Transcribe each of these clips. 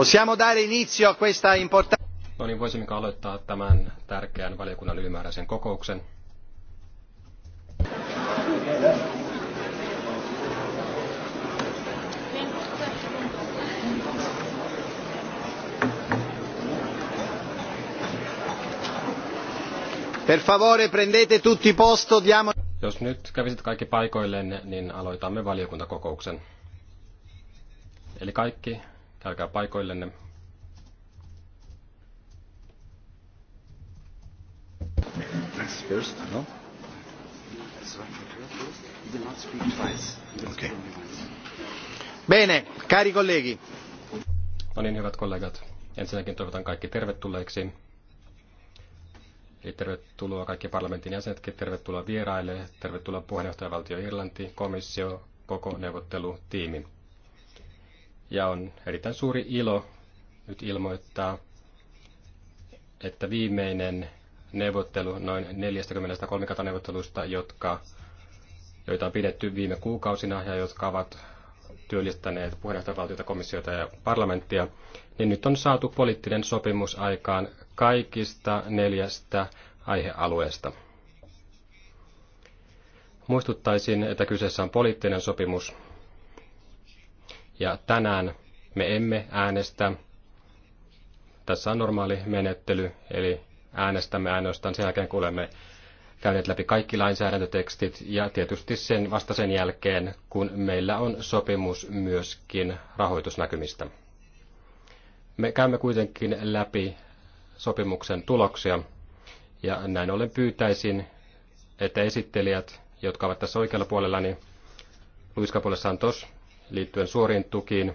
Possiamo dare inizio a questa importante... No niin, voisimmeko aloittaa tämän tärkeän valiokunnan ylimääräisen kokouksen? Per favore, prendete tutti posto, diamo... Jos nyt kävisit kaikki paikoilleen, niin aloitamme valiokuntakokouksen. Eli kaikki Käykää paikoillenne. First, no? Okay. Bene, cari colleghi. No niin, hyvät kollegat. Ensinnäkin toivotan kaikki tervetulleiksi. Eli tervetuloa kaikki parlamentin jäsenetkin, tervetuloa vieraille, tervetuloa puheenjohtajavaltio Irlanti, komissio, koko neuvottelutiimi. Ja on erittäin suuri ilo nyt ilmoittaa, että viimeinen neuvottelu noin 40 kolmikantaneuvottelusta, jotka, joita on pidetty viime kuukausina ja jotka ovat työllistäneet puheenjohtajavaltiota, komissiota ja parlamenttia, niin nyt on saatu poliittinen sopimus aikaan kaikista neljästä aihealueesta. Muistuttaisin, että kyseessä on poliittinen sopimus, ja tänään me emme äänestä. Tässä on normaali menettely, eli äänestämme ainoastaan sen jälkeen, kun olemme käyneet läpi kaikki lainsäädäntötekstit ja tietysti sen vasta sen jälkeen, kun meillä on sopimus myöskin rahoitusnäkymistä. Me käymme kuitenkin läpi sopimuksen tuloksia ja näin ollen pyytäisin, että esittelijät, jotka ovat tässä oikealla puolella, niin Luis Capola Santos, liittyen suoriin tukiin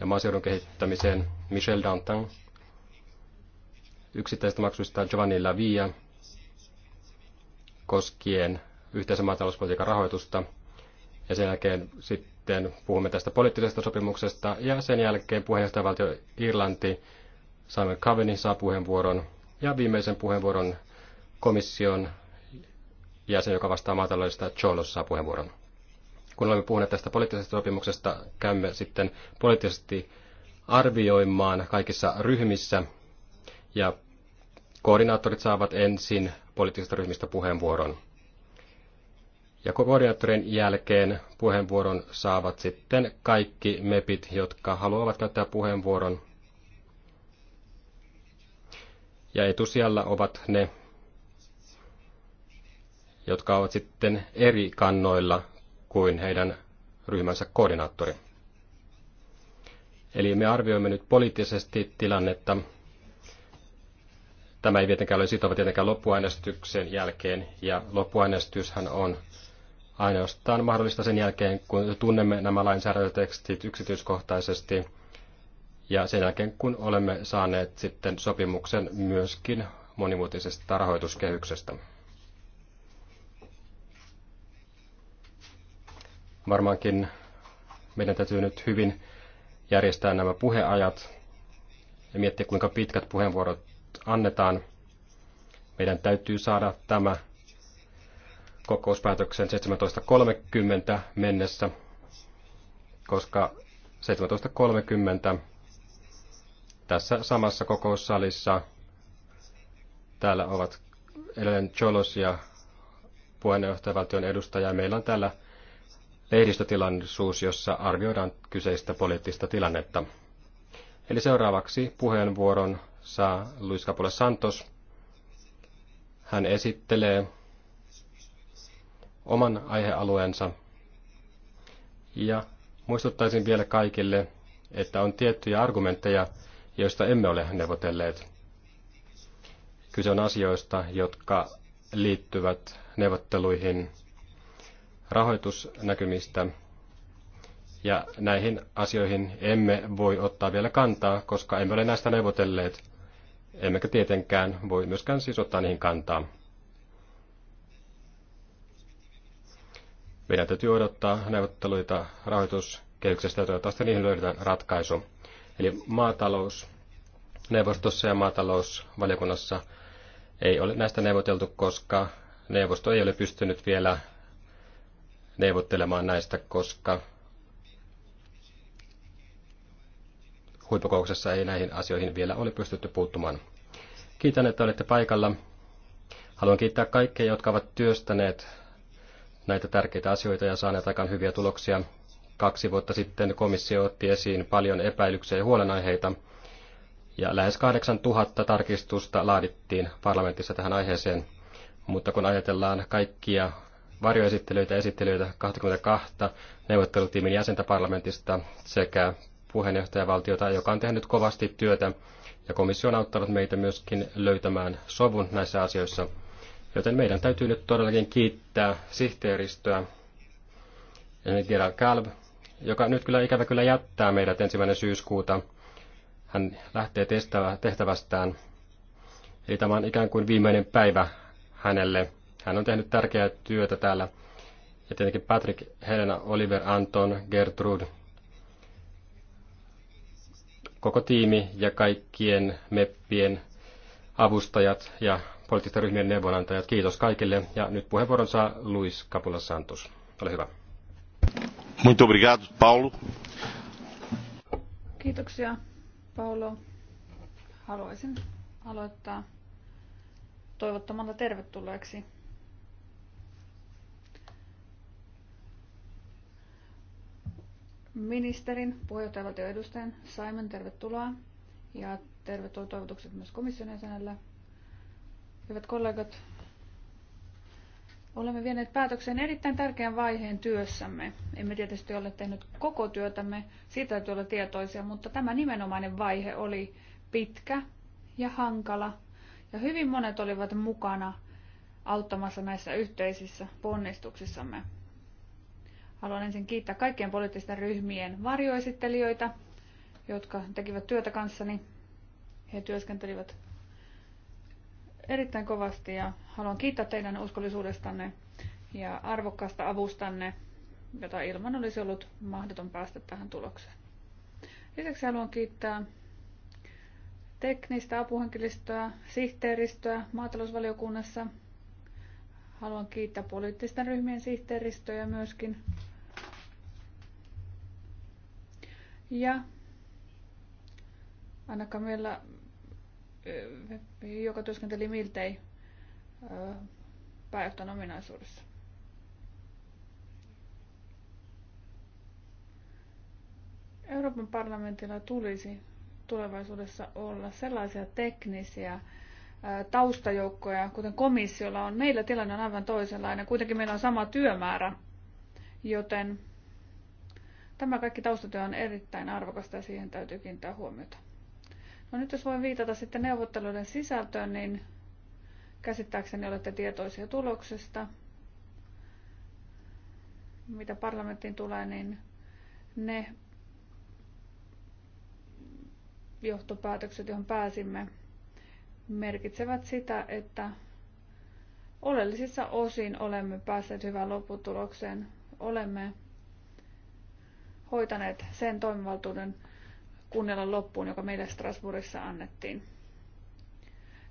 ja maaseudun kehittämiseen Michel Dantin, yksittäisistä maksuista Giovanni Lavia koskien yhteisen maatalouspolitiikan rahoitusta. Ja sen jälkeen sitten puhumme tästä poliittisesta sopimuksesta ja sen jälkeen puheenjohtajavaltio Irlanti Simon Coveney saa puheenvuoron ja viimeisen puheenvuoron komission jäsen, joka vastaa maataloudesta, Cholos saa puheenvuoron kun olemme puhuneet tästä poliittisesta sopimuksesta, käymme sitten poliittisesti arvioimaan kaikissa ryhmissä ja koordinaattorit saavat ensin poliittisista ryhmistä puheenvuoron. Ja koordinaattorin jälkeen puheenvuoron saavat sitten kaikki MEPit, jotka haluavat käyttää puheenvuoron. Ja etusijalla ovat ne, jotka ovat sitten eri kannoilla kuin heidän ryhmänsä koordinaattori. Eli me arvioimme nyt poliittisesti tilannetta. Tämä ei tietenkään ole sitova tietenkään loppuäänestyksen jälkeen, ja loppuäänestyshän on ainoastaan mahdollista sen jälkeen, kun tunnemme nämä lainsäädäntötekstit yksityiskohtaisesti, ja sen jälkeen, kun olemme saaneet sitten sopimuksen myöskin monimuotisesta rahoituskehyksestä. Varmaankin meidän täytyy nyt hyvin järjestää nämä puheajat ja miettiä, kuinka pitkät puheenvuorot annetaan. Meidän täytyy saada tämä kokouspäätöksen 17.30 mennessä, koska 17.30 tässä samassa kokoussalissa täällä ovat Ellen Cholos ja puheenjohtajavaltion edustaja. Meillä on täällä lehdistötilaisuus, jossa arvioidaan kyseistä poliittista tilannetta. Eli seuraavaksi puheenvuoron saa Luis Capole Santos. Hän esittelee oman aihealueensa. Ja muistuttaisin vielä kaikille, että on tiettyjä argumentteja, joista emme ole neuvotelleet. Kyse on asioista, jotka liittyvät neuvotteluihin rahoitusnäkymistä. Ja näihin asioihin emme voi ottaa vielä kantaa, koska emme ole näistä neuvotelleet, emmekä tietenkään voi myöskään siis ottaa niihin kantaa. Meidän täytyy odottaa neuvotteluita rahoituskehyksestä ja toivottavasti niihin löydetään ratkaisu. Eli maatalousneuvostossa ja maatalousvaliokunnassa ei ole näistä neuvoteltu, koska neuvosto ei ole pystynyt vielä neuvottelemaan näistä, koska huippukouksessa ei näihin asioihin vielä ole pystytty puuttumaan. Kiitän, että olette paikalla. Haluan kiittää kaikkia, jotka ovat työstäneet näitä tärkeitä asioita ja saaneet aikaan hyviä tuloksia. Kaksi vuotta sitten komissio otti esiin paljon epäilyksiä ja huolenaiheita, ja lähes 8000 tarkistusta laadittiin parlamentissa tähän aiheeseen. Mutta kun ajatellaan kaikkia varjoesittelyitä ja esittelyitä 22 neuvottelutiimin jäsentä parlamentista sekä puheenjohtajavaltiota, joka on tehnyt kovasti työtä ja komissio on auttanut meitä myöskin löytämään sovun näissä asioissa. Joten meidän täytyy nyt todellakin kiittää sihteeristöä, Enigera Kalb, joka nyt kyllä ikävä kyllä jättää meidät ensimmäinen syyskuuta. Hän lähtee tehtävästään. Eli tämä on ikään kuin viimeinen päivä hänelle hän on tehnyt tärkeää työtä täällä. Ja tietenkin Patrick, Helena, Oliver, Anton, Gertrud, koko tiimi ja kaikkien meppien avustajat ja poliittisten ryhmien neuvonantajat. Kiitos kaikille. Ja nyt puheenvuoron saa Luis Capula Santos. Ole hyvä. Muito obrigado, Paulo. Kiitoksia, Paulo. Haluaisin aloittaa toivottamalla tervetulleeksi ministerin, puheenjohtajavaltion edustajan Simon, tervetuloa. Ja tervetuloa toivotukset myös komission jäsenelle. Hyvät kollegat, olemme vieneet päätökseen erittäin tärkeän vaiheen työssämme. Emme tietysti ole tehnyt koko työtämme, siitä täytyy olla tietoisia, mutta tämä nimenomainen vaihe oli pitkä ja hankala. Ja hyvin monet olivat mukana auttamassa näissä yhteisissä ponnistuksissamme. Haluan ensin kiittää kaikkien poliittisten ryhmien varjoesittelijöitä, jotka tekivät työtä kanssani. He työskentelivät erittäin kovasti ja haluan kiittää teidän uskollisuudestanne ja arvokkaasta avustanne, jota ilman olisi ollut mahdoton päästä tähän tulokseen. Lisäksi haluan kiittää teknistä apuhenkilöstöä, sihteeristöä maatalousvaliokunnassa, Haluan kiittää poliittisten ryhmien sihteeristöjä myöskin. Ja Anna Kamilla, joka työskenteli miltei pääjohtajan ominaisuudessa. Euroopan parlamentilla tulisi tulevaisuudessa olla sellaisia teknisiä taustajoukkoja, kuten komissiolla on. Meillä tilanne on aivan toisenlainen. Kuitenkin meillä on sama työmäärä, joten tämä kaikki taustatyö on erittäin arvokasta ja siihen täytyy kiinnittää huomiota. No nyt jos voin viitata sitten neuvotteluiden sisältöön, niin käsittääkseni olette tietoisia tuloksesta. Mitä parlamenttiin tulee, niin ne johtopäätökset, johon pääsimme, merkitsevät sitä, että oleellisissa osin olemme päässeet hyvään lopputulokseen. Olemme hoitaneet sen toimivaltuuden kunnella loppuun, joka meille Strasbourgissa annettiin.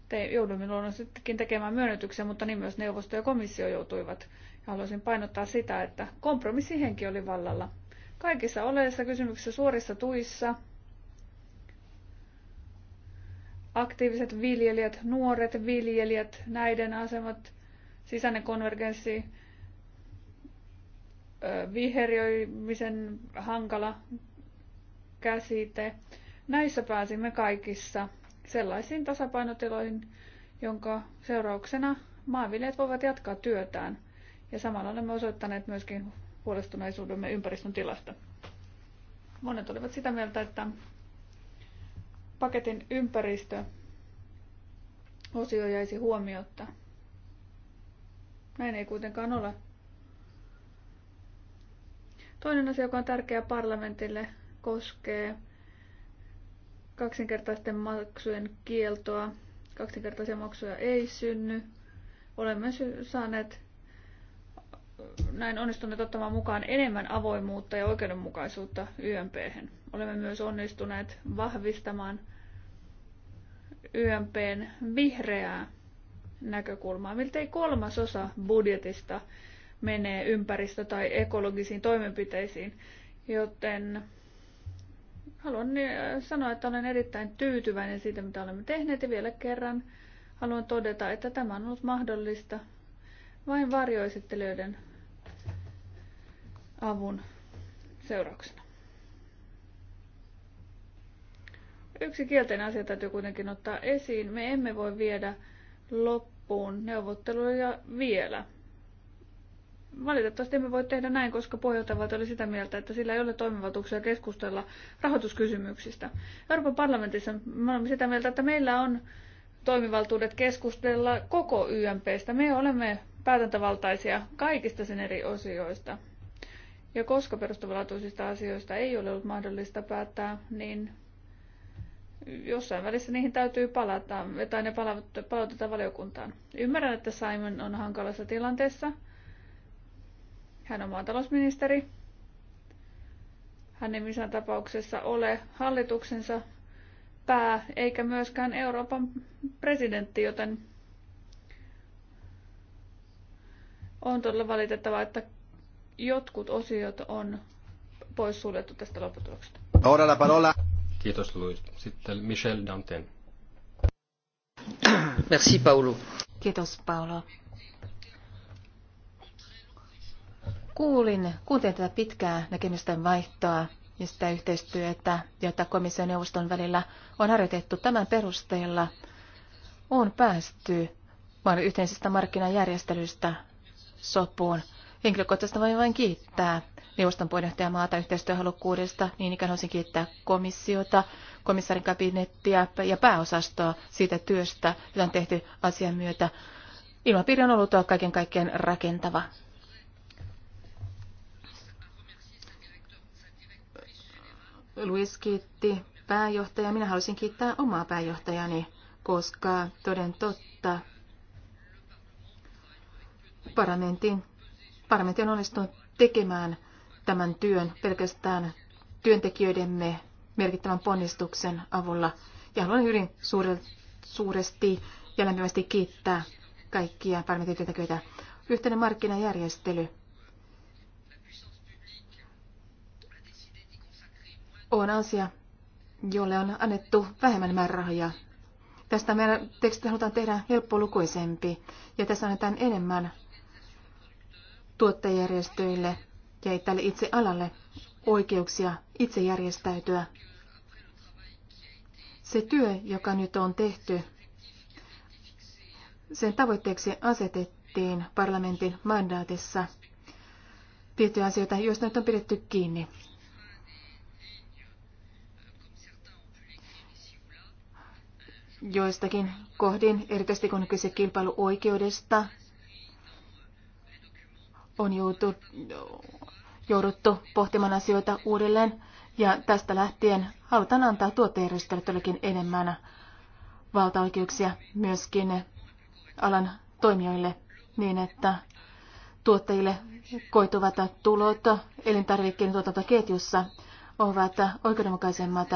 Te joudumme luonnollisestikin tekemään myönnytyksiä, mutta niin myös neuvosto ja komissio joutuivat. Ja haluaisin painottaa sitä, että kompromissihenki oli vallalla. Kaikissa oleellisissa kysymyksissä, suorissa tuissa, aktiiviset viljelijät, nuoret viljelijät, näiden asemat, sisäinen konvergenssi, viheriöimisen hankala käsite. Näissä pääsimme kaikissa sellaisiin tasapainotiloihin, jonka seurauksena maanviljelijät voivat jatkaa työtään. Ja samalla olemme osoittaneet myöskin huolestuneisuudemme ympäristön tilasta. Monet olivat sitä mieltä, että paketin ympäristö osio jäisi huomiotta. Näin ei kuitenkaan ole. Toinen asia, joka on tärkeä parlamentille, koskee kaksinkertaisten maksujen kieltoa. Kaksinkertaisia maksuja ei synny. Olemme saaneet näin onnistuneet ottamaan mukaan enemmän avoimuutta ja oikeudenmukaisuutta YMPhen olemme myös onnistuneet vahvistamaan YMPn vihreää näkökulmaa. Miltei kolmasosa budjetista menee ympäristö- tai ekologisiin toimenpiteisiin, joten haluan niin, äh, sanoa, että olen erittäin tyytyväinen siitä, mitä olemme tehneet ja vielä kerran haluan todeta, että tämä on ollut mahdollista vain varjoesittelijöiden avun seurauksena. Yksi kielteinen asia täytyy kuitenkin ottaa esiin. Me emme voi viedä loppuun neuvotteluja vielä. Valitettavasti emme voi tehdä näin, koska puheenjohtajavaltio oli sitä mieltä, että sillä ei ole toimivaltuuksia keskustella rahoituskysymyksistä. Euroopan parlamentissa me olemme sitä mieltä, että meillä on toimivaltuudet keskustella koko YMPstä. Me olemme päätäntävaltaisia kaikista sen eri osioista. Ja koska perustavanlaatuisista asioista ei ole ollut mahdollista päättää, niin jossain välissä niihin täytyy palata, tai ne palautetaan valiokuntaan. Ymmärrän, että Simon on hankalassa tilanteessa. Hän on maatalousministeri. Hän ei missään tapauksessa ole hallituksensa pää, eikä myöskään Euroopan presidentti, joten on todella valitettavaa, että jotkut osiot on poissuljettu tästä lopputuloksesta. Ora la parola. Kiitos Louis. Sitten Michel Danten. Merci Paulu. Kiitos Paolo. Kuulin, kuuntelin tätä pitkää näkemysten vaihtoa ja sitä yhteistyötä, jota komission neuvoston välillä on harjoitettu tämän perusteella, on päästy vain yhteisestä markkinajärjestelystä sopuun. Henkilökohtaisesti voin vain kiittää neuvoston maata yhteistyöhalukkuudesta. Niin ikään haluaisin kiittää komissiota, komissaarin kabinettia ja pääosastoa siitä työstä, jota on tehty asian myötä. Ilmapiiri on ollut kaiken kaikkiaan rakentava. Luis kiitti pääjohtaja. Minä haluaisin kiittää omaa pääjohtajani, koska toden totta parlamentin, parlamentti on onnistunut tekemään tämän työn pelkästään työntekijöidemme merkittävän ponnistuksen avulla. Ja haluan hyvin suuresti ja lämpimästi kiittää kaikkia parlamentin Yhteinen markkinajärjestely on asia, jolle on annettu vähemmän määrärahoja. Tästä meidän tekstistä halutaan tehdä helppolukuisempi ja tässä annetaan enemmän tuottajajärjestöille jäi tälle itse alalle oikeuksia itse järjestäytyä. Se työ, joka nyt on tehty, sen tavoitteeksi asetettiin parlamentin mandaatissa tiettyjä asioita, joista nyt on pidetty kiinni. Joistakin kohdin, erityisesti kun kyse kilpailuoikeudesta on jouduttu pohtimaan asioita uudelleen. Ja tästä lähtien halutaan antaa tuottajärjestelmällekin enemmän valtaoikeuksia myöskin alan toimijoille niin, että tuottajille koituvat tulot elintarvikkeiden tuotantoketjussa ovat oikeudenmukaisemmat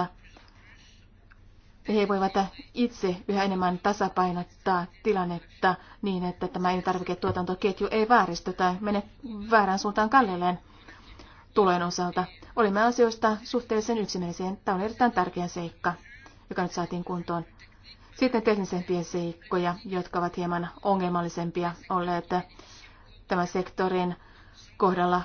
he voivat itse yhä enemmän tasapainottaa tilannetta niin, että tämä elintarviketuotantoketju ei vääristy tai mene väärään suuntaan kallelleen tulojen osalta. Olimme asioista suhteellisen yksimielisiä. Tämä on erittäin tärkeä seikka, joka nyt saatiin kuntoon. Sitten teknisempiä seikkoja, jotka ovat hieman ongelmallisempia olleet tämän sektorin kohdalla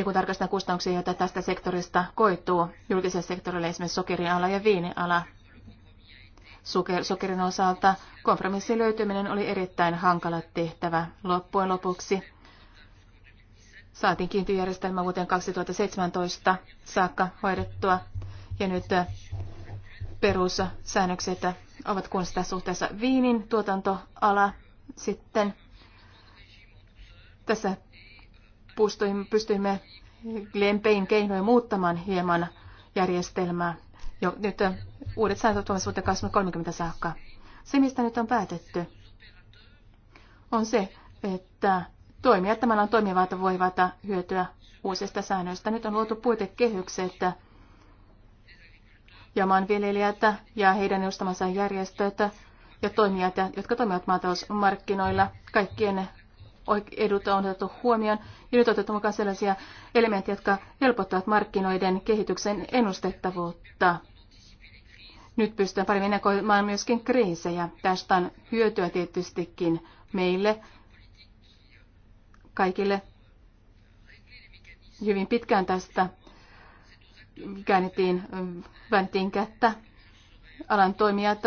Ja kun tarkastaa kustannuksia, joita tästä sektorista koituu, julkiselle sektorille esimerkiksi sokeriala ja viiniala, sokerin osalta kompromissin löytyminen oli erittäin hankala tehtävä loppujen lopuksi. Saatiin kiintiöjärjestelmä vuoteen 2017 saakka hoidettua ja nyt äh, perussäännökset ovat sitä suhteessa viinin tuotantoala sitten. Tässä pystyimme Glenpein keinoja muuttamaan hieman järjestelmää. Jo, nyt uudet säännöt ovat vuoteen 2030 saakka. Se, mistä nyt on päätetty, on se, että toimijat tämän on toimivalta voivat hyötyä uusista säännöistä. Nyt on luotu puitekehykset ja maanviljelijät ja heidän edustamansa järjestöt ja toimijat, jotka toimivat maatalousmarkkinoilla. Kaikkien edut on otettu huomioon ja nyt otettu mukaan sellaisia elementtejä, jotka helpottavat markkinoiden kehityksen ennustettavuutta. Nyt pystytään paremmin näkemään myöskin kriisejä. Tästä on hyötyä tietystikin meille kaikille. Hyvin pitkään tästä käännettiin, väännettiin kättä alan toimijat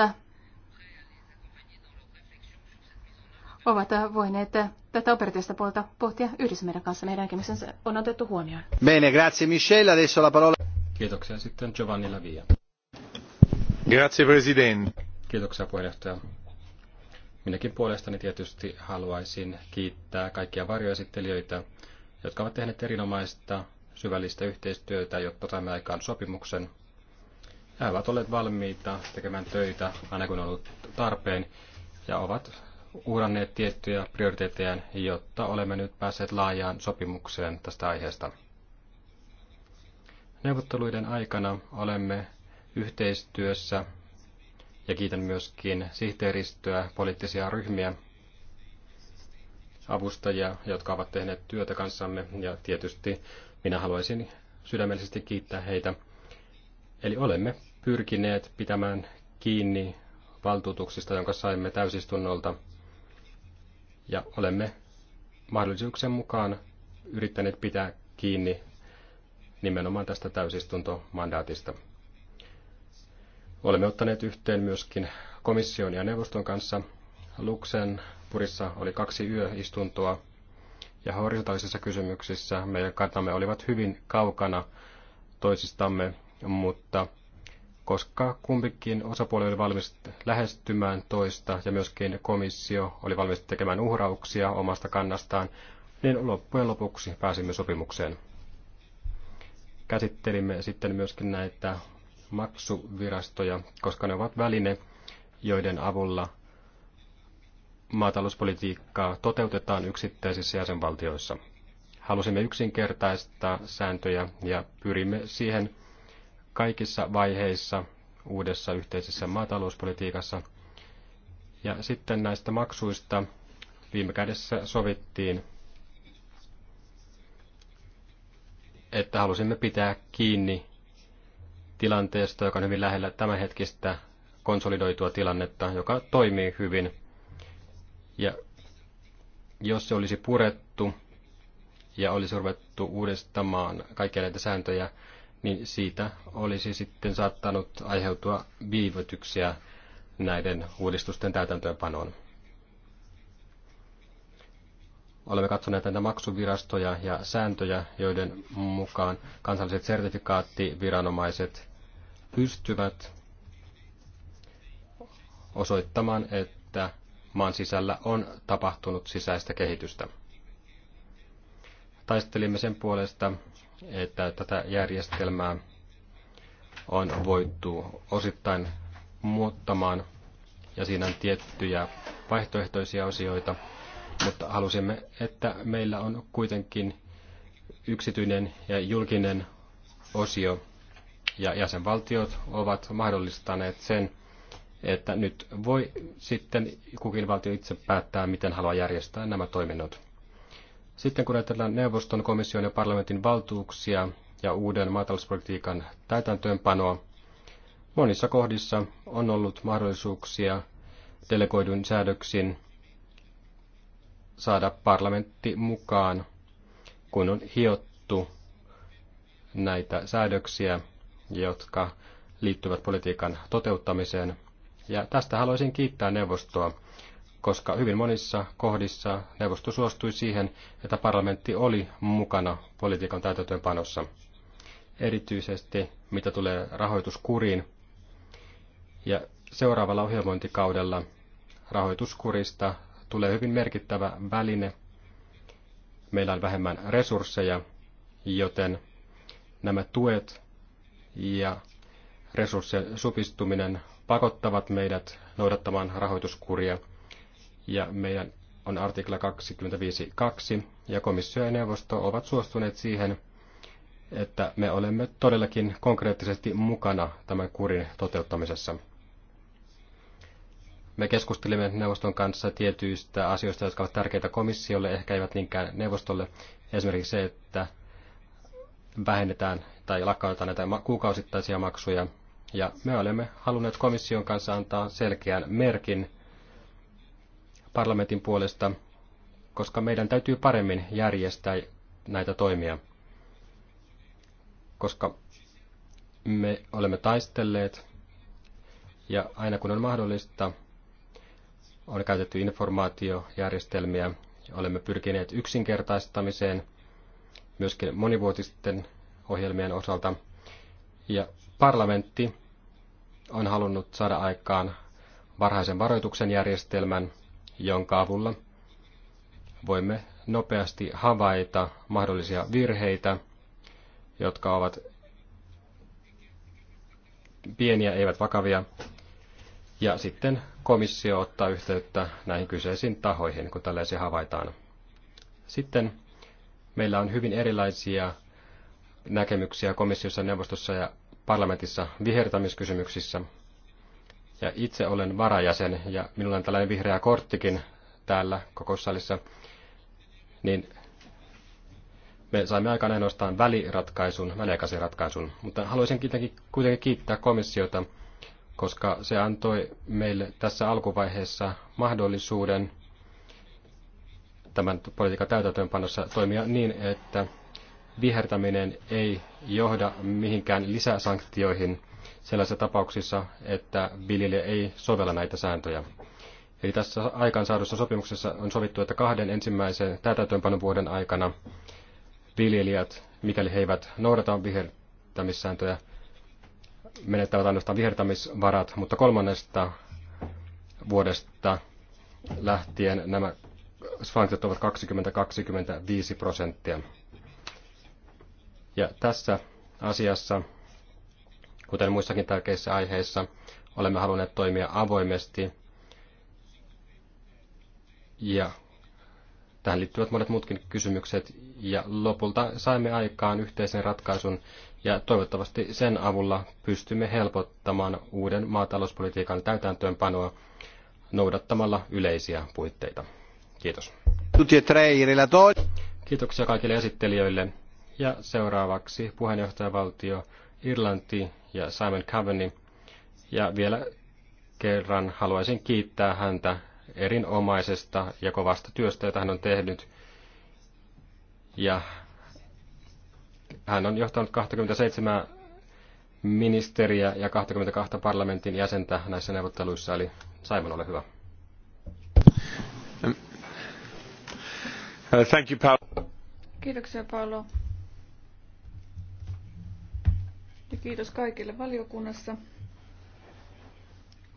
ovat voineet tätä operatiivista puolta pohtia yhdessä meidän kanssa. Meidän näkemyksensä on otettu huomioon. Bene, grazie Michelle. Adesso la parola. Kiitoksia sitten Giovanni Lavia. Grazie Presidente. Kiitoksia puheenjohtaja. Minäkin puolestani tietysti haluaisin kiittää kaikkia varjoesittelijöitä, jotka ovat tehneet erinomaista syvällistä yhteistyötä, jotta saimme aikaan sopimuksen. He ovat olleet valmiita tekemään töitä aina kun on ollut tarpeen ja ovat uudanneet tiettyjä prioriteetteja, jotta olemme nyt päässeet laajaan sopimukseen tästä aiheesta. Neuvotteluiden aikana olemme yhteistyössä ja kiitän myöskin sihteeristöä, poliittisia ryhmiä, avustajia, jotka ovat tehneet työtä kanssamme ja tietysti minä haluaisin sydämellisesti kiittää heitä. Eli olemme pyrkineet pitämään kiinni valtuutuksista, jonka saimme täysistunnolta ja olemme mahdollisuuksien mukaan yrittäneet pitää kiinni nimenomaan tästä täysistuntomandaatista. Olemme ottaneet yhteen myöskin komission ja neuvoston kanssa. purissa oli kaksi yöistuntoa ja horisontaalisissa kysymyksissä meidän kantamme olivat hyvin kaukana toisistamme, mutta koska kumpikin osapuoli oli valmis lähestymään toista ja myöskin komissio oli valmis tekemään uhrauksia omasta kannastaan, niin loppujen lopuksi pääsimme sopimukseen. Käsittelimme sitten myöskin näitä maksuvirastoja, koska ne ovat väline, joiden avulla maatalouspolitiikkaa toteutetaan yksittäisissä jäsenvaltioissa. Halusimme yksinkertaistaa sääntöjä ja pyrimme siihen, kaikissa vaiheissa uudessa yhteisessä maatalouspolitiikassa. Ja sitten näistä maksuista viime kädessä sovittiin, että halusimme pitää kiinni tilanteesta, joka on hyvin lähellä tämänhetkistä konsolidoitua tilannetta, joka toimii hyvin. Ja jos se olisi purettu ja olisi ruvettu uudistamaan kaikkia näitä sääntöjä, niin siitä olisi sitten saattanut aiheutua viivytyksiä näiden uudistusten täytäntöönpanoon. Olemme katsoneet näitä maksuvirastoja ja sääntöjä, joiden mukaan kansalliset sertifikaattiviranomaiset pystyvät osoittamaan, että maan sisällä on tapahtunut sisäistä kehitystä. Taistelimme sen puolesta, että tätä järjestelmää on voitu osittain muuttamaan ja siinä on tiettyjä vaihtoehtoisia osioita, mutta halusimme, että meillä on kuitenkin yksityinen ja julkinen osio ja jäsenvaltiot ovat mahdollistaneet sen, että nyt voi sitten kukin valtio itse päättää, miten haluaa järjestää nämä toiminnot. Sitten kun ajatellaan neuvoston, komission ja parlamentin valtuuksia ja uuden maatalouspolitiikan täytäntöönpanoa, monissa kohdissa on ollut mahdollisuuksia delegoidun säädöksin saada parlamentti mukaan, kun on hiottu näitä säädöksiä, jotka liittyvät politiikan toteuttamiseen. Ja tästä haluaisin kiittää neuvostoa, koska hyvin monissa kohdissa neuvosto suostui siihen, että parlamentti oli mukana politiikan täytäntöönpanossa. Erityisesti mitä tulee rahoituskuriin. Ja seuraavalla ohjelmointikaudella rahoituskurista tulee hyvin merkittävä väline. Meillä on vähemmän resursseja, joten nämä tuet ja resurssien supistuminen pakottavat meidät noudattamaan rahoituskuria – ja meidän on artikla 25.2 ja komissio ja neuvosto ovat suostuneet siihen, että me olemme todellakin konkreettisesti mukana tämän kurin toteuttamisessa. Me keskustelimme neuvoston kanssa tietyistä asioista, jotka ovat tärkeitä komissiolle, ehkä eivät niinkään neuvostolle. Esimerkiksi se, että vähennetään tai lakkautetaan näitä kuukausittaisia maksuja. Ja me olemme halunneet komission kanssa antaa selkeän merkin parlamentin puolesta, koska meidän täytyy paremmin järjestää näitä toimia, koska me olemme taistelleet ja aina kun on mahdollista, on käytetty informaatiojärjestelmiä, olemme pyrkineet yksinkertaistamiseen myöskin monivuotisten ohjelmien osalta. Ja parlamentti on halunnut saada aikaan varhaisen varoituksen järjestelmän, jonka avulla voimme nopeasti havaita mahdollisia virheitä, jotka ovat pieniä, eivät vakavia. Ja sitten komissio ottaa yhteyttä näihin kyseisiin tahoihin, kun tällaisia havaitaan. Sitten meillä on hyvin erilaisia näkemyksiä komissiossa, neuvostossa ja parlamentissa vihertämiskysymyksissä – ja itse olen varajäsen ja minulla on tällainen vihreä korttikin täällä kokoussalissa. Niin me saimme aikaan ainoastaan väliratkaisun, väliaikaisen ratkaisun. Mutta haluaisin kuitenkin, kuitenkin kiittää komissiota, koska se antoi meille tässä alkuvaiheessa mahdollisuuden tämän politiikan täytäntöönpanossa toimia niin, että vihertäminen ei johda mihinkään lisäsanktioihin – sellaisissa tapauksissa, että viljelijä ei sovella näitä sääntöjä. Eli tässä aikaansaadussa sopimuksessa on sovittu, että kahden ensimmäisen täytäntöönpanovuoden aikana viljelijät, mikäli he eivät noudata vihertämissääntöjä, menettävät ainoastaan vihertämisvarat, mutta kolmannesta vuodesta lähtien nämä sanktiot ovat 20-25 prosenttia. Ja tässä asiassa Kuten muissakin tärkeissä aiheissa, olemme halunneet toimia avoimesti ja tähän liittyvät monet muutkin kysymykset ja lopulta saimme aikaan yhteisen ratkaisun ja toivottavasti sen avulla pystymme helpottamaan uuden maatalouspolitiikan täytäntöönpanoa noudattamalla yleisiä puitteita. Kiitos. E Kiitoksia kaikille esittelijöille. Ja seuraavaksi puheenjohtajavaltio Irlanti ja Simon Cavani. Ja vielä kerran haluaisin kiittää häntä erinomaisesta ja kovasta työstä, jota hän on tehnyt. Ja hän on johtanut 27 ministeriä ja 22 parlamentin jäsentä näissä neuvotteluissa, eli Simon, ole hyvä. Um, uh, thank you, Paolo. Kiitoksia, Paolo. Kiitos kaikille valiokunnassa.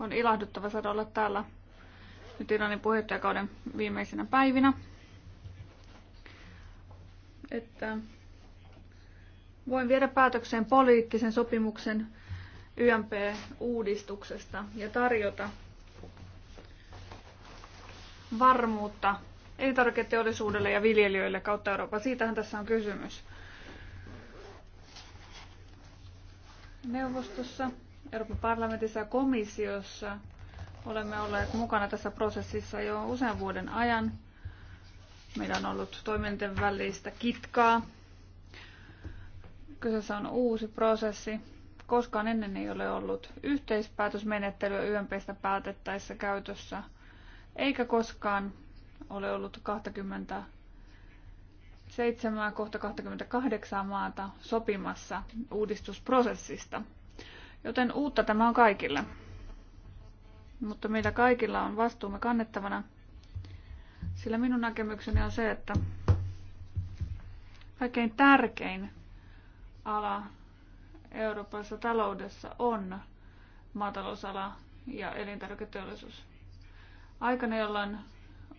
On ilahduttava saada olla täällä nyt Iranin puheenjohtajakauden viimeisinä päivinä. Että voin viedä päätökseen poliittisen sopimuksen YMP-uudistuksesta ja tarjota varmuutta elintarviketeollisuudelle ja viljelijöille kautta Euroopan. Siitähän tässä on kysymys. neuvostossa, Euroopan parlamentissa ja komissiossa olemme olleet mukana tässä prosessissa jo usean vuoden ajan. Meillä on ollut toiminten välistä kitkaa. Kyseessä on uusi prosessi. Koskaan ennen ei ole ollut yhteispäätösmenettelyä YMPstä päätettäessä käytössä, eikä koskaan ole ollut 20 seitsemää kohta 28 maata sopimassa uudistusprosessista. Joten uutta tämä on kaikille. Mutta meillä kaikilla on vastuumme kannettavana, sillä minun näkemykseni on se, että kaikkein tärkein ala Euroopassa taloudessa on maatalousala ja elintarviketeollisuus. Aikana, jolloin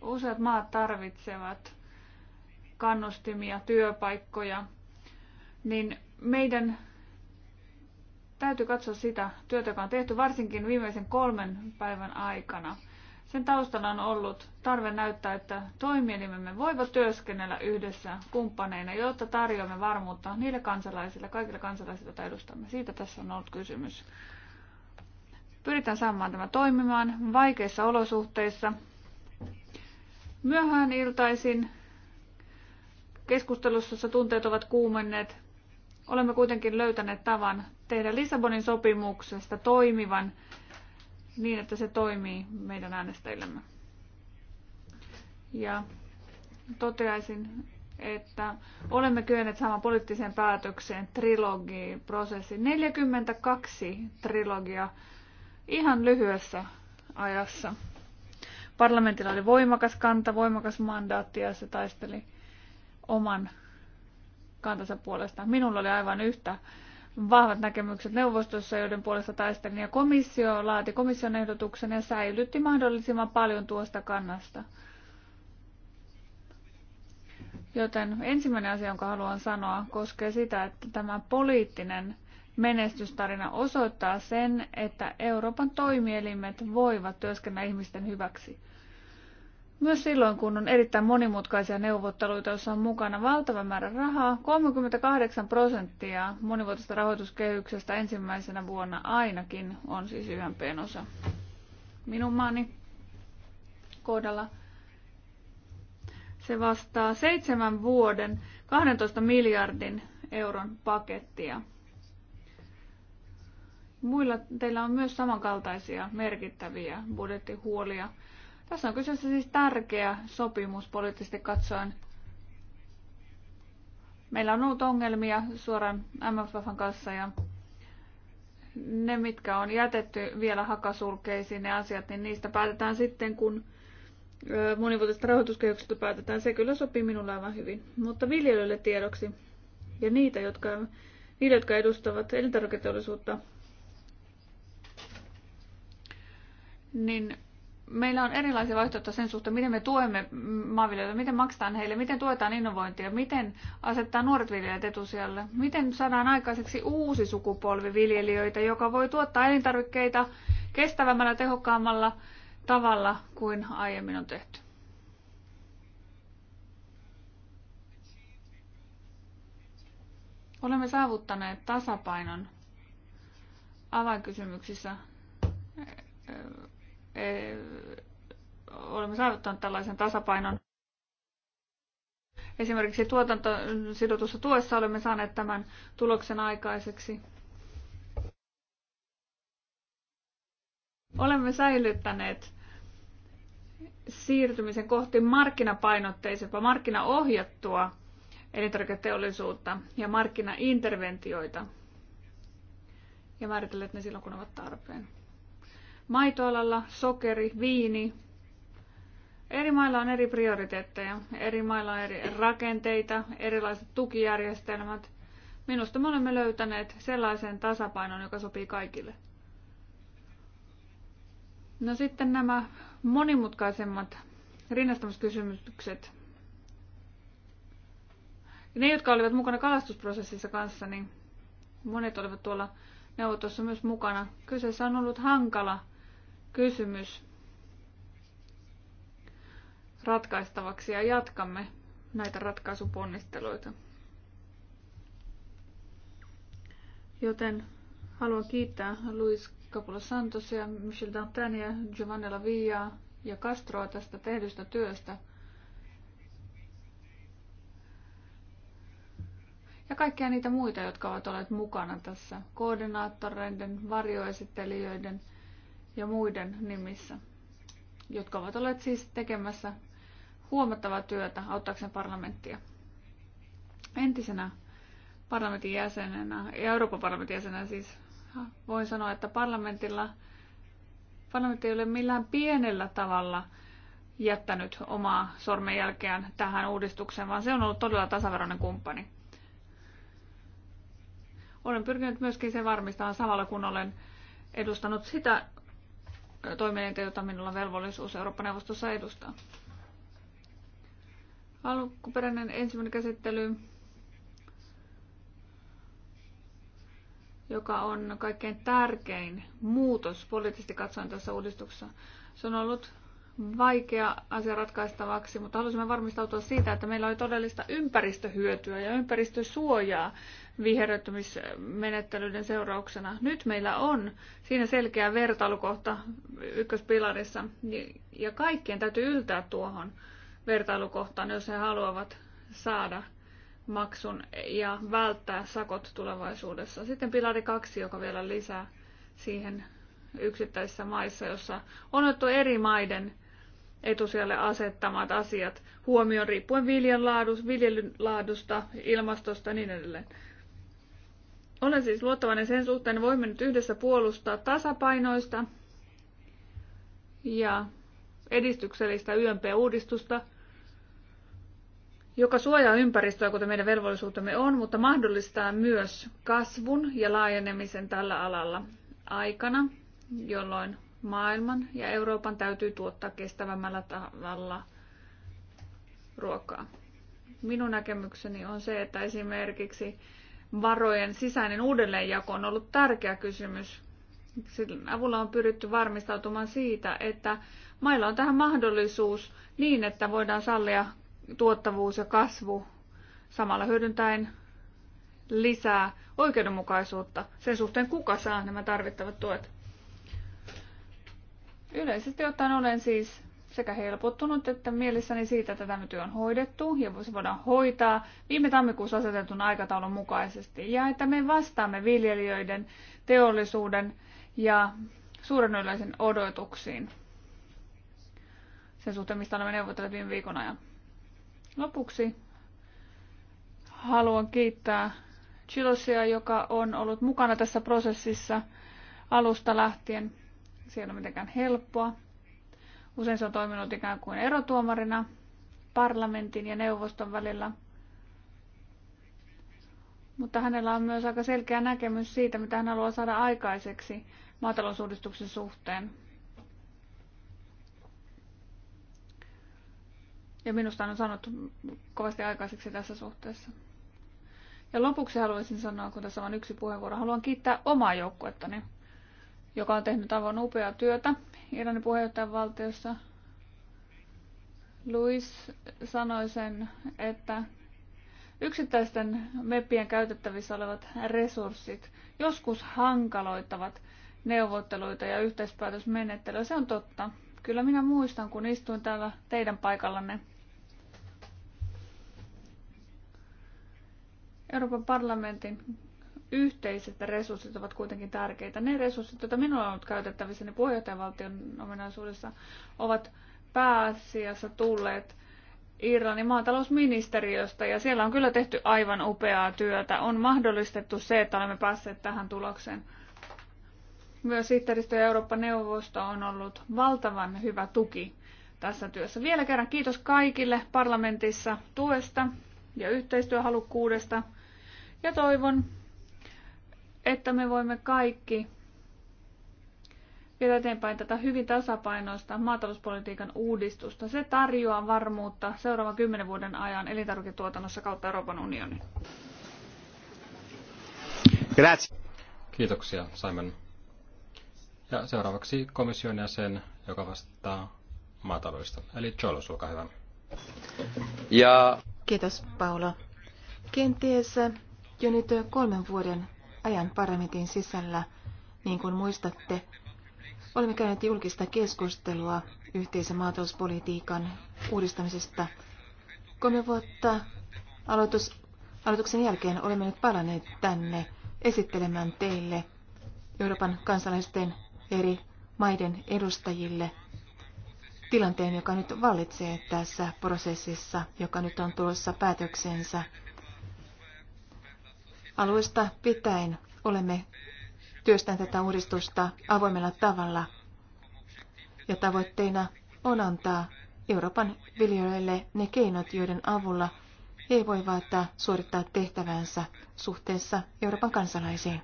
useat maat tarvitsevat kannustimia, työpaikkoja, niin meidän täytyy katsoa sitä työtä, joka on tehty varsinkin viimeisen kolmen päivän aikana. Sen taustalla on ollut tarve näyttää, että toimielimemme voivat työskennellä yhdessä kumppaneina, jotta tarjoamme varmuutta niille kansalaisille, kaikille kansalaisille, joita edustamme. Siitä tässä on ollut kysymys. Pyritään saamaan tämä toimimaan vaikeissa olosuhteissa. Myöhään iltaisin keskustelussa, jossa tunteet ovat kuumenneet, olemme kuitenkin löytäneet tavan tehdä Lissabonin sopimuksesta toimivan niin, että se toimii meidän äänestäjillemme. Ja toteaisin, että olemme kyenneet saamaan poliittiseen päätökseen trilogiprosessi. 42 trilogia ihan lyhyessä ajassa. Parlamentilla oli voimakas kanta, voimakas mandaatti ja se taisteli oman kantansa puolesta. Minulla oli aivan yhtä vahvat näkemykset neuvostossa, joiden puolesta taistelin, ja komissio laati komission ehdotuksen ja säilytti mahdollisimman paljon tuosta kannasta. Joten ensimmäinen asia, jonka haluan sanoa, koskee sitä, että tämä poliittinen menestystarina osoittaa sen, että Euroopan toimielimet voivat työskennellä ihmisten hyväksi. Myös silloin, kun on erittäin monimutkaisia neuvotteluita, joissa on mukana valtava määrä rahaa, 38 prosenttia monivuotisesta rahoituskehyksestä ensimmäisenä vuonna ainakin on siis YMPn osa. Minun maani kohdalla se vastaa seitsemän vuoden 12 miljardin euron pakettia. Muilla teillä on myös samankaltaisia merkittäviä budjettihuolia tässä on kyseessä siis tärkeä sopimus poliittisesti katsoen. Meillä on ollut ongelmia suoraan MFFn kanssa ja ne, mitkä on jätetty vielä hakasulkeisiin ne asiat, niin niistä päätetään sitten, kun monivuotisesta rahoituskehyksestä päätetään. Se kyllä sopii minulle aivan hyvin. Mutta viljelijöille tiedoksi ja niitä, jotka, niitä, jotka edustavat elintarviketeollisuutta, niin meillä on erilaisia vaihtoehtoja sen suhteen, miten me tuemme maanviljelijöitä, miten maksetaan heille, miten tuetaan innovointia, miten asettaa nuoret viljelijät etusijalle, miten saadaan aikaiseksi uusi sukupolvi viljelijöitä, joka voi tuottaa elintarvikkeita kestävämmällä, tehokkaammalla tavalla kuin aiemmin on tehty. Olemme saavuttaneet tasapainon avainkysymyksissä olemme saavuttaneet tällaisen tasapainon. Esimerkiksi tuotantosidotussa tuessa olemme saaneet tämän tuloksen aikaiseksi. Olemme säilyttäneet siirtymisen kohti markkinapainotteisempaa, markkinaohjattua elintarviketeollisuutta ja markkinainterventioita ja määritelleet ne silloin, kun ovat tarpeen maitoalalla, sokeri, viini. Eri mailla on eri prioriteetteja, eri mailla on eri rakenteita, erilaiset tukijärjestelmät. Minusta me olemme löytäneet sellaisen tasapainon, joka sopii kaikille. No sitten nämä monimutkaisemmat rinnastamiskysymykset. Ne, jotka olivat mukana kalastusprosessissa kanssa, niin monet olivat tuolla neuvotossa myös mukana. Kyseessä on ollut hankala kysymys ratkaistavaksi ja jatkamme näitä ratkaisuponnisteluita. Joten haluan kiittää Luis Capula Santosia, Michel Dantania, Giovanni Villaa ja Castroa tästä tehdystä työstä. Ja kaikkia niitä muita, jotka ovat olleet mukana tässä koordinaattoreiden, varjoesittelijöiden – ja muiden nimissä, jotka ovat olleet siis tekemässä huomattavaa työtä auttaakseen parlamenttia. Entisenä parlamentin jäsenenä, Euroopan parlamentin jäsenenä siis, voin sanoa, että parlamentilla, parlamentti ei ole millään pienellä tavalla jättänyt omaa sormenjälkeään tähän uudistukseen, vaan se on ollut todella tasaveroinen kumppani. Olen pyrkinyt myöskin sen varmistamaan samalla, kun olen edustanut sitä toimielintä, jota minulla on velvollisuus Eurooppa-neuvostossa edustaa. Alkuperäinen ensimmäinen käsittely, joka on kaikkein tärkein muutos poliittisesti katsoen tässä uudistuksessa. Se on ollut vaikea asia ratkaistavaksi, mutta halusimme varmistautua siitä, että meillä oli todellista ympäristöhyötyä ja ympäristösuojaa viherryttämismenettelyiden seurauksena. Nyt meillä on siinä selkeä vertailukohta ykköspilarissa niin- ja kaikkien täytyy yltää tuohon vertailukohtaan, jos he haluavat saada maksun ja välttää sakot tulevaisuudessa. Sitten pilari kaksi, joka vielä lisää siihen yksittäisissä maissa, jossa on otettu eri maiden etusijalle asettamat asiat huomioon riippuen viljan laadusta, viljelyn laadusta, ilmastosta ja niin edelleen. Olen siis luottavainen sen suhteen, voimme nyt yhdessä puolustaa tasapainoista ja edistyksellistä YMP-uudistusta, joka suojaa ympäristöä, kuten meidän velvollisuutemme on, mutta mahdollistaa myös kasvun ja laajenemisen tällä alalla aikana, jolloin maailman ja Euroopan täytyy tuottaa kestävämmällä tavalla ruokaa. Minun näkemykseni on se, että esimerkiksi varojen sisäinen uudelleenjako on ollut tärkeä kysymys. Sillä avulla on pyritty varmistautumaan siitä, että mailla on tähän mahdollisuus niin, että voidaan sallia tuottavuus ja kasvu samalla hyödyntäen lisää oikeudenmukaisuutta sen suhteen, kuka saa nämä tarvittavat tuet. Yleisesti ottaen olen siis sekä helpottunut että mielissäni siitä, että tämä työ on hoidettu ja se voidaan hoitaa viime tammikuussa asetetun aikataulun mukaisesti ja että me vastaamme viljelijöiden, teollisuuden ja suuren yleisen odotuksiin sen suhteen, mistä olemme neuvotelleet viime viikon ajan. Lopuksi haluan kiittää Chilosia, joka on ollut mukana tässä prosessissa alusta lähtien. siellä ei ole mitenkään helppoa. Usein se on toiminut ikään kuin erotuomarina parlamentin ja neuvoston välillä. Mutta hänellä on myös aika selkeä näkemys siitä, mitä hän haluaa saada aikaiseksi maatalousuudistuksen suhteen. Ja minusta hän on saanut kovasti aikaiseksi tässä suhteessa. Ja lopuksi haluaisin sanoa, kun tässä on yksi puheenvuoro, haluan kiittää omaa joukkuettani, joka on tehnyt aivan upeaa työtä Iranin puheenjohtajavaltiossa. Luis sanoi sen, että yksittäisten meppien käytettävissä olevat resurssit joskus hankaloittavat neuvotteluita ja yhteispäätösmenettelyä. Se on totta. Kyllä minä muistan, kun istuin täällä teidän paikallanne. Euroopan parlamentin yhteiset resurssit ovat kuitenkin tärkeitä. Ne resurssit, joita minulla on ollut käytettävissä niin puheenjohtajavaltion ominaisuudessa, ovat pääasiassa tulleet Irlannin maatalousministeriöstä ja siellä on kyllä tehty aivan upeaa työtä. On mahdollistettu se, että olemme päässeet tähän tulokseen. Myös sihteeristö ja Euroopan neuvosto on ollut valtavan hyvä tuki tässä työssä. Vielä kerran kiitos kaikille parlamentissa tuesta ja yhteistyöhalukkuudesta ja toivon, että me voimme kaikki viedä eteenpäin tätä hyvin tasapainoista maatalouspolitiikan uudistusta. Se tarjoaa varmuutta seuraavan kymmenen vuoden ajan elintarviketuotannossa kautta Euroopan unionin. Grazie. Kiitoksia, Simon. Ja seuraavaksi komission jäsen, joka vastaa maataloudesta. Eli Cholos, olkaa hyvä. Ja... Kiitos, Paula. Kenties jo nyt kolmen vuoden ajan parlamentin sisällä, niin kuin muistatte, olemme käyneet julkista keskustelua yhteisen maatalouspolitiikan uudistamisesta. Kolme vuotta aloitus, aloituksen jälkeen olemme nyt palanneet tänne esittelemään teille Euroopan kansalaisten eri maiden edustajille tilanteen, joka nyt vallitsee tässä prosessissa, joka nyt on tulossa päätöksensä. Alueesta pitäen olemme työstäneet tätä uudistusta avoimella tavalla. Ja tavoitteena on antaa Euroopan viljelijöille ne keinot, joiden avulla he voivat suorittaa tehtävänsä suhteessa Euroopan kansalaisiin.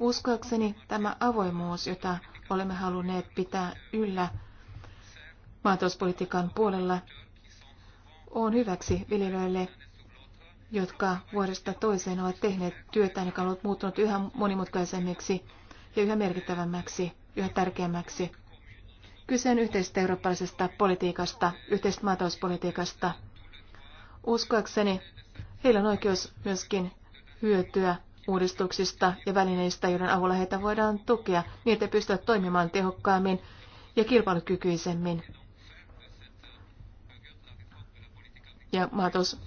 Uskoakseni tämä avoimuus, jota olemme halunneet pitää yllä maatalouspolitiikan puolella, on hyväksi viljelijöille jotka vuodesta toiseen ovat tehneet työtä, joka on muuttunut yhä monimutkaisemmaksi ja yhä merkittävämmäksi, yhä tärkeämmäksi. Kyse on yhteisestä eurooppalaisesta politiikasta, yhteisestä maatalouspolitiikasta. Uskoakseni heillä on oikeus myöskin hyötyä uudistuksista ja välineistä, joiden avulla heitä voidaan tukea, niin että pystyvät toimimaan tehokkaammin ja kilpailukykyisemmin. Ja maatalous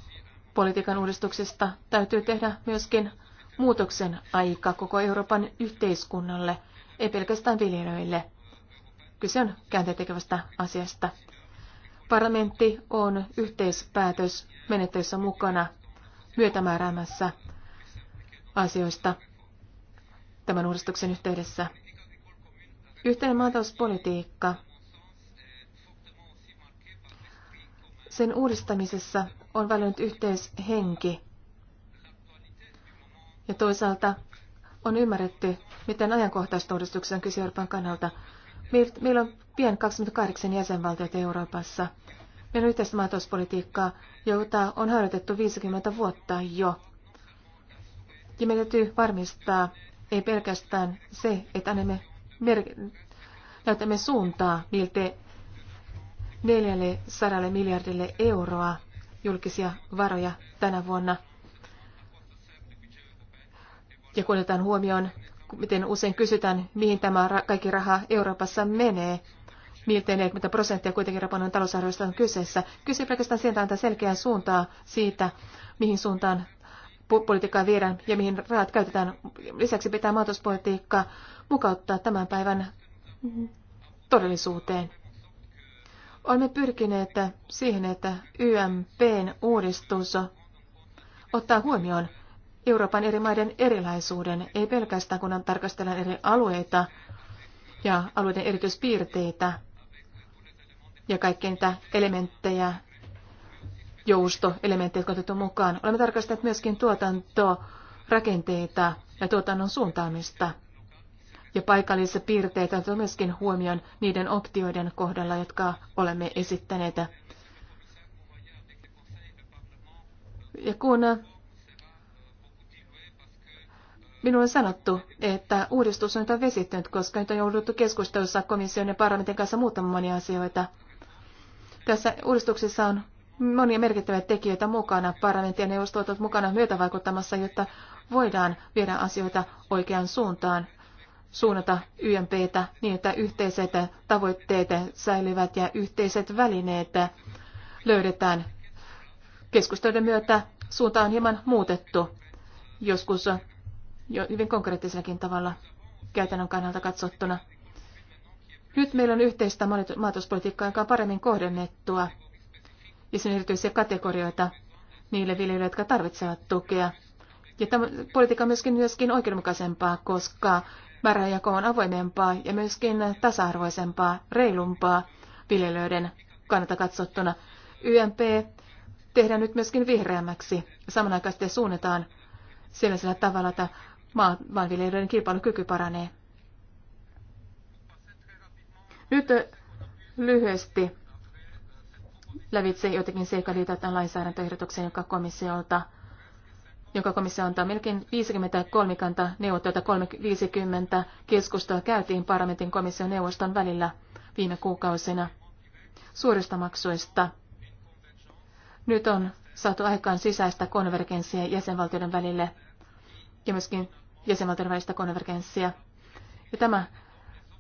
politiikan uudistuksista täytyy tehdä myöskin muutoksen aika koko Euroopan yhteiskunnalle, ei pelkästään viljelijöille. Kyse on käänteentekevästä asiasta. Parlamentti on yhteispäätös menettelyssä mukana myötämääräämässä asioista tämän uudistuksen yhteydessä. Yhteinen maatalouspolitiikka. Sen uudistamisessa on välinyt yhteishenki. Ja toisaalta on ymmärretty, miten ajankohtaista on kyse Euroopan kannalta. Meillä on pian 28 jäsenvaltiota Euroopassa. Meillä on yhteistä maatalouspolitiikkaa, jota on harjoitettu 50 vuotta jo. Ja meidän täytyy varmistaa ei pelkästään se, että annamme mer- näytämme suuntaa miltei 400 miljardille euroa julkisia varoja tänä vuonna. Ja kun otetaan huomioon, miten usein kysytään, mihin tämä kaikki raha Euroopassa menee, miltei mitä prosenttia kuitenkin Rapanon talousarvoista on kyseessä. Kyse pelkästään sieltä antaa selkeää suuntaa siitä, mihin suuntaan politiikkaa viedään ja mihin rahat käytetään. Lisäksi pitää maatalouspolitiikka mukauttaa tämän päivän todellisuuteen. Olemme pyrkineet siihen, että YMPn uudistus ottaa huomioon Euroopan eri maiden erilaisuuden, ei pelkästään kun tarkastellaan eri alueita ja alueiden erityispiirteitä ja kaikkein niitä elementtejä, joustoelementtejä, jotka otettu mukaan. Olemme tarkastelleet myöskin tuotantorakenteita ja tuotannon suuntaamista ja paikallisissa piirteitä on myöskin huomioon niiden optioiden kohdalla, jotka olemme esittäneet. Ja kun Minulle on sanottu, että uudistus on nyt vesittynyt, koska nyt on jouduttu keskustelussa komission ja parlamentin kanssa muutamia monia asioita. Tässä uudistuksessa on monia merkittäviä tekijöitä mukana. Parlamentti ja neuvosto ovat mukana myötävaikuttamassa, jotta voidaan viedä asioita oikeaan suuntaan suunnata YMPtä niin, että yhteiset tavoitteet säilyvät ja yhteiset välineet löydetään. keskustelun myötä suunta on hieman muutettu, joskus jo hyvin konkreettisellakin tavalla käytännön kannalta katsottuna. Nyt meillä on yhteistä maatalouspolitiikkaa, joka on paremmin kohdennettua ja sen erityisiä kategorioita niille viljelijöille, jotka tarvitsevat tukea. Ja tämä politiikka on myöskin, myöskin oikeudenmukaisempaa, koska Määräjako on avoimempaa ja myöskin tasa-arvoisempaa, reilumpaa viljelijöiden kannalta katsottuna. YMP tehdään nyt myöskin vihreämmäksi. Samanaikaisesti suunnataan sellaisella tavalla, että maanviljelijöiden kilpailukyky paranee. Nyt lyhyesti lävitse jotenkin seikkailijoita tämän lainsäädäntöehdotuksen, joka komissiolta jonka komissio antaa melkein 50 kolmikanta neuvottelta 350 keskustelua käytiin parlamentin komission neuvoston välillä viime kuukausina suurista maksuista. Nyt on saatu aikaan sisäistä konvergenssia jäsenvaltioiden välille ja myöskin jäsenvaltioiden välistä konvergenssia. Ja tämä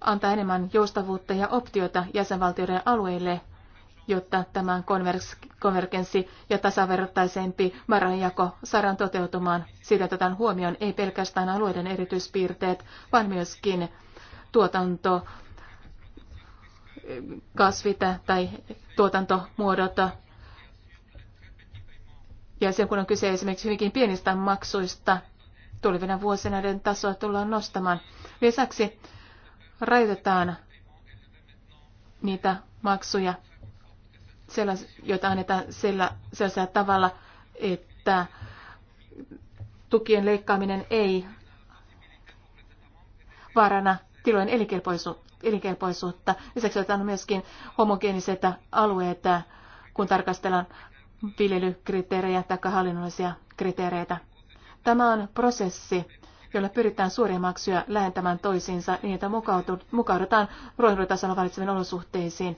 antaa enemmän joustavuutta ja optiota jäsenvaltioiden alueille jotta tämän konvergenssi ja tasavertaisempi varanjako saadaan toteutumaan. Siitä otetaan huomioon ei pelkästään alueiden erityispiirteet, vaan myöskin tuotanto, kasvita tai tuotantomuodot. Ja sen kun on kyse esimerkiksi hyvinkin pienistä maksuista, tulevina vuosina näiden tasoa tullaan nostamaan. Lisäksi rajoitetaan niitä maksuja sellais, joita annetaan sillä, sellaisella tavalla, että tukien leikkaaminen ei vaarana tilojen elinkelpoisuutta. Lisäksi otetaan myöskin homogeeniset alueet, kun tarkastellaan viljelykriteerejä tai hallinnollisia kriteereitä. Tämä on prosessi, jolla pyritään suuria maksuja lähentämään toisiinsa niin, että mukaudutaan ruohonjuuritasolla valitseviin olosuhteisiin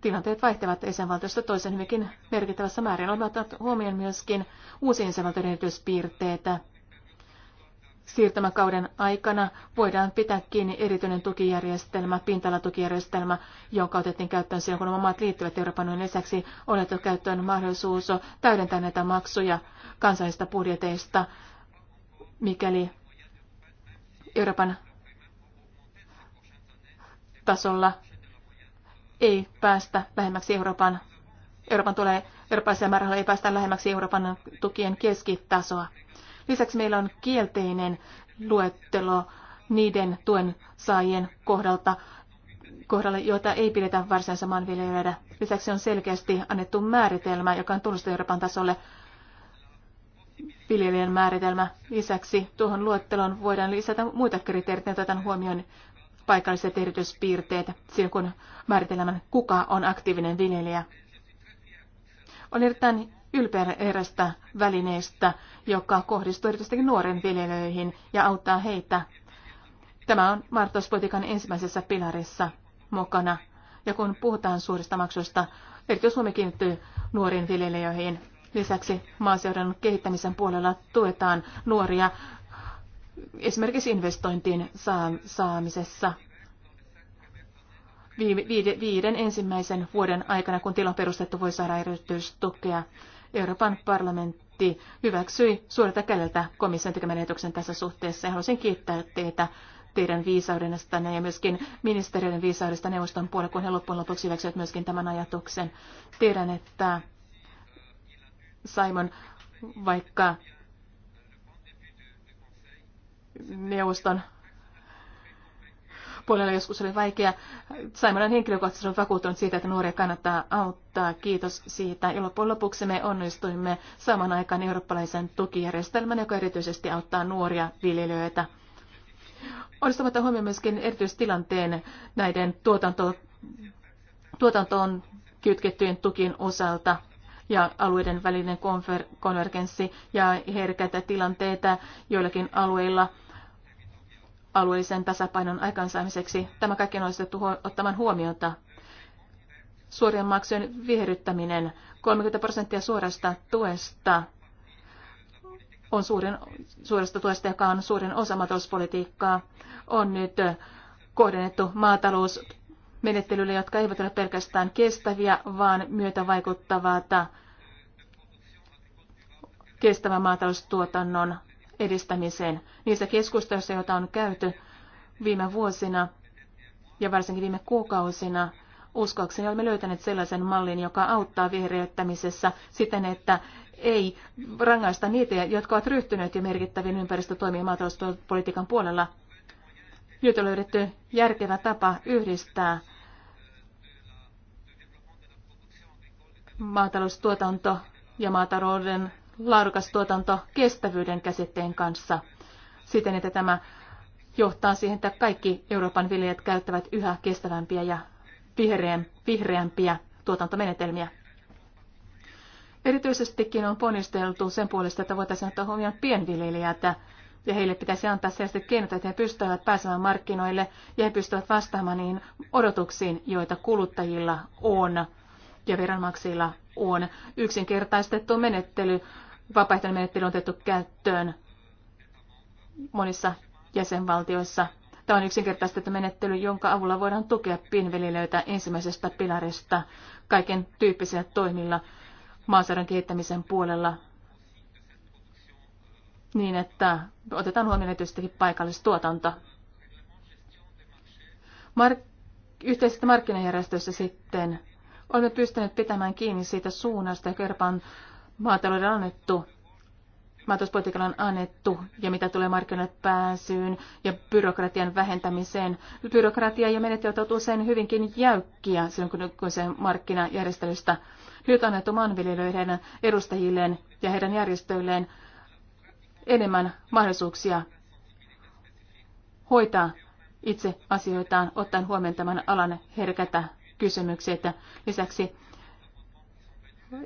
tilanteet vaihtelevat jäsenvaltiosta toisen hyvinkin merkittävässä määrin. Olemme ottaneet huomioon myöskin uusien jäsenvaltioiden erityispiirteitä. Siirtymäkauden aikana voidaan pitää kiinni erityinen tukijärjestelmä, pintalatukijärjestelmä, jonka otettiin käyttöön silloin, kun nämä maat liittyvät Euroopan unionin lisäksi. On otettu käyttöön mahdollisuus täydentää näitä maksuja kansallisista budjeteista, mikäli Euroopan tasolla ei päästä lähemmäksi Euroopan, Euroopan tulee, eurooppalaisilla määrärahoilla ei päästä lähemmäksi Euroopan tukien keskitasoa. Lisäksi meillä on kielteinen luettelo niiden tuen saajien kohdalta, kohdalle, joita ei pidetä varsinaisessa maanviljelijöiden. Lisäksi on selkeästi annettu määritelmä, joka on tunnustettu Euroopan tasolle viljelijän määritelmä. Lisäksi tuohon luetteloon voidaan lisätä muita kriteereitä, joita otetaan huomioon paikalliset erityispiirteet silloin, kun määritellään, kuka on aktiivinen viljelijä. On erittäin ylpeä erästä välineestä, joka kohdistuu erityisesti nuoren viljelijöihin ja auttaa heitä. Tämä on maatalouspolitiikan ensimmäisessä pilarissa mukana. Ja kun puhutaan suurista maksuista, erityishuomio kiinnittyy nuoriin viljelijöihin. Lisäksi maaseudun kehittämisen puolella tuetaan nuoria esimerkiksi investointiin saamisessa viiden ensimmäisen vuoden aikana, kun tila on perustettu, voi saada erityistukea. Euroopan parlamentti hyväksyi suurelta kädeltä komission tekemän ehdotuksen tässä suhteessa. Ja haluaisin kiittää teitä teidän viisaudestanne ja myöskin ministeriöiden viisaudesta neuvoston puolella, kun he loppujen lopuksi hyväksyivät myöskin tämän ajatuksen. Tiedän, että Simon, vaikka neuvoston puolella joskus oli vaikea. Simon on vakuuttunut siitä, että nuoria kannattaa auttaa. Kiitos siitä. Ja loppujen lopuksi me onnistuimme saman aikaan eurooppalaisen tukijärjestelmän, joka erityisesti auttaa nuoria viljelijöitä. Onnistumatta huomioon myöskin erityistilanteen näiden tuotanto, tuotantoon kytkettyjen tukin osalta ja alueiden välinen konver- konvergenssi ja herkätä tilanteita joillakin alueilla – alueellisen tasapainon aikaansaamiseksi. Tämä kaikki on ostettu ottamaan huomiota. Suorien maksujen viherryttäminen, 30 prosenttia suorasta tuesta on suurin, suorasta tuesta, joka on suurin osa maatalouspolitiikkaa, on nyt kohdennettu maatalousmenettelylle, jotka eivät ole pelkästään kestäviä, vaan myötävaikuttavaa kestävän maataloustuotannon edistämiseen. Niissä keskusteluissa, joita on käyty viime vuosina ja varsinkin viime kuukausina, uskoakseni olemme löytäneet sellaisen mallin, joka auttaa vihreyttämisessä siten, että ei rangaista niitä, jotka ovat ryhtyneet jo merkittäviin ympäristötoimiin maatalouspolitiikan puolella. Nyt on löydetty järkevä tapa yhdistää maataloustuotanto ja maatalouden laadukas tuotanto kestävyyden käsitteen kanssa siten, että tämä johtaa siihen, että kaikki Euroopan viljelijät käyttävät yhä kestävämpiä ja vihreämpiä tuotantomenetelmiä. Erityisestikin on ponnisteltu sen puolesta, että voitaisiin ottaa huomioon pienviljelijät ja heille pitäisi antaa sellaiset keinot, että he pystyvät pääsemään markkinoille ja he pystyvät vastaamaan niihin odotuksiin, joita kuluttajilla on ja veronmaksajilla on. Yksinkertaistettu menettely vapaaehtoinen menettely on otettu käyttöön monissa jäsenvaltioissa. Tämä on yksinkertaistettu menettely, jonka avulla voidaan tukea pienvelilöitä ensimmäisestä pilarista kaiken tyyppisillä toimilla maaseudun kehittämisen puolella niin, että otetaan huomioon erityisesti paikallistuotanto. Mark- yhteisessä markkinajärjestössä sitten olemme pystyneet pitämään kiinni siitä suunnasta, joka Euroopan maatalouden annettu, maatalouspolitiikalla on annettu, ja mitä tulee markkinoille pääsyyn ja byrokratian vähentämiseen. Byrokratia ja menetelmät ovat usein hyvinkin jäykkiä silloin, kun, kun se markkinajärjestelystä nyt annettu maanviljelijöiden edustajilleen ja heidän järjestöilleen enemmän mahdollisuuksia hoitaa itse asioitaan, ottaen huomioon tämän alan herkätä kysymyksiä Lisäksi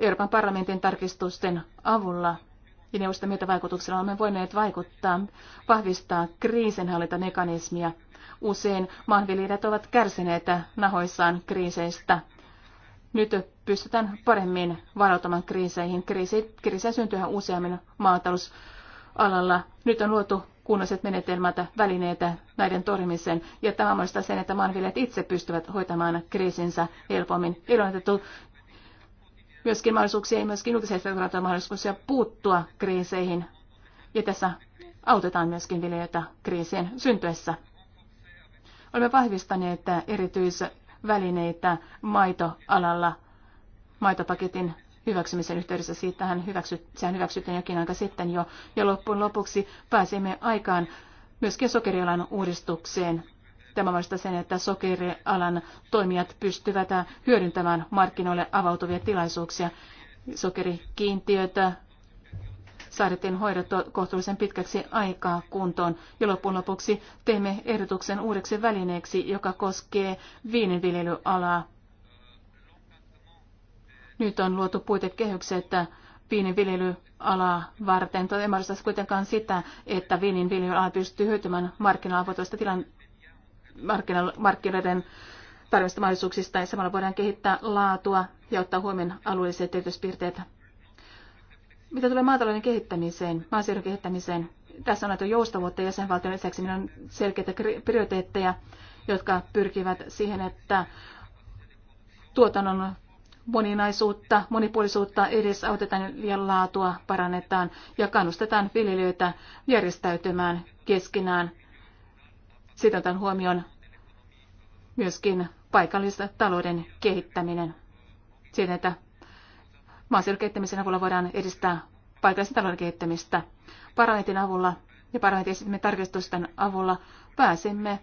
Euroopan parlamentin tarkistusten avulla ja neuvoston myötävaikutuksella olemme voineet vaikuttaa, vahvistaa kriisinhallintamekanismia. Usein maanviljelijät ovat kärsineet nahoissaan kriiseistä. Nyt pystytään paremmin varautumaan kriiseihin. Kriisi, kriisejä syntyy useammin maatalousalalla. Nyt on luotu kunnolliset menetelmät, välineitä näiden torjumiseen ja tämä mahdollistaa sen, että maanviljelijät itse pystyvät hoitamaan kriisinsä helpommin. Ilmoitettu myöskin mahdollisuuksia ja myöskin julkiselle mahdollisuuksia puuttua kriiseihin. Ja tässä autetaan myöskin viljelijöitä kriisien syntyessä. Olemme vahvistaneet erityisvälineitä maitoalalla maitopaketin hyväksymisen yhteydessä. Siitähän hyväksyt, sehän hyväksyttiin jokin aika sitten jo, ja loppujen lopuksi pääsimme aikaan myöskin sokerialan uudistukseen Tämä mahdollistaa sen, että sokerialan toimijat pystyvät hyödyntämään markkinoille avautuvia tilaisuuksia. Sokerikiintiöitä saatiin hoidettua kohtuullisen pitkäksi aikaa kuntoon. Ja loppujen lopuksi teimme ehdotuksen uudeksi välineeksi, joka koskee viininviljelyalaa. Nyt on luotu puitekehykset viininviljelyalaa varten. Tämä ei kuitenkaan sitä, että viininviljelyala pystyy hyötymään markkinoilla tilanteesta markkinoiden tarvista mahdollisuuksista ja samalla voidaan kehittää laatua ja ottaa huomioon alueelliset erityispiirteet. Mitä tulee maatalouden kehittämiseen, maaseudun kehittämiseen, tässä on näitä joustavuutta jäsenvaltion lisäksi meillä niin on selkeitä prioriteetteja, jotka pyrkivät siihen, että tuotannon moninaisuutta, monipuolisuutta edesautetaan ja laatua parannetaan ja kannustetaan viljelijöitä järjestäytymään keskenään sitä otan huomioon myöskin paikallista talouden kehittäminen. Siinä, että maaseudun kehittämisen avulla voidaan edistää paikallisen talouden kehittämistä. Parlamentin avulla ja parlamentin esittämien tarkistusten avulla pääsemme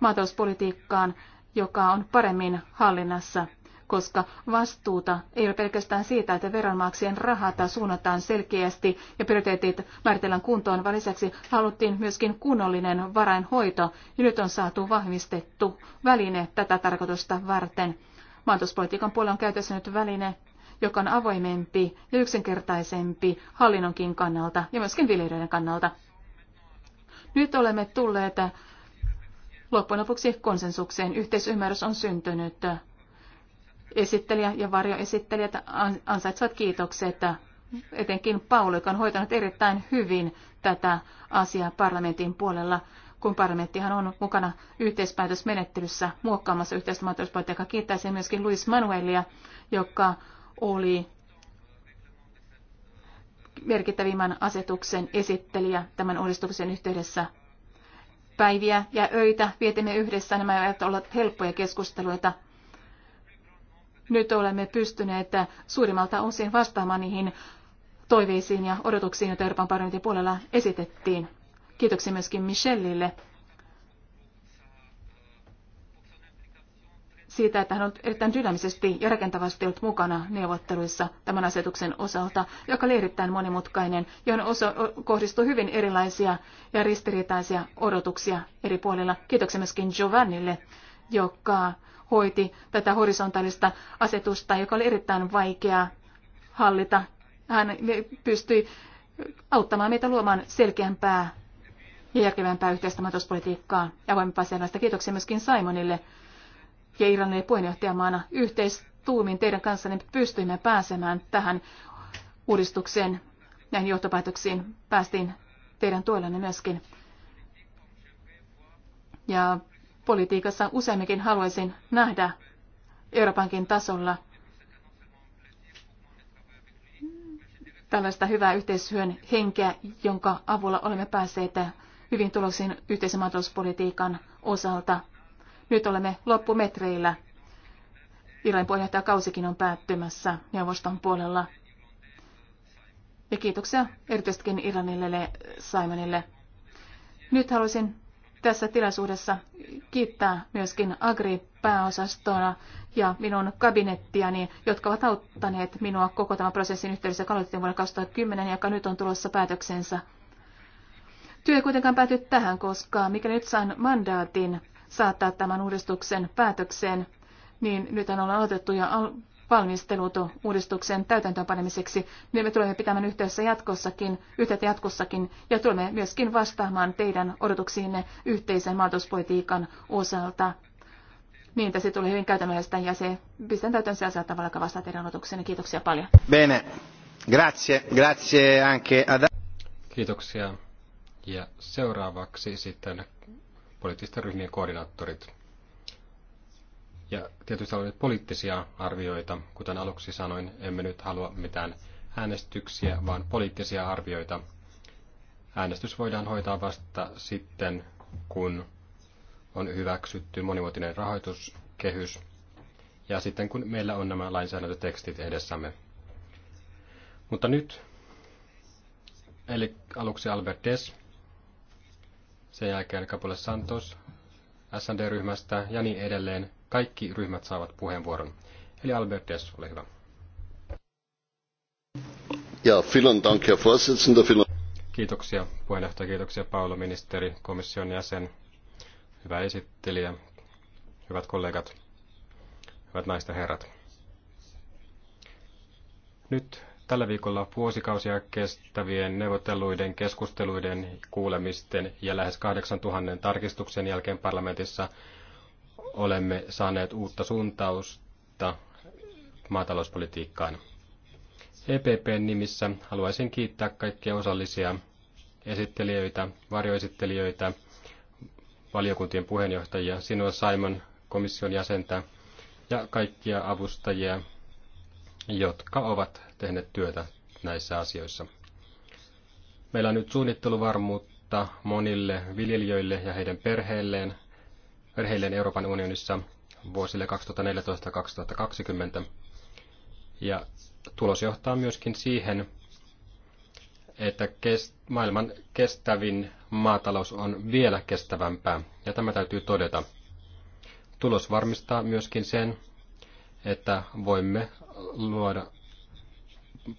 maatalouspolitiikkaan, joka on paremmin hallinnassa – koska vastuuta ei ole pelkästään siitä, että veronmaksajien rahat suunnataan selkeästi ja prioriteetit määritellään kuntoon, vaan lisäksi haluttiin myöskin kunnollinen varainhoito, ja nyt on saatu vahvistettu väline tätä tarkoitusta varten. Maatalouspolitiikan puolella on käytössä nyt väline, joka on avoimempi ja yksinkertaisempi hallinnonkin kannalta ja myöskin viljelijöiden kannalta. Nyt olemme tulleet Loppujen lopuksi konsensukseen yhteisymmärrys on syntynyt esittelijä ja varjoesittelijät ansaitsevat kiitokset, etenkin Paul, joka on hoitanut erittäin hyvin tätä asiaa parlamentin puolella, kun parlamenttihan on mukana yhteispäätösmenettelyssä muokkaamassa yhteistä maatalouspolitiikkaa. Kiittäisin myöskin Luis Manuelia, joka oli merkittävimmän asetuksen esittelijä tämän uudistuksen yhteydessä. Päiviä ja öitä vietimme yhdessä. Nämä eivät olleet helppoja keskusteluita nyt olemme pystyneet suurimmalta osin vastaamaan niihin toiveisiin ja odotuksiin, joita Euroopan parlamentin puolella esitettiin. Kiitoksia myöskin Michellille siitä, että hän on erittäin dynaamisesti ja rakentavasti ollut mukana neuvotteluissa tämän asetuksen osalta, joka oli erittäin monimutkainen, johon osa kohdistui hyvin erilaisia ja ristiriitaisia odotuksia eri puolilla. Kiitoksia myöskin Giovannille, joka hoiti tätä horisontaalista asetusta, joka oli erittäin vaikea hallita. Hän pystyi auttamaan meitä luomaan selkeämpää ja järkevämpää yhteistä maatalouspolitiikkaa. Ja voimme sellaista. Kiitoksia myöskin Simonille ja Irlannille puheenjohtajamaana. Yhteistuumin teidän kanssanne pystyimme pääsemään tähän uudistukseen. Näihin johtopäätöksiin päästiin teidän tuellanne myöskin. Ja politiikassa useamminkin haluaisin nähdä Euroopankin tasolla tällaista hyvää yhteistyön henkeä, jonka avulla olemme päässeet hyvin tuloksiin yhteisen maatalouspolitiikan osalta. Nyt olemme loppumetreillä. Irlannin puheenjohtajakausikin on päättymässä neuvoston puolella. Ja kiitoksia erityisesti Irlannille Simonille. Nyt haluaisin tässä tilaisuudessa kiittää myöskin Agri-pääosastona ja minun kabinettiani, jotka ovat auttaneet minua koko tämän prosessin yhteydessä, joka vuonna 2010, joka nyt on tulossa päätöksensä. Työ ei kuitenkaan pääty tähän, koska mikä nyt saan mandaatin saattaa tämän uudistuksen päätökseen, niin nyt on aloitettu ja valmistelut uudistuksen täytäntöönpanemiseksi, niin me tulemme pitämään yhteydessä jatkossakin, yhteyttä jatkossakin ja tulemme myöskin vastaamaan teidän odotuksiinne yhteisen maatalouspolitiikan osalta. Niin, että se tuli hyvin käytännöllistä ja se pistän täytäntöön sieltä tavalla vastaa teidän odotuksenne. Kiitoksia paljon. Bene. Grazie. Grazie anche ad... Kiitoksia. Ja seuraavaksi sitten poliittisten ryhmien koordinaattorit. Ja tietysti on poliittisia arvioita. Kuten aluksi sanoin, emme nyt halua mitään äänestyksiä, vaan poliittisia arvioita. Äänestys voidaan hoitaa vasta sitten, kun on hyväksytty monivuotinen rahoituskehys ja sitten kun meillä on nämä lainsäädäntötekstit edessämme. Mutta nyt, eli aluksi Albert Des, sen jälkeen Capule Santos, SND-ryhmästä ja niin edelleen kaikki ryhmät saavat puheenvuoron. Eli Albert Dess, ole hyvä. Ja, vielen dank, Herr Vorsitzender. Kiitoksia puheenjohtaja, kiitoksia Paolo, ministeri, komission jäsen, hyvä esittelijä, hyvät kollegat, hyvät naiset ja herrat. Nyt tällä viikolla vuosikausia kestävien neuvotteluiden, keskusteluiden, kuulemisten ja lähes 8000 tarkistuksen jälkeen parlamentissa olemme saaneet uutta suuntausta maatalouspolitiikkaan. EPPn nimissä haluaisin kiittää kaikkia osallisia esittelijöitä, varjoesittelijöitä, valiokuntien puheenjohtajia, sinua Simon, komission jäsentä ja kaikkia avustajia, jotka ovat tehneet työtä näissä asioissa. Meillä on nyt suunnitteluvarmuutta monille viljelijöille ja heidän perheilleen perheilleen Euroopan unionissa vuosille 2014-2020. Ja tulos johtaa myöskin siihen, että maailman kestävin maatalous on vielä kestävämpää, ja tämä täytyy todeta. Tulos varmistaa myöskin sen, että voimme luoda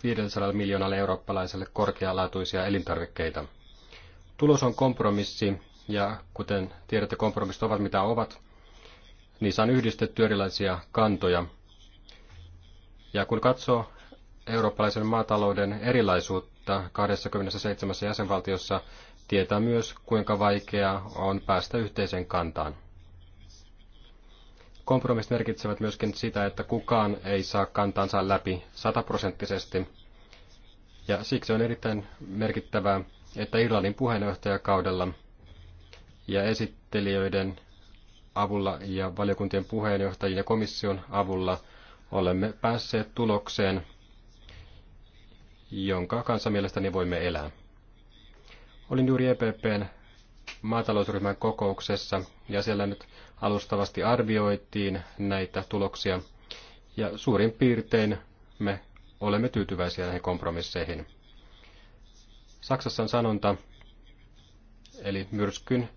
500 miljoonalle eurooppalaiselle korkealaatuisia elintarvikkeita. Tulos on kompromissi ja kuten tiedätte, kompromissit ovat mitä ovat. Niissä on yhdistetty erilaisia kantoja. Ja kun katsoo eurooppalaisen maatalouden erilaisuutta 27 jäsenvaltiossa, tietää myös, kuinka vaikeaa on päästä yhteiseen kantaan. Kompromissit merkitsevät myöskin sitä, että kukaan ei saa kantansa läpi sataprosenttisesti. Ja siksi on erittäin merkittävää, että Irlannin puheenjohtajakaudella – ja esittelijöiden avulla ja valiokuntien puheenjohtajien ja komission avulla olemme päässeet tulokseen, jonka kanssa mielestäni voimme elää. Olin juuri EPPn maatalousryhmän kokouksessa ja siellä nyt alustavasti arvioitiin näitä tuloksia ja suurin piirtein me olemme tyytyväisiä näihin kompromisseihin. Saksassa on sanonta, eli myrskyn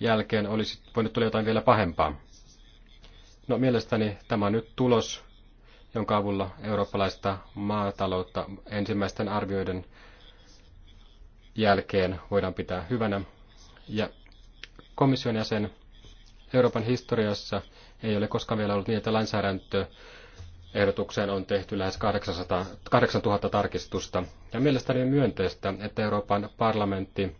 jälkeen olisi voinut tulla jotain vielä pahempaa. No mielestäni tämä on nyt tulos, jonka avulla eurooppalaista maataloutta ensimmäisten arvioiden jälkeen voidaan pitää hyvänä. Ja komission jäsen Euroopan historiassa ei ole koskaan vielä ollut niin, että lainsäädäntö ehdotukseen on tehty lähes 800, 8000 tarkistusta. Ja mielestäni on myönteistä, että Euroopan parlamentti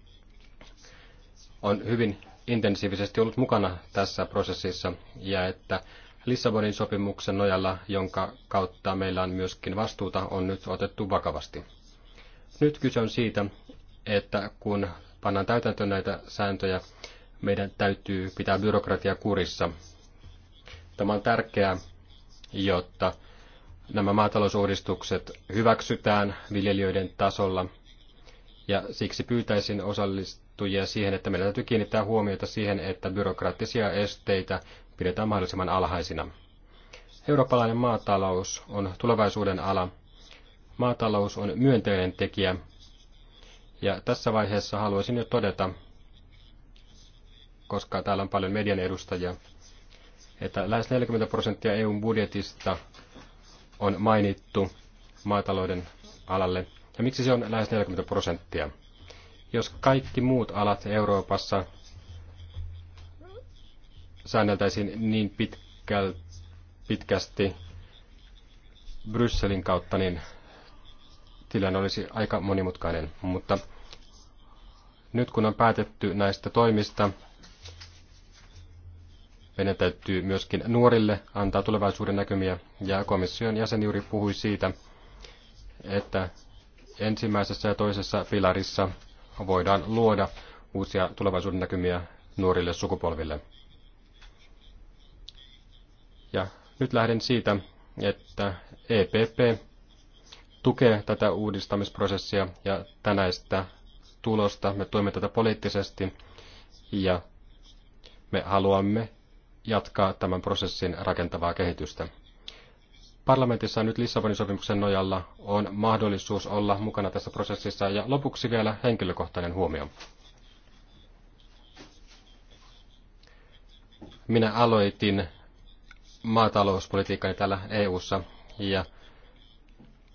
on hyvin intensiivisesti ollut mukana tässä prosessissa ja että Lissabonin sopimuksen nojalla, jonka kautta meillä on myöskin vastuuta, on nyt otettu vakavasti. Nyt kyse on siitä, että kun pannaan täytäntöön näitä sääntöjä, meidän täytyy pitää byrokratia kurissa. Tämä on tärkeää, jotta nämä maatalousuudistukset hyväksytään viljelijöiden tasolla, ja siksi pyytäisin osallist- ja siihen, että meidän täytyy kiinnittää huomiota siihen, että byrokraattisia esteitä pidetään mahdollisimman alhaisina. Eurooppalainen maatalous on tulevaisuuden ala. Maatalous on myönteinen tekijä. Ja tässä vaiheessa haluaisin jo todeta, koska täällä on paljon median edustajia, että lähes 40 prosenttia EUn budjetista on mainittu maatalouden alalle. Ja miksi se on lähes 40 prosenttia? Jos kaikki muut alat Euroopassa säänneltäisiin niin pitkäl, pitkästi Brysselin kautta, niin tilanne olisi aika monimutkainen. Mutta nyt kun on päätetty näistä toimista, meidän täytyy myöskin nuorille antaa tulevaisuuden näkymiä, ja komission jäsen juuri puhui siitä, että ensimmäisessä ja toisessa pilarissa voidaan luoda uusia tulevaisuuden näkymiä nuorille sukupolville. Ja nyt lähden siitä, että EPP tukee tätä uudistamisprosessia ja tänäistä tulosta. Me tuemme tätä poliittisesti ja me haluamme jatkaa tämän prosessin rakentavaa kehitystä parlamentissa nyt Lissabonin sopimuksen nojalla on mahdollisuus olla mukana tässä prosessissa. Ja lopuksi vielä henkilökohtainen huomio. Minä aloitin maatalouspolitiikkani täällä EU:ssa ja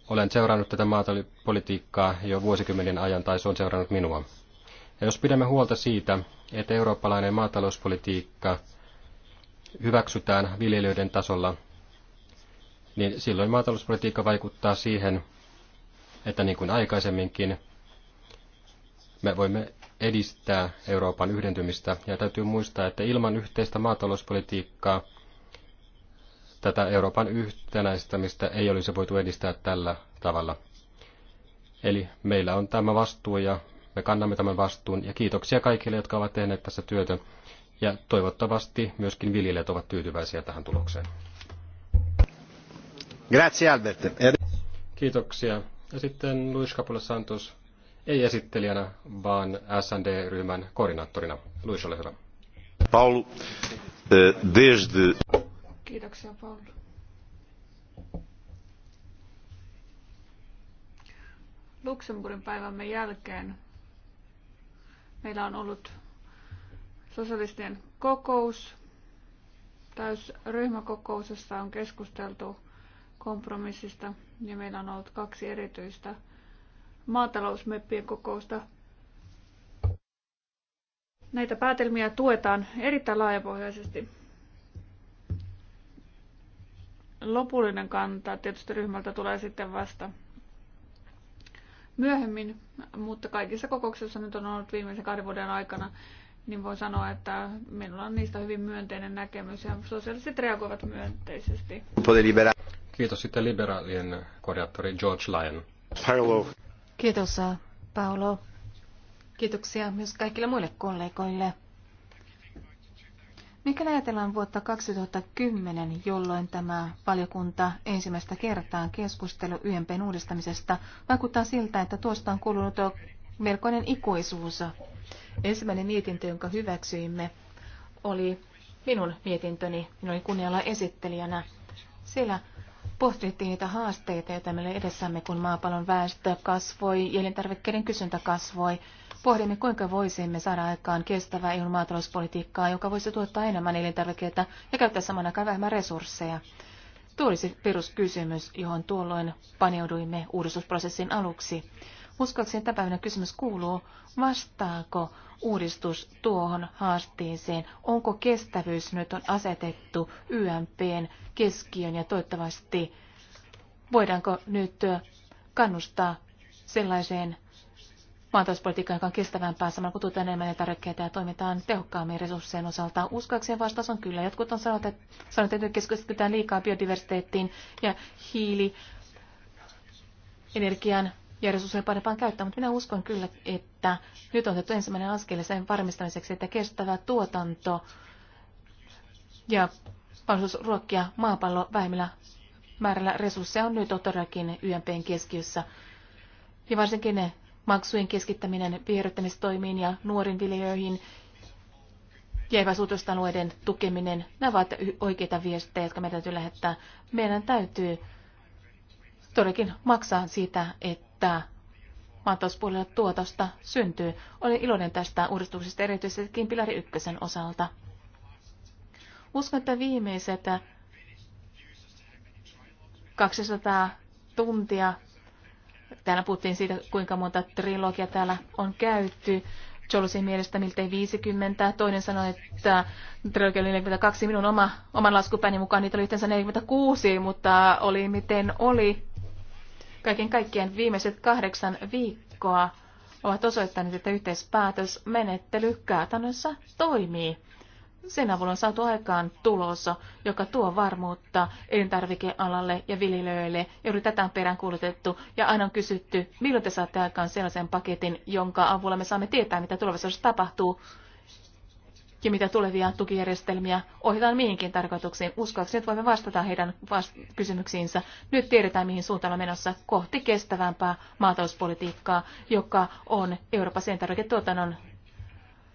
olen seurannut tätä maatalouspolitiikkaa jo vuosikymmenien ajan tai se on seurannut minua. Ja jos pidämme huolta siitä, että eurooppalainen maatalouspolitiikka hyväksytään viljelijöiden tasolla niin silloin maatalouspolitiikka vaikuttaa siihen, että niin kuin aikaisemminkin, me voimme edistää Euroopan yhdentymistä. Ja täytyy muistaa, että ilman yhteistä maatalouspolitiikkaa tätä Euroopan yhtenäistämistä ei olisi voitu edistää tällä tavalla. Eli meillä on tämä vastuu ja me kannamme tämän vastuun. Ja kiitoksia kaikille, jotka ovat tehneet tässä työtä. Ja toivottavasti myöskin viljelijät ovat tyytyväisiä tähän tulokseen. Grazie Albert. E- Kiitoksia. Ja sitten Luis Capula Santos, ei esittelijänä, vaan SND-ryhmän koordinaattorina. Luis, ole hyvä. Paul, eh, desde... Kiitoksia, Paul. Luxemburgin päivämme jälkeen meillä on ollut sosialistien kokous. Täysryhmäkokous, jossa on keskusteltu kompromissista ja meillä on ollut kaksi erityistä maatalousmeppien kokousta. Näitä päätelmiä tuetaan erittäin laajapohjaisesti. Lopullinen kanta tietysti ryhmältä tulee sitten vasta myöhemmin, mutta kaikissa kokouksissa nyt on ollut viimeisen kahden vuoden aikana, niin voi sanoa, että minulla on niistä hyvin myönteinen näkemys ja sosiaaliset reagoivat myönteisesti. Kiitos sitten liberaalien korjattori George Lyon. Paolo. Kiitos äh, Paolo. Kiitoksia myös kaikille muille kollegoille. Mikä ajatellaan vuotta 2010, jolloin tämä valiokunta ensimmäistä kertaa keskustelu YMPn uudistamisesta, vaikuttaa siltä, että tuosta on kulunut melkoinen ikuisuus. Ensimmäinen mietintö, jonka hyväksyimme, oli minun mietintöni. Minä olin kunnialla esittelijänä. Siellä pohdittiin niitä haasteita, joita meillä edessämme, kun maapallon väestö kasvoi ja elintarvikkeiden kysyntä kasvoi. Pohdimme, kuinka voisimme saada aikaan kestävää EUn maatalouspolitiikkaa, joka voisi tuottaa enemmän elintarvikkeita ja käyttää saman aikaan vähemmän resursseja. Tuo olisi peruskysymys, johon tuolloin paneuduimme uudistusprosessin aluksi. Uskoakseni tämän päivänä kysymys kuuluu, vastaako uudistus tuohon haasteeseen? Onko kestävyys nyt on asetettu YMPn keskiön ja toivottavasti voidaanko nyt kannustaa sellaiseen maatalouspolitiikkaan, joka on kestävämpää samalla kun tuotetaan enemmän ja tärkeää ja toimitaan tehokkaammin resurssien osalta. Uskoakseni vastaus on kyllä. Jotkut on sanonut, että, keskitytään liikaa biodiversiteettiin ja hiilienergian energian ja resursseja parempaan käyttää, mutta minä uskon kyllä, että nyt on otettu ensimmäinen askel sen varmistamiseksi, että kestävä tuotanto ja mahdollisuus ruokkia maapallo vähemmillä määrällä resursseja on nyt todellakin YMPn keskiössä. Ja varsinkin ne maksujen keskittäminen vierryttämistoimiin ja nuorin viljelijöihin ja epäsuutustalueiden tukeminen, nämä ovat oikeita viestejä, jotka meidän täytyy lähettää. Meidän täytyy todellakin maksaa siitä, että että maatalouspuolella tuotosta syntyy. Olen iloinen tästä uudistuksesta erityisesti pilari ykkösen osalta. Uskon, että viimeiset 200 tuntia, täällä puhuttiin siitä, kuinka monta trilogia täällä on käyty, Jolusin mielestä miltei 50. Toinen sanoi, että trilogia oli 42. Minun oma, oman laskupäni mukaan niitä oli yhteensä 46, mutta oli miten oli. Kaiken kaikkien viimeiset kahdeksan viikkoa ovat osoittaneet, että yhteispäätösmenettely käytännössä toimii. Sen avulla on saatu aikaan tulos, joka tuo varmuutta elintarvikealalle ja viljelijöille. Juuri tätä on peräänkuulutettu ja aina on kysytty, milloin te saatte aikaan sellaisen paketin, jonka avulla me saamme tietää, mitä tulevaisuudessa tapahtuu ja mitä tulevia tukijärjestelmiä ohjataan mihinkin tarkoituksiin. Uskoakseni, että voimme vastata heidän vast- kysymyksiinsä. Nyt tiedetään, mihin suuntaan on menossa kohti kestävämpää maatalouspolitiikkaa, joka on Euroopan tuotannon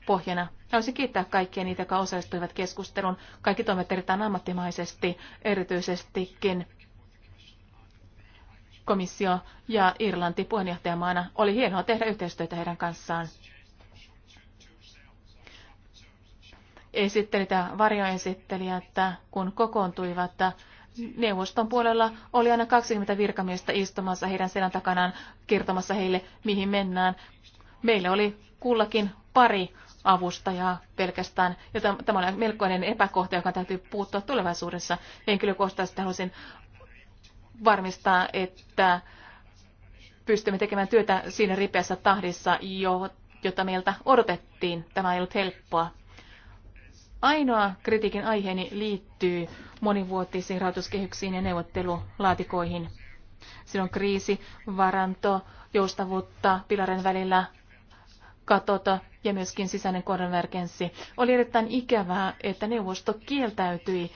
pohjana. Haluaisin kiittää kaikkia niitä, jotka osallistuivat keskusteluun. Kaikki toimet erittäin ammattimaisesti, erityisestikin komissio ja Irlanti puheenjohtajamaana. Oli hienoa tehdä yhteistyötä heidän kanssaan. tämä varjoesitteli, että kun kokoontuivat, että neuvoston puolella oli aina 20 virkamiestä istumassa heidän selän takanaan kertomassa heille, mihin mennään. Meillä oli kullakin pari avustajaa pelkästään, ja tämä on melkoinen epäkohta, joka täytyy puuttua tulevaisuudessa. Henkilökohtaisesti haluaisin varmistaa, että pystymme tekemään työtä siinä ripeässä tahdissa, jota meiltä odotettiin. Tämä ei ollut helppoa. Ainoa kritiikin aiheeni liittyy monivuotisiin rahoituskehyksiin ja neuvottelulaatikoihin. Silloin kriisi, varanto, joustavuutta pilaren välillä, katota ja myöskin sisäinen konvergenssi. Oli erittäin ikävää, että neuvosto kieltäytyi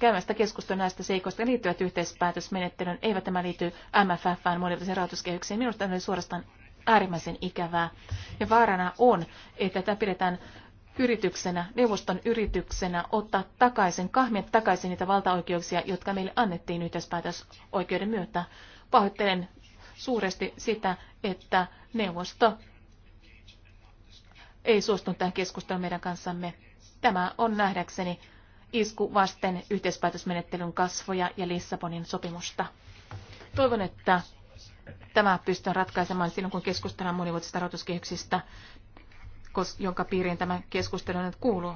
käymästä keskustelua näistä seikoista liittyvät yhteispäätösmenettelyyn. Eivät tämä liity MFFään monivuotisiin rahoituskehyksiin. Minusta tämä oli suorastaan äärimmäisen ikävää. Ja vaarana on, että tämä pidetään yrityksenä, neuvoston yrityksenä ottaa takaisin, kahmia takaisin niitä valtaoikeuksia, jotka meille annettiin yhteispäätösoikeuden myötä. Pahoittelen suuresti sitä, että neuvosto ei suostunut tähän keskusteluun meidän kanssamme. Tämä on nähdäkseni isku vasten yhteispäätösmenettelyn kasvoja ja Lissabonin sopimusta. Toivon, että tämä pystyn ratkaisemaan silloin, kun keskustellaan monivuotisista rahoituskehyksistä jonka piiriin tämä keskustelu nyt kuuluu.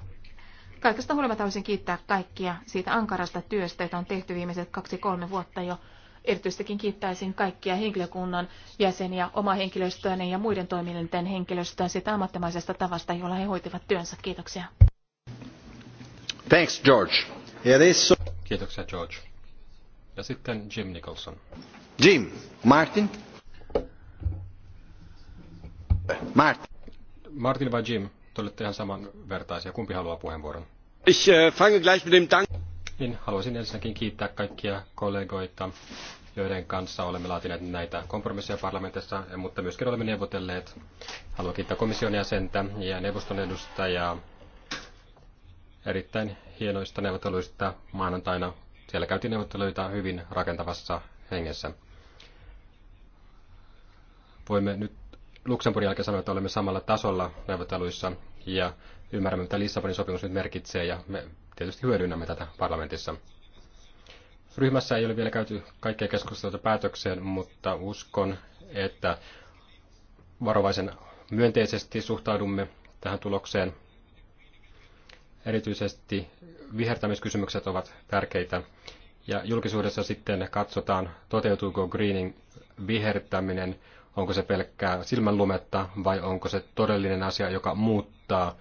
Kaikesta huolimatta haluaisin kiittää kaikkia siitä ankarasta työstä, jota on tehty viimeiset kaksi-kolme vuotta jo. Erityisestikin kiittäisin kaikkia henkilökunnan jäseniä, oma henkilöstöäni ja muiden toimielinten henkilöstöä siitä ammattimaisesta tavasta, jolla he hoitivat työnsä. Kiitoksia. Thanks, George. Ja adesso... Kiitoksia, George. Ja sitten Jim Nicholson. Jim, Martin. Martin. Martin vai Jim, te olette ihan samanvertaisia. Kumpi haluaa puheenvuoron? Ich äh, fange gleich mit dem Dank. Niin, haluaisin ensinnäkin kiittää kaikkia kollegoita, joiden kanssa olemme laatineet näitä kompromisseja parlamentissa, mutta myöskin olemme neuvotelleet. Haluan kiittää komission jäsentä ja neuvoston edustajaa erittäin hienoista neuvotteluista maanantaina. Siellä käytiin neuvotteluita hyvin rakentavassa hengessä. Voimme nyt Luxemburgin jälkeen sanoi, että olemme samalla tasolla neuvotteluissa ja ymmärrämme, mitä Lissabonin sopimus nyt merkitsee ja me tietysti hyödynnämme tätä parlamentissa. Ryhmässä ei ole vielä käyty kaikkea keskustelua päätökseen, mutta uskon, että varovaisen myönteisesti suhtaudumme tähän tulokseen. Erityisesti vihertämiskysymykset ovat tärkeitä. Ja julkisuudessa sitten katsotaan, toteutuuko greening vihertäminen Onko se pelkkää silmänlumetta vai onko se todellinen asia, joka muuttaa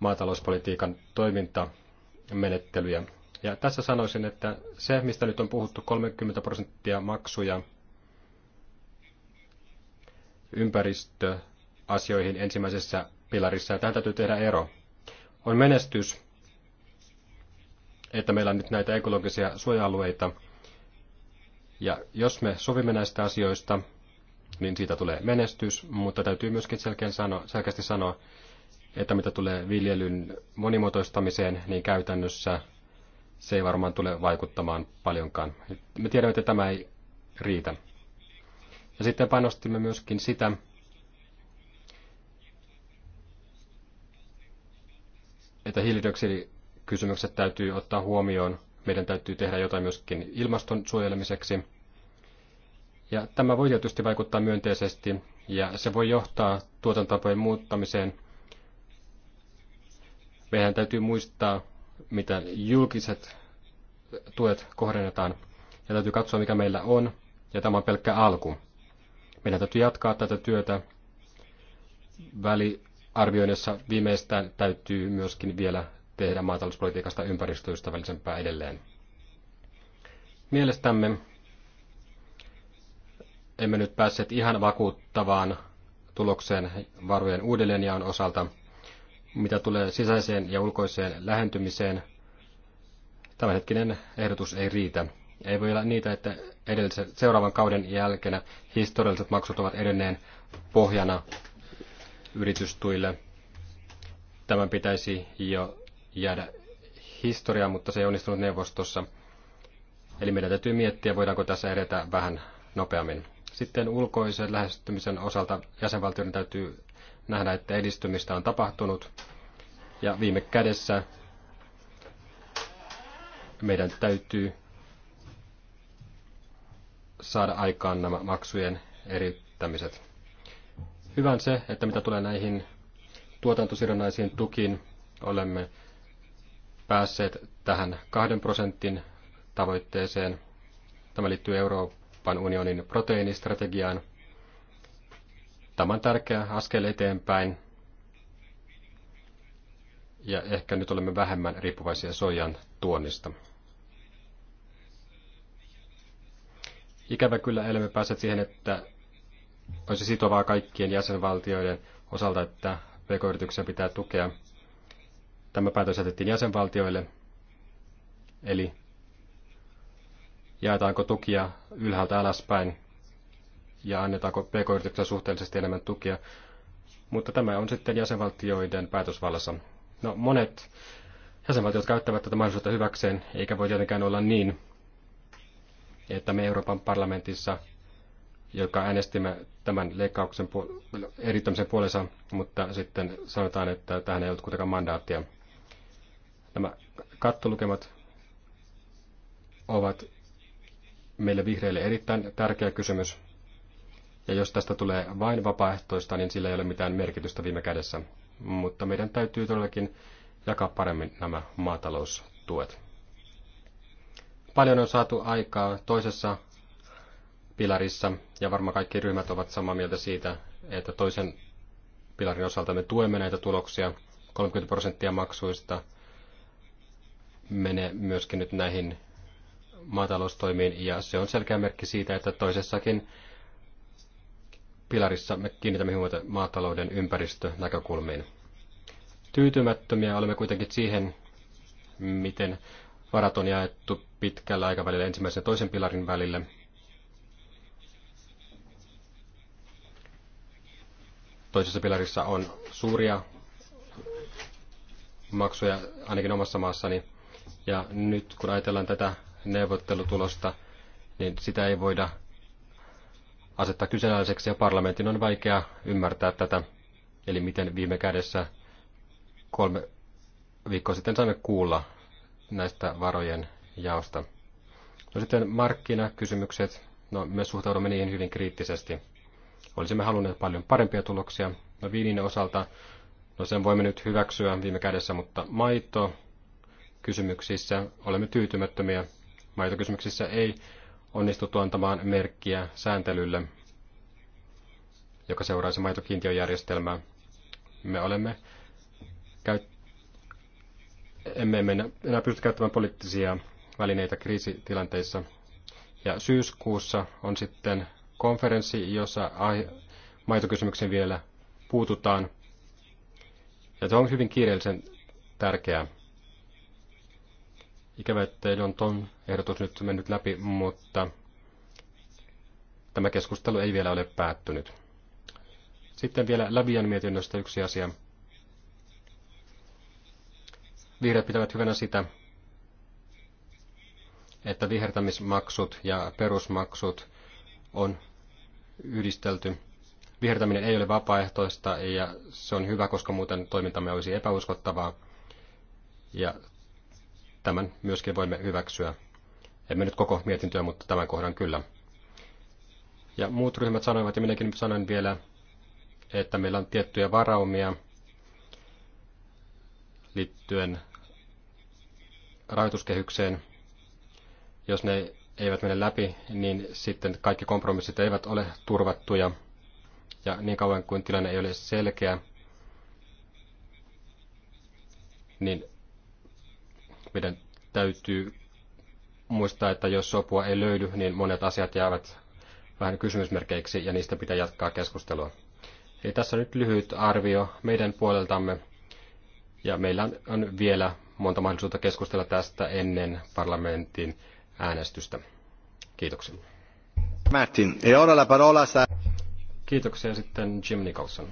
maatalouspolitiikan toimintamenettelyjä? Ja tässä sanoisin, että se, mistä nyt on puhuttu, 30 prosenttia maksuja ympäristöasioihin ensimmäisessä pilarissa, ja tähän täytyy tehdä ero. On menestys, että meillä on nyt näitä ekologisia suoja-alueita, ja jos me sovimme näistä asioista, niin siitä tulee menestys, mutta täytyy myöskin sano, selkeästi sanoa, että mitä tulee viljelyn monimuotoistamiseen, niin käytännössä se ei varmaan tule vaikuttamaan paljonkaan. Me tiedämme, että tämä ei riitä. Ja sitten panostimme myöskin sitä, että hiilidioksidikysymykset täytyy ottaa huomioon. Meidän täytyy tehdä jotain myöskin ilmaston suojelemiseksi. Ja tämä voi tietysti vaikuttaa myönteisesti ja se voi johtaa tuotantotapojen muuttamiseen. Meidän täytyy muistaa, mitä julkiset tuet kohdennetaan ja täytyy katsoa, mikä meillä on. Ja tämä on pelkkä alku. Meidän täytyy jatkaa tätä työtä. Väliarvioinnissa viimeistään täytyy myöskin vielä tehdä maatalouspolitiikasta ympäristöystävällisempää edelleen. Mielestämme emme nyt päässeet ihan vakuuttavaan tulokseen varojen uudelleenjaon osalta, mitä tulee sisäiseen ja ulkoiseen lähentymiseen. Tämänhetkinen ehdotus ei riitä. Ei voi olla niitä, että edellisen, seuraavan kauden jälkeen historialliset maksut ovat edenneen pohjana yritystuille. Tämän pitäisi jo jäädä historiaan, mutta se ei onnistunut neuvostossa. Eli meidän täytyy miettiä, voidaanko tässä edetä vähän nopeammin. Sitten ulkoisen lähestymisen osalta jäsenvaltioiden täytyy nähdä, että edistymistä on tapahtunut. Ja viime kädessä meidän täytyy saada aikaan nämä maksujen eriyttämiset. on se, että mitä tulee näihin tuotantosidonnaisiin tukiin, olemme päässeet tähän kahden prosentin tavoitteeseen. Tämä liittyy Euroopan Euroopan unionin proteiinistrategiaan. Tämä on tärkeä askel eteenpäin. Ja ehkä nyt olemme vähemmän riippuvaisia soijan tuonnista. Ikävä kyllä elämme päässeet siihen, että olisi sitovaa kaikkien jäsenvaltioiden osalta, että pk pitää tukea. Tämä päätös jätettiin jäsenvaltioille, eli jaetaanko tukia ylhäältä alaspäin ja annetaanko pk-yrityksille suhteellisesti enemmän tukia. Mutta tämä on sitten jäsenvaltioiden päätösvallassa. No, monet jäsenvaltiot käyttävät tätä mahdollisuutta hyväkseen, eikä voi tietenkään olla niin, että me Euroopan parlamentissa, joka äänestimme tämän leikkauksen erittämisen puolensa, mutta sitten sanotaan, että tähän ei ollut kuitenkaan mandaattia. Nämä kattolukemat ovat meille vihreille erittäin tärkeä kysymys. Ja jos tästä tulee vain vapaaehtoista, niin sillä ei ole mitään merkitystä viime kädessä. Mutta meidän täytyy todellakin jakaa paremmin nämä maataloustuet. Paljon on saatu aikaa toisessa pilarissa, ja varmaan kaikki ryhmät ovat samaa mieltä siitä, että toisen pilarin osalta me tuemme näitä tuloksia. 30 prosenttia maksuista menee myöskin nyt näihin maataloustoimiin, ja se on selkeä merkki siitä, että toisessakin pilarissa me kiinnitämme huomiota maatalouden ympäristönäkökulmiin. Tyytymättömiä olemme kuitenkin siihen, miten varat on jaettu pitkällä aikavälillä ensimmäisen ja toisen pilarin välille. Toisessa pilarissa on suuria maksuja ainakin omassa maassani. Ja nyt kun ajatellaan tätä neuvottelutulosta, niin sitä ei voida asettaa kyseenalaiseksi ja parlamentin on vaikea ymmärtää tätä, eli miten viime kädessä kolme viikkoa sitten saimme kuulla näistä varojen jaosta. No sitten markkinakysymykset, no me suhtaudumme niihin hyvin kriittisesti. Olisimme halunneet paljon parempia tuloksia. No viinin osalta, no sen voimme nyt hyväksyä viime kädessä, mutta maito kysymyksissä olemme tyytymättömiä maitokysymyksissä ei onnistuttu antamaan merkkiä sääntelylle, joka seuraisi maitokiintiöjärjestelmää. Me olemme käy... emme, enää, pysty käyttämään poliittisia välineitä kriisitilanteissa. Ja syyskuussa on sitten konferenssi, jossa ai- vielä puututaan. Ja se on hyvin kiireellisen tärkeää. Ikävä, että Jon tuon ehdotus nyt mennyt läpi, mutta tämä keskustelu ei vielä ole päättynyt. Sitten vielä Lävian mietinnöstä yksi asia. Vihreät pitävät hyvänä sitä, että vihertämismaksut ja perusmaksut on yhdistelty. Vihertäminen ei ole vapaaehtoista ja se on hyvä, koska muuten toimintamme olisi epäuskottavaa. Ja tämän myöskin voimme hyväksyä. Emme nyt koko mietintöä, mutta tämän kohdan kyllä. Ja muut ryhmät sanoivat, ja minäkin sanoin vielä, että meillä on tiettyjä varaumia liittyen rahoituskehykseen. Jos ne eivät mene läpi, niin sitten kaikki kompromissit eivät ole turvattuja. Ja niin kauan kuin tilanne ei ole selkeä, niin meidän täytyy muistaa, että jos sopua ei löydy, niin monet asiat jäävät vähän kysymysmerkeiksi ja niistä pitää jatkaa keskustelua. Eli tässä on nyt lyhyt arvio meidän puoleltamme ja meillä on vielä monta mahdollisuutta keskustella tästä ennen parlamentin äänestystä. Kiitoksia. Martin, e ora la parola sa... Kiitoksia sitten Jim Nicholson.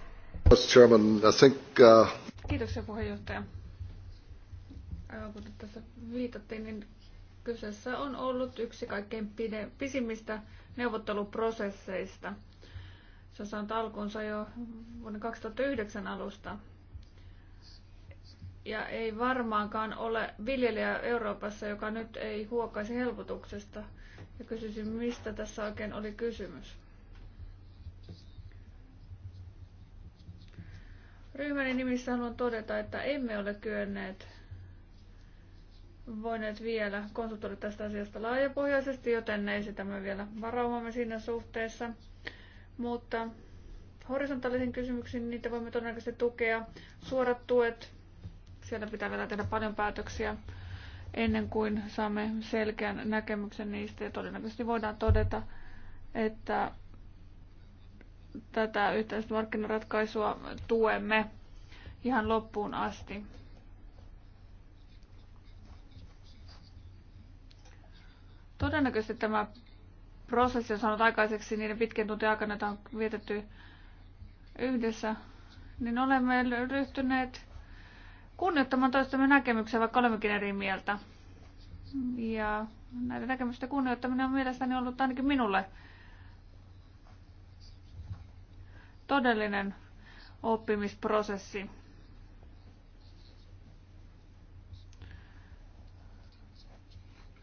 Chairman, I think, uh... Kiitoksia puheenjohtaja kuten tässä viitattiin, niin kyseessä on ollut yksi kaikkein pide, pisimmistä neuvotteluprosesseista. Se on saanut alkunsa jo vuonna 2009 alusta. Ja ei varmaankaan ole viljelijä Euroopassa, joka nyt ei huokaisi helpotuksesta. Ja kysyisin, mistä tässä oikein oli kysymys. Ryhmäni nimissä haluan todeta, että emme ole kyenneet voineet vielä konsultoida tästä asiasta laajapohjaisesti, joten esitämme vielä varaumamme siinä suhteessa. Mutta horisontaalisiin kysymyksiin niitä voimme todennäköisesti tukea. Suorat tuet, siellä pitää vielä tehdä paljon päätöksiä ennen kuin saamme selkeän näkemyksen niistä ja todennäköisesti voidaan todeta, että tätä yhteistä markkinaratkaisua tuemme ihan loppuun asti. Todennäköisesti tämä prosessi on saanut aikaiseksi niiden pitkien tuntien aikana, joita on vietetty yhdessä, niin olemme ryhtyneet kunnioittamaan toistamme näkemyksiä, vaikka olemmekin eri mieltä. Ja näiden näkemysten kunnioittaminen on mielestäni ollut ainakin minulle todellinen oppimisprosessi.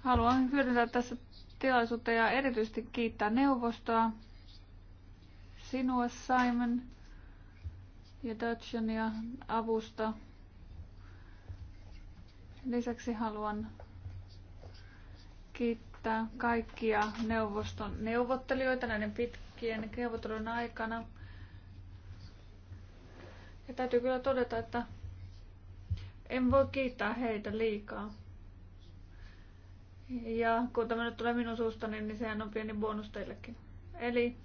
Haluan hyödyntää tässä tilaisuutta ja erityisesti kiittää neuvostoa, sinua Simon ja Dutchania avusta. Lisäksi haluan kiittää kaikkia neuvoston neuvottelijoita näiden pitkien neuvottelujen aikana. Ja täytyy kyllä todeta, että en voi kiittää heitä liikaa. Ja kun tämä nyt tulee minun suustani, niin sehän on pieni bonus teillekin. Eli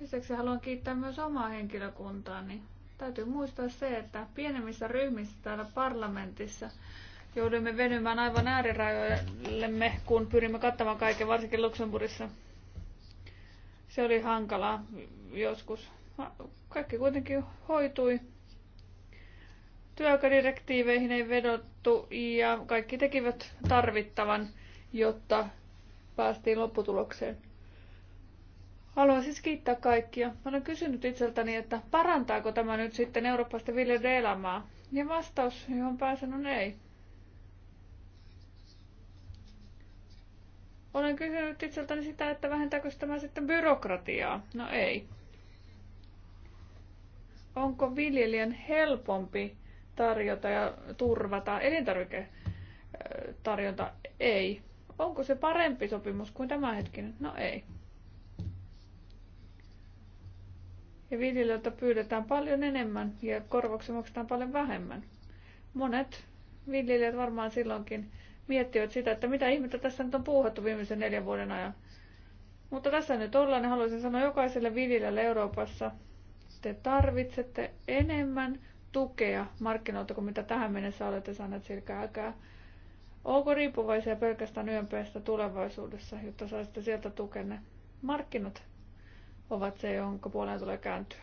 lisäksi haluan kiittää myös omaa henkilökuntaani. Täytyy muistaa se, että pienemmissä ryhmissä täällä parlamentissa joudumme venymään aivan äärirajoillemme, kun pyrimme kattamaan kaiken, varsinkin Luxemburgissa. Se oli hankalaa joskus. Kaikki kuitenkin hoitui Työaikadirektiiveihin ei vedottu ja kaikki tekivät tarvittavan, jotta päästiin lopputulokseen. Haluan siis kiittää kaikkia. Olen kysynyt itseltäni, että parantaako tämä nyt sitten eurooppaista viljelijöiden elämää? Ja vastaus, johon pääsen, on ei. Olen kysynyt itseltäni sitä, että vähentääkö tämä sitten byrokratiaa? No ei. Onko viljelijän helpompi tarjota ja turvata. Elintarviketarjonta ei. Onko se parempi sopimus kuin tämä hetkinen No ei. Ja viljelijöiltä pyydetään paljon enemmän ja korvauksia maksetaan paljon vähemmän. Monet viljelijät varmaan silloinkin miettivät sitä, että mitä ihmettä tässä nyt on puuhattu viimeisen neljän vuoden ajan. Mutta tässä nyt ollaan ja haluaisin sanoa jokaiselle viljelijälle Euroopassa, te tarvitsette enemmän tukea markkinoilta kuin mitä tähän mennessä olette saaneet silkääkää? Onko riippuvaisia pelkästään YMPstä tulevaisuudessa, jotta saisitte sieltä tukenne? Markkinat ovat se, jonka puoleen tulee kääntyä.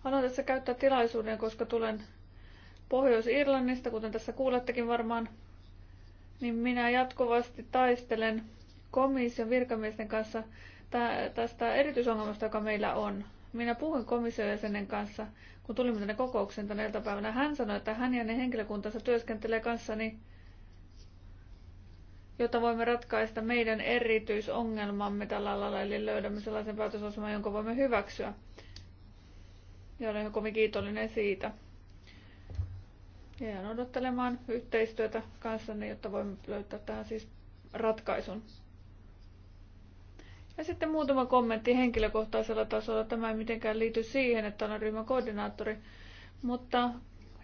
Haluan tässä käyttää tilaisuuden, koska tulen Pohjois-Irlannista, kuten tässä kuulettekin varmaan, niin minä jatkuvasti taistelen komission virkamiesten kanssa tästä erityisongelmasta, joka meillä on. Minä puhuin komissiojäsenen kanssa, kun tulimme tänne kokoukseen tänä iltapäivänä. Hän sanoi, että hän ja ne henkilökuntansa työskentelee kanssani, jotta voimme ratkaista meidän erityisongelmamme tällä alalla, eli löydämme sellaisen päätösosuman, jonka voimme hyväksyä. Ja olen kovin kiitollinen siitä. Jään odottelemaan yhteistyötä kanssanne, jotta voimme löytää tähän siis ratkaisun. Ja sitten muutama kommentti henkilökohtaisella tasolla. Tämä ei mitenkään liity siihen, että olen ryhmän koordinaattori. Mutta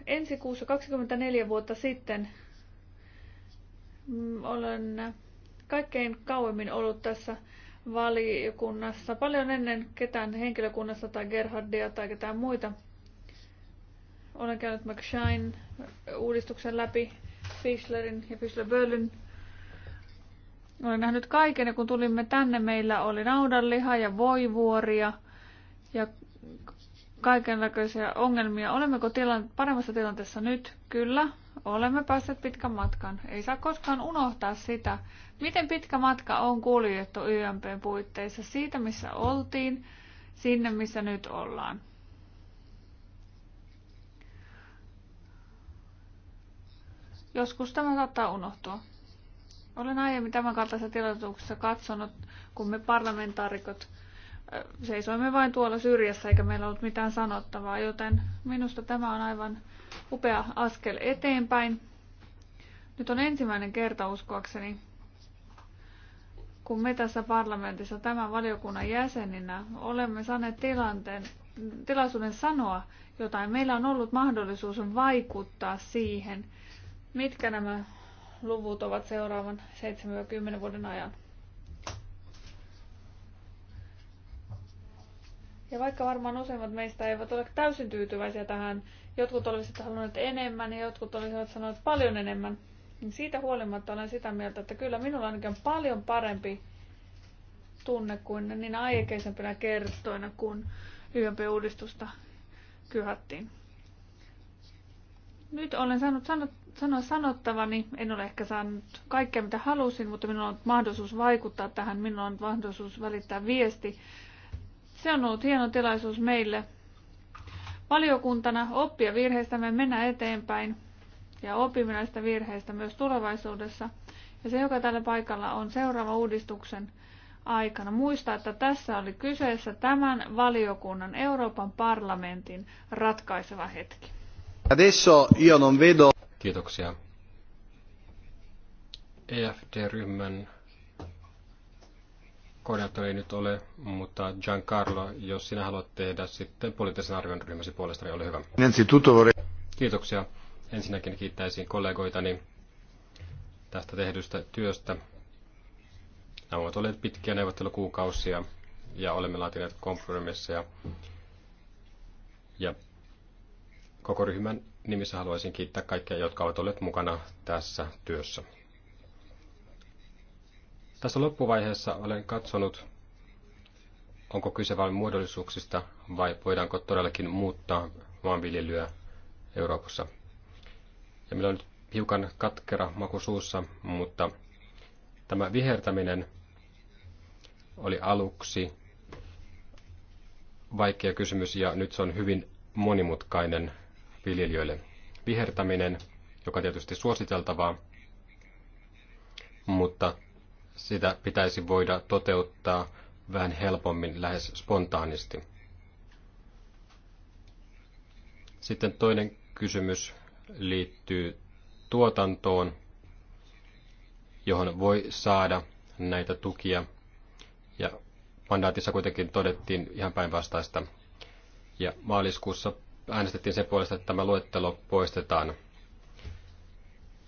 ensi kuussa 24 vuotta sitten mm, olen kaikkein kauemmin ollut tässä valiokunnassa, paljon ennen ketään henkilökunnassa tai Gerhardia tai ketään muita. Olen käynyt McShine uudistuksen läpi, Fischlerin ja Fischler-Böllyn olen nähnyt kaiken ja kun tulimme tänne, meillä oli naudanlihaa ja voivuoria ja kaikenlaisia ongelmia. Olemmeko tilan, paremmassa tilanteessa nyt? Kyllä, olemme päässeet pitkän matkan. Ei saa koskaan unohtaa sitä, miten pitkä matka on kuljettu YMPn puitteissa siitä, missä oltiin, sinne, missä nyt ollaan. Joskus tämä saattaa unohtua. Olen aiemmin tämän kaltaisessa tilaisuuksessa katsonut, kun me parlamentaarikot äh, seisoimme vain tuolla syrjässä eikä meillä ollut mitään sanottavaa, joten minusta tämä on aivan upea askel eteenpäin. Nyt on ensimmäinen kerta uskoakseni, kun me tässä parlamentissa tämän valiokunnan jäseninä olemme saaneet tilanteen, tilaisuuden sanoa jotain. Meillä on ollut mahdollisuus vaikuttaa siihen, mitkä nämä luvut ovat seuraavan 7-10 vuoden ajan. Ja vaikka varmaan useimmat meistä eivät ole täysin tyytyväisiä tähän, jotkut olisivat halunneet enemmän ja jotkut olisivat sanoneet paljon enemmän, niin siitä huolimatta olen sitä mieltä, että kyllä minulla ainakin on paljon parempi tunne kuin niin aikeisempina kertoina, kun YMP-uudistusta kyhättiin. Nyt olen saanut sanoa sanoa sanottavani. En ole ehkä saanut kaikkea mitä halusin, mutta minulla on mahdollisuus vaikuttaa tähän. Minulla on mahdollisuus välittää viesti. Se on ollut hieno tilaisuus meille valiokuntana oppia me mennä eteenpäin ja opimme näistä virheistä myös tulevaisuudessa. Ja se, joka tällä paikalla on seuraava uudistuksen aikana. Muista, että tässä oli kyseessä tämän valiokunnan Euroopan parlamentin ratkaiseva hetki. Adesso io non vedo... Kiitoksia. EFD-ryhmän koordinaattori ei nyt ole, mutta Giancarlo, jos sinä haluat tehdä sitten poliittisen arvion ryhmäsi puolesta, niin ole hyvä. Kiitoksia. Ensinnäkin kiittäisin kollegoitani tästä tehdystä työstä. Nämä ovat olleet pitkiä neuvottelukuukausia ja olemme laatineet kompromisseja. Ja koko ryhmän nimissä haluaisin kiittää kaikkia, jotka ovat olleet mukana tässä työssä. Tässä loppuvaiheessa olen katsonut, onko kyse vain muodollisuuksista vai voidaanko todellakin muuttaa maanviljelyä Euroopassa. Ja meillä on nyt hiukan katkera maku suussa, mutta tämä vihertäminen oli aluksi vaikea kysymys ja nyt se on hyvin monimutkainen viljelijöille. Vihertäminen, joka on tietysti suositeltavaa, mutta sitä pitäisi voida toteuttaa vähän helpommin, lähes spontaanisti. Sitten toinen kysymys liittyy tuotantoon, johon voi saada näitä tukia. Ja mandaatissa kuitenkin todettiin ihan päinvastaista. Ja maaliskuussa äänestettiin sen puolesta, että tämä luettelo poistetaan.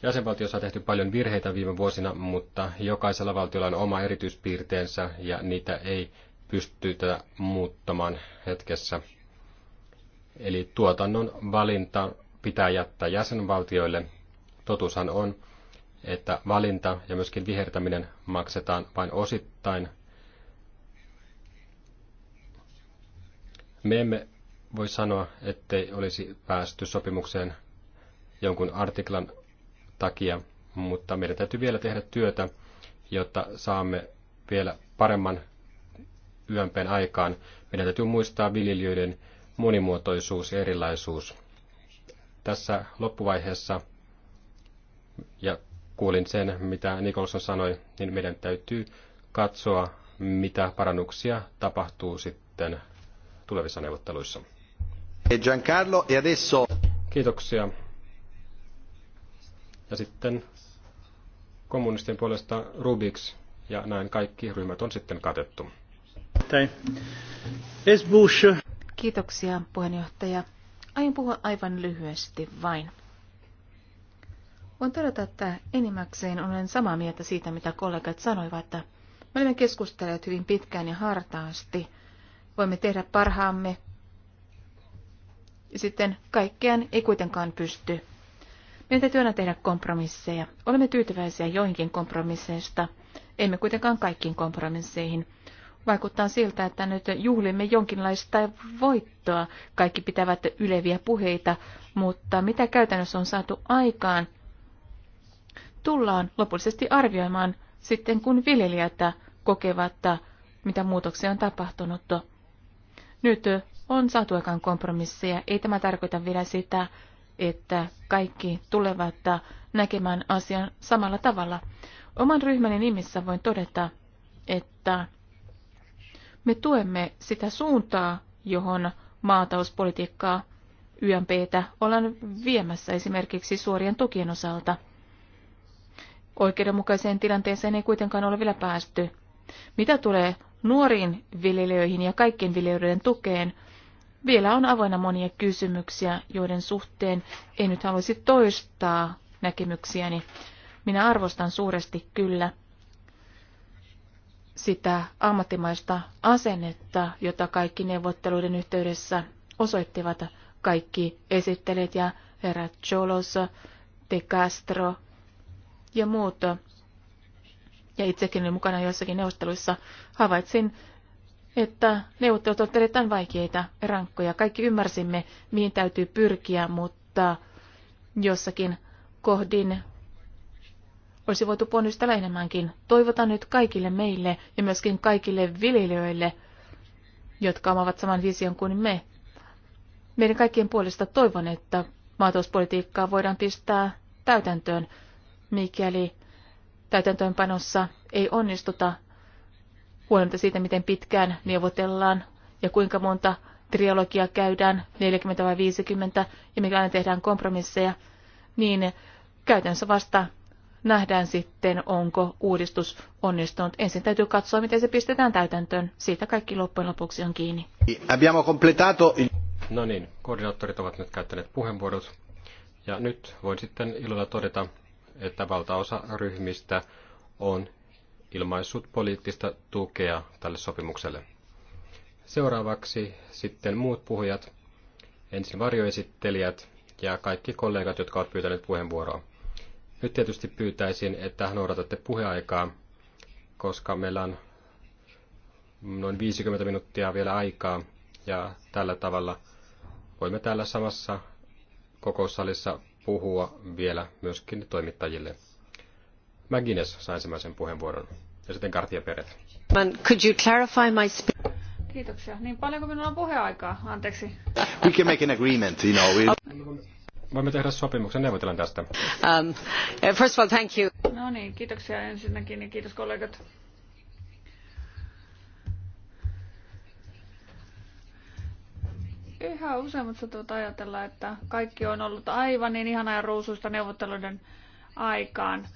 Jäsenvaltiossa on tehty paljon virheitä viime vuosina, mutta jokaisella valtiolla on oma erityispiirteensä ja niitä ei pystytä muuttamaan hetkessä. Eli tuotannon valinta pitää jättää jäsenvaltioille. Totushan on, että valinta ja myöskin vihertäminen maksetaan vain osittain. Me emme voi sanoa, ettei olisi päästy sopimukseen jonkun artiklan takia, mutta meidän täytyy vielä tehdä työtä, jotta saamme vielä paremman yömpeen aikaan. Meidän täytyy muistaa viljelijöiden monimuotoisuus ja erilaisuus. Tässä loppuvaiheessa, ja kuulin sen, mitä Nikolson sanoi, niin meidän täytyy katsoa, mitä parannuksia tapahtuu sitten tulevissa neuvotteluissa. Eh, Giancarlo, e adesso... Kiitoksia. Ja sitten kommunistien puolesta Rubiks, ja näin kaikki ryhmät on sitten katettu. Kiitoksia, puheenjohtaja. Aion puhua aivan lyhyesti vain. Voin todeta, että enimmäkseen olen samaa mieltä siitä, mitä kollegat sanoivat, että me olemme keskustelleet hyvin pitkään ja hartaasti. Voimme tehdä parhaamme ja sitten kaikkeen ei kuitenkaan pysty. Meidän täytyy aina tehdä kompromisseja. Olemme tyytyväisiä joihinkin kompromisseista, emme kuitenkaan kaikkiin kompromisseihin. Vaikuttaa siltä, että nyt juhlimme jonkinlaista voittoa. Kaikki pitävät yleviä puheita, mutta mitä käytännössä on saatu aikaan, tullaan lopullisesti arvioimaan sitten, kun viljelijät kokevat, mitä muutoksia on tapahtunut. Nyt on saatu aikaan kompromisseja. Ei tämä tarkoita vielä sitä, että kaikki tulevat näkemään asian samalla tavalla. Oman ryhmäni nimissä voin todeta, että me tuemme sitä suuntaa, johon maatauspolitiikkaa YMPtä ollaan viemässä esimerkiksi suorien tukien osalta. Oikeudenmukaiseen tilanteeseen ei kuitenkaan ole vielä päästy. Mitä tulee nuoriin viljelijöihin ja kaikkien viljelijöiden tukeen, vielä on avoinna monia kysymyksiä, joiden suhteen en nyt haluaisi toistaa näkemyksiäni. Minä arvostan suuresti kyllä sitä ammattimaista asennetta, jota kaikki neuvotteluiden yhteydessä osoittivat kaikki esittelijät ja herra Cholos, De Castro ja muut. Ja itsekin olin mukana joissakin neuvotteluissa. Havaitsin että neuvottelut ovat erittäin vaikeita ja rankkoja. Kaikki ymmärsimme, mihin täytyy pyrkiä, mutta jossakin kohdin olisi voitu ponnistella enemmänkin. Toivotan nyt kaikille meille ja myöskin kaikille viljelijöille, jotka omavat saman vision kuin me. Meidän kaikkien puolesta toivon, että maatalouspolitiikkaa voidaan pistää täytäntöön, mikäli täytäntöönpanossa ei onnistuta huolimatta siitä, miten pitkään neuvotellaan ja kuinka monta triologia käydään, 40 vai 50, ja mikä aina tehdään kompromisseja, niin käytännössä vasta nähdään sitten, onko uudistus onnistunut. Ensin täytyy katsoa, miten se pistetään täytäntöön. Siitä kaikki loppujen lopuksi on kiinni. No niin, koordinaattorit ovat nyt käyttäneet puheenvuorot. Ja nyt voin sitten ilolla todeta, että valtaosa ryhmistä on ilmaissut poliittista tukea tälle sopimukselle. Seuraavaksi sitten muut puhujat, ensin varjoesittelijät ja kaikki kollegat, jotka ovat pyytäneet puheenvuoroa. Nyt tietysti pyytäisin, että noudatatte puheaikaa, koska meillä on noin 50 minuuttia vielä aikaa ja tällä tavalla voimme täällä samassa kokoussalissa puhua vielä myöskin toimittajille. McGuinness sai ensimmäisen puheenvuoron. Ja sitten Kartia Peret. Could you clarify my speech? Kiitoksia. Niin paljon kuin minulla on puheaikaa. Anteeksi. We can make an agreement, you know. We... Voimme tehdä sopimuksen, neuvotellaan tästä. Um, uh, first of all, thank you. No niin, kiitoksia ensinnäkin ja kiitos kollegat. Yhä useammat satuvat ajatella, että kaikki on ollut aivan niin ihana ja ruusuista neuvotteluiden aikaan.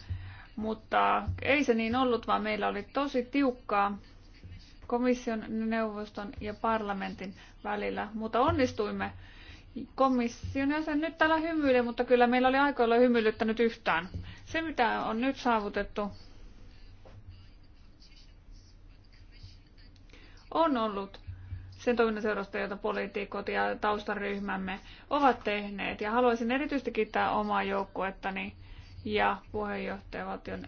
Mutta ei se niin ollut, vaan meillä oli tosi tiukkaa komission, neuvoston ja parlamentin välillä. Mutta onnistuimme. Komission jäsen nyt täällä hymyilee, mutta kyllä meillä oli aikoilla hymyilyttänyt yhtään. Se, mitä on nyt saavutettu, on ollut sen toiminnan seurasta, jota poliitikot ja taustaryhmämme ovat tehneet. Ja haluaisin erityisesti kiittää omaa joukkuettani ja puheenjohtajavaltion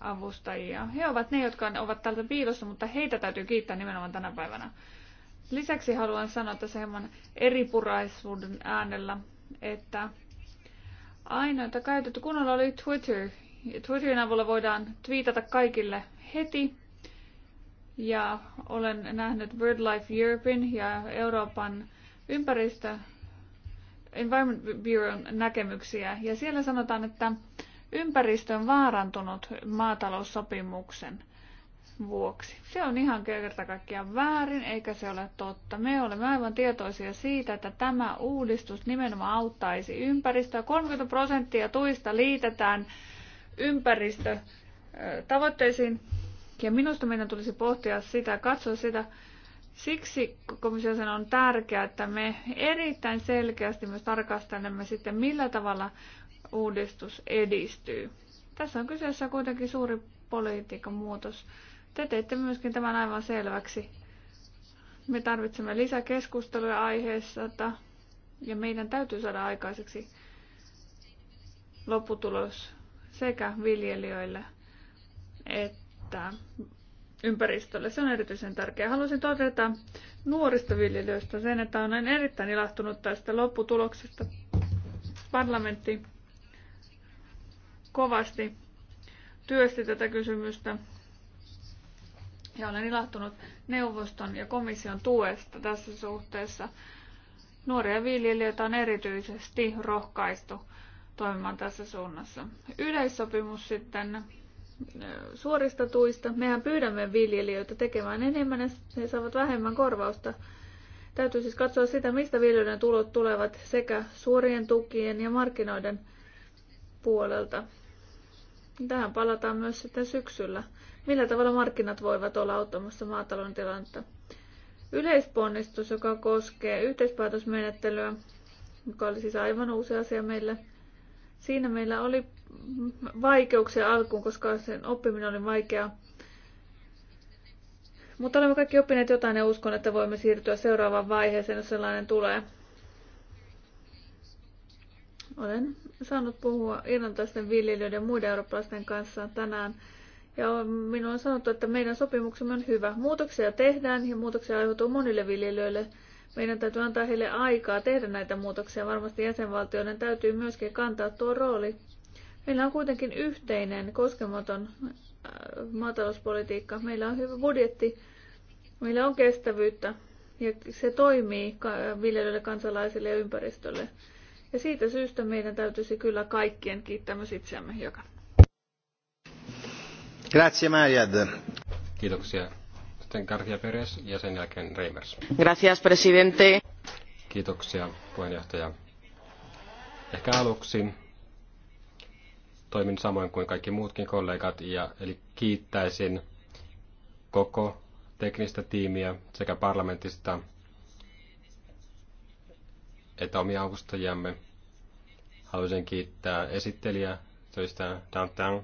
avustajia. He ovat ne, jotka ovat tältä piilossa, mutta heitä täytyy kiittää nimenomaan tänä päivänä. Lisäksi haluan sanoa tässä hieman eripuraisuuden äänellä, että ainoita käytetty kunnolla oli Twitter. Twitterin avulla voidaan twiitata kaikille heti. Ja olen nähnyt BirdLife Europein ja Euroopan ympäristö Environment Bureau näkemyksiä, ja siellä sanotaan, että ympäristö on vaarantunut maataloussopimuksen vuoksi. Se on ihan kerta kaikkiaan väärin, eikä se ole totta. Me olemme aivan tietoisia siitä, että tämä uudistus nimenomaan auttaisi ympäristöä. 30 prosenttia tuista liitetään ympäristötavoitteisiin. Ja minusta meidän tulisi pohtia sitä, katsoa sitä, Siksi komission on tärkeää, että me erittäin selkeästi myös tarkastelemme sitten, millä tavalla uudistus edistyy. Tässä on kyseessä kuitenkin suuri politiikan muutos. Te teitte myöskin tämän aivan selväksi. Me tarvitsemme lisäkeskusteluja aiheessa ja meidän täytyy saada aikaiseksi lopputulos sekä viljelijöille että ympäristölle. Se on erityisen tärkeää. Haluaisin todeta nuorista viljelijöistä sen, että olen erittäin ilahtunut tästä lopputuloksesta. Parlamentti kovasti työsti tätä kysymystä ja olen ilahtunut neuvoston ja komission tuesta tässä suhteessa. Nuoria viljelijöitä on erityisesti rohkaistu toimimaan tässä suunnassa. Yleissopimus sitten suorista tuista. Mehän pyydämme viljelijöitä tekemään enemmän ja he saavat vähemmän korvausta. Täytyy siis katsoa sitä, mistä viljelijöiden tulot tulevat sekä suorien tukien ja markkinoiden puolelta. Tähän palataan myös sitten syksyllä. Millä tavalla markkinat voivat olla auttamassa maatalouden tilannetta? Yleisponnistus, joka koskee yhteispäätösmenettelyä, joka oli siis aivan uusi asia meille – Siinä meillä oli vaikeuksia alkuun, koska sen oppiminen oli vaikeaa. Mutta olemme kaikki oppineet jotain ja uskon, että voimme siirtyä seuraavaan vaiheeseen, jos sellainen tulee. Olen saanut puhua irlantaisten viljelijöiden ja muiden eurooppalaisten kanssa tänään. Ja minulla on sanottu, että meidän sopimuksemme on hyvä. Muutoksia tehdään ja muutoksia aiheutuu monille viljelijöille – meidän täytyy antaa heille aikaa tehdä näitä muutoksia. Varmasti jäsenvaltioiden täytyy myöskin kantaa tuo rooli. Meillä on kuitenkin yhteinen koskematon äh, maatalouspolitiikka. Meillä on hyvä budjetti, meillä on kestävyyttä ja se toimii viljelijöille, kansalaisille ja ympäristölle. Ja siitä syystä meidän täytyisi kyllä kaikkien kiittää myös itseämme joka. Grazie Mariad. Kiitoksia sitten García Pérez ja sen jälkeen Reimers. Gracias, presidente. Kiitoksia, puheenjohtaja. Ehkä aluksi toimin samoin kuin kaikki muutkin kollegat, ja, eli kiittäisin koko teknistä tiimiä sekä parlamentista että omia avustajiamme. Haluaisin kiittää esittelijää töistä Downtown.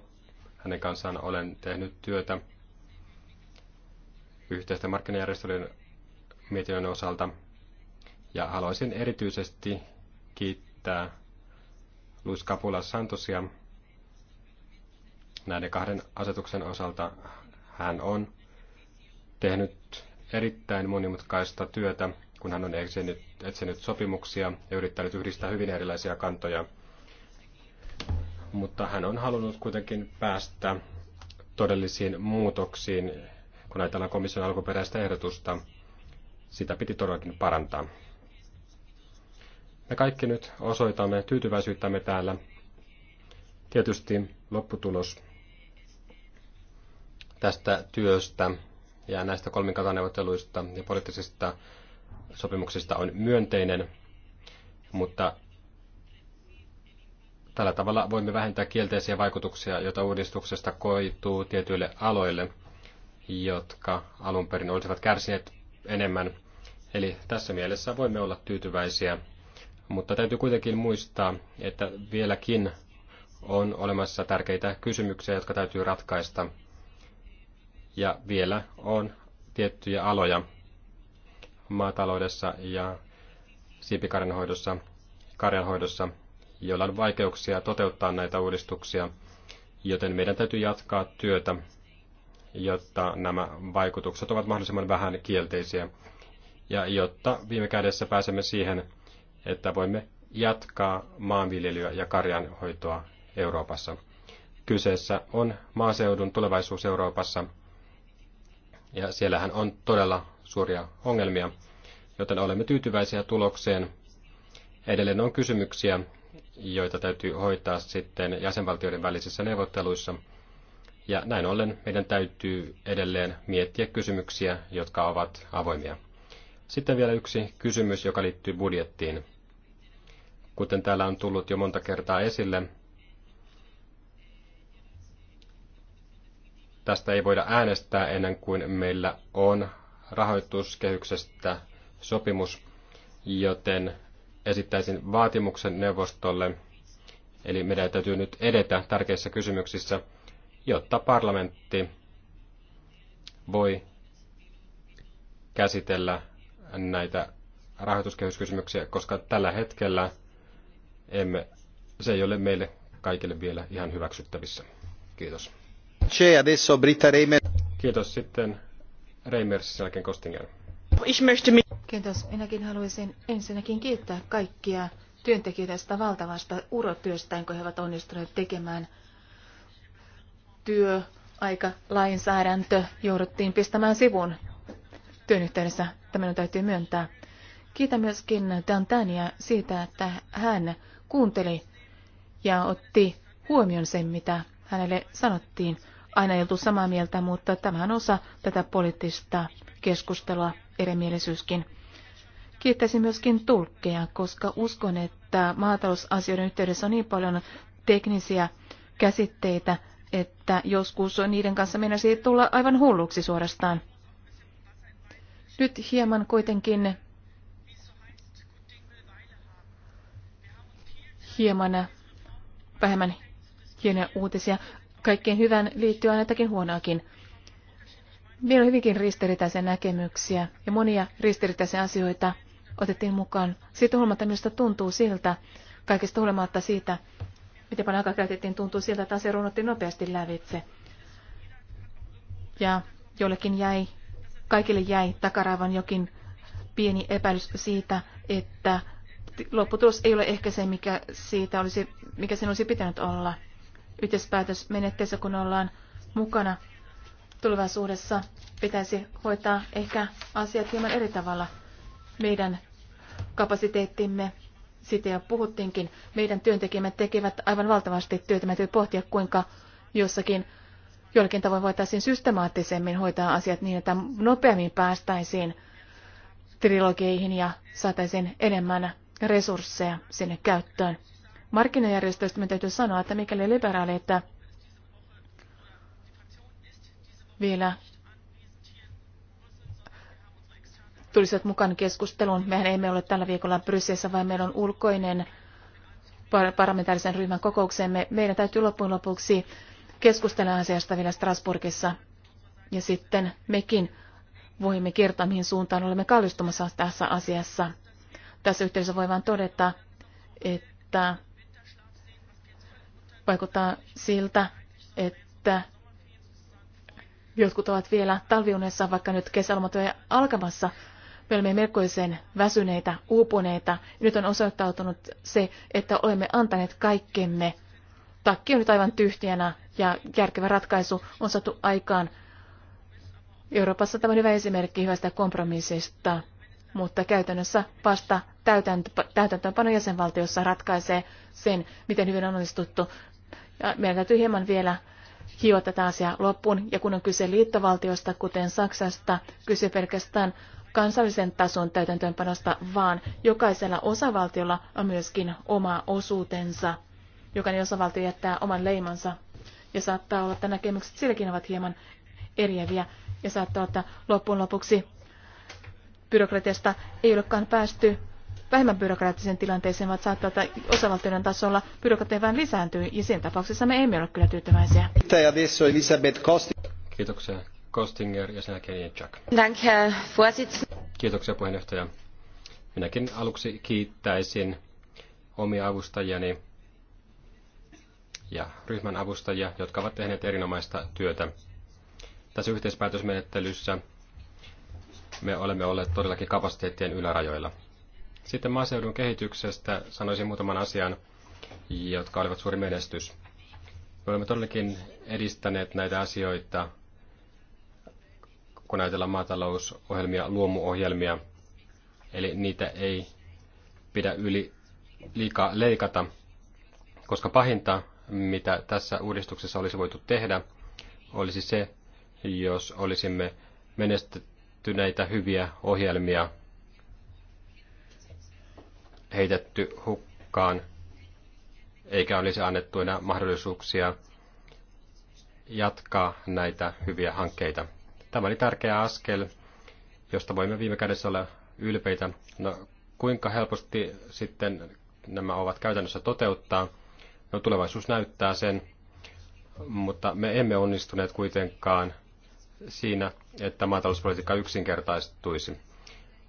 Hänen kanssaan olen tehnyt työtä yhteisten markkinajärjestelyjen mietinnön osalta. Ja haluaisin erityisesti kiittää Luis Capula Santosia näiden kahden asetuksen osalta. Hän on tehnyt erittäin monimutkaista työtä, kun hän on etsinyt, etsinyt sopimuksia ja yrittänyt yhdistää hyvin erilaisia kantoja. Mutta hän on halunnut kuitenkin päästä todellisiin muutoksiin kun ajatellaan komission alkuperäistä ehdotusta, sitä piti todellakin parantaa. Me kaikki nyt osoitamme tyytyväisyyttämme täällä. Tietysti lopputulos tästä työstä ja näistä kolminkantaneuvotteluista ja poliittisista sopimuksista on myönteinen, mutta tällä tavalla voimme vähentää kielteisiä vaikutuksia, joita uudistuksesta koituu tietyille aloille – jotka alun perin olisivat kärsineet enemmän. Eli tässä mielessä voimme olla tyytyväisiä, mutta täytyy kuitenkin muistaa, että vieläkin on olemassa tärkeitä kysymyksiä, jotka täytyy ratkaista. Ja vielä on tiettyjä aloja maataloudessa ja siipikarjanhoidossa, karjanhoidossa, joilla on vaikeuksia toteuttaa näitä uudistuksia, joten meidän täytyy jatkaa työtä jotta nämä vaikutukset ovat mahdollisimman vähän kielteisiä ja jotta viime kädessä pääsemme siihen, että voimme jatkaa maanviljelyä ja karjanhoitoa Euroopassa. Kyseessä on maaseudun tulevaisuus Euroopassa ja siellähän on todella suuria ongelmia, joten olemme tyytyväisiä tulokseen. Edelleen on kysymyksiä, joita täytyy hoitaa sitten jäsenvaltioiden välisissä neuvotteluissa – ja näin ollen meidän täytyy edelleen miettiä kysymyksiä, jotka ovat avoimia. Sitten vielä yksi kysymys, joka liittyy budjettiin. Kuten täällä on tullut jo monta kertaa esille, tästä ei voida äänestää ennen kuin meillä on rahoituskehyksestä sopimus, joten esittäisin vaatimuksen neuvostolle, eli meidän täytyy nyt edetä tärkeissä kysymyksissä – jotta parlamentti voi käsitellä näitä rahoituskehyskysymyksiä, koska tällä hetkellä emme, se ei ole meille kaikille vielä ihan hyväksyttävissä. Kiitos. adesso Britta Reimer. Kiitos sitten Reimers, sen jälkeen Kostinger. Kiitos. Minäkin haluaisin ensinnäkin kiittää kaikkia työntekijöitä valtavasta urotyöstä, kun he ovat onnistuneet tekemään – työaikalainsäädäntö jouduttiin pistämään sivun työn yhteydessä. Tämä minun täytyy myöntää. Kiitän myöskin Dantania siitä, että hän kuunteli ja otti huomioon sen, mitä hänelle sanottiin. Aina ei oltu samaa mieltä, mutta tämä on osa tätä poliittista keskustelua, erimielisyyskin. Kiittäisin myöskin tulkkeja, koska uskon, että maatalousasioiden yhteydessä on niin paljon teknisiä käsitteitä, että joskus niiden kanssa meinasi tulla aivan hulluksi suorastaan. Nyt hieman kuitenkin hieman vähemmän hienoja uutisia. Kaikkeen hyvän liittyy ainakin huonoakin. Meillä on hyvinkin ristiriitaisia näkemyksiä ja monia ristiriitaisia asioita otettiin mukaan. Siitä huolimatta minusta tuntuu siltä, kaikesta huolimatta siitä, miten paljon aikaa käytettiin, tuntuu siltä, että asia runottiin nopeasti lävitse. Ja jollekin jäi, kaikille jäi takaraivan jokin pieni epäilys siitä, että lopputulos ei ole ehkä se, mikä, siitä olisi, mikä sen olisi pitänyt olla. yhteispäätös. Menetteessä kun ollaan mukana tulevaisuudessa, pitäisi hoitaa ehkä asiat hieman eri tavalla. Meidän kapasiteettimme siitä jo puhuttiinkin. Meidän työntekijämme tekevät aivan valtavasti työtä. Me pohtia, kuinka jossakin jollakin tavoin voitaisiin systemaattisemmin hoitaa asiat niin, että nopeammin päästäisiin trilogeihin ja saataisiin enemmän resursseja sinne käyttöön. Markkinajärjestöistä me täytyy sanoa, että mikäli että vielä tulisivat mukaan keskusteluun. Mehän emme ole tällä viikolla Brysselissä, vaan meillä on ulkoinen parlamentaarisen ryhmän kokouksemme. Meidän täytyy loppujen lopuksi keskustella asiasta vielä Strasbourgissa. Ja sitten mekin voimme kertoa, mihin suuntaan olemme kallistumassa tässä asiassa. Tässä yhteydessä voi vain todeta, että vaikuttaa siltä, että jotkut ovat vielä talviunessa, vaikka nyt ovat alkamassa. Me olemme melkoisen väsyneitä, uupuneita. Nyt on osoittautunut se, että olemme antaneet kaikkemme. Takki on nyt aivan tyhtiänä ja järkevä ratkaisu on saatu aikaan. Euroopassa tämä on hyvä esimerkki hyvästä kompromissista, mutta käytännössä vasta täytäntöönpano jäsenvaltiossa ratkaisee sen, miten hyvin on onnistuttu. Ja meidän täytyy hieman vielä hioa tätä asiaa loppuun. Ja kun on kyse liittovaltiosta, kuten Saksasta, kyse pelkästään kansallisen tason täytäntöönpanosta, vaan jokaisella osavaltiolla on myöskin oma osuutensa. Jokainen osavaltio jättää oman leimansa ja saattaa olla, että näkemykset silläkin ovat hieman eriäviä ja saattaa olla, että loppujen lopuksi byrokratiasta ei olekaan päästy vähemmän byrokraattisen tilanteeseen, vaan saattaa, että osavaltioiden tasolla byrokratia vain lisääntyy, ja siinä tapauksessa me emme ole kyllä tyytyväisiä. Kiitoksia Kostinger ja sen jälkeen Kiitoksia puheenjohtaja. Minäkin aluksi kiittäisin omia avustajiani ja ryhmän avustajia, jotka ovat tehneet erinomaista työtä. Tässä yhteispäätösmenettelyssä me olemme olleet todellakin kapasiteettien ylärajoilla. Sitten maaseudun kehityksestä sanoisin muutaman asian, jotka olivat suuri menestys. Me olemme todellakin edistäneet näitä asioita kun ajatellaan maatalousohjelmia, luomuohjelmia, eli niitä ei pidä yli liikaa leikata, koska pahinta, mitä tässä uudistuksessa olisi voitu tehdä, olisi se, jos olisimme menestyneitä hyviä ohjelmia heitetty hukkaan, eikä olisi annettu enää mahdollisuuksia jatkaa näitä hyviä hankkeita. Tämä oli tärkeä askel, josta voimme viime kädessä olla ylpeitä. No, kuinka helposti sitten nämä ovat käytännössä toteuttaa? No, tulevaisuus näyttää sen, mutta me emme onnistuneet kuitenkaan siinä, että maatalouspolitiikka yksinkertaistuisi.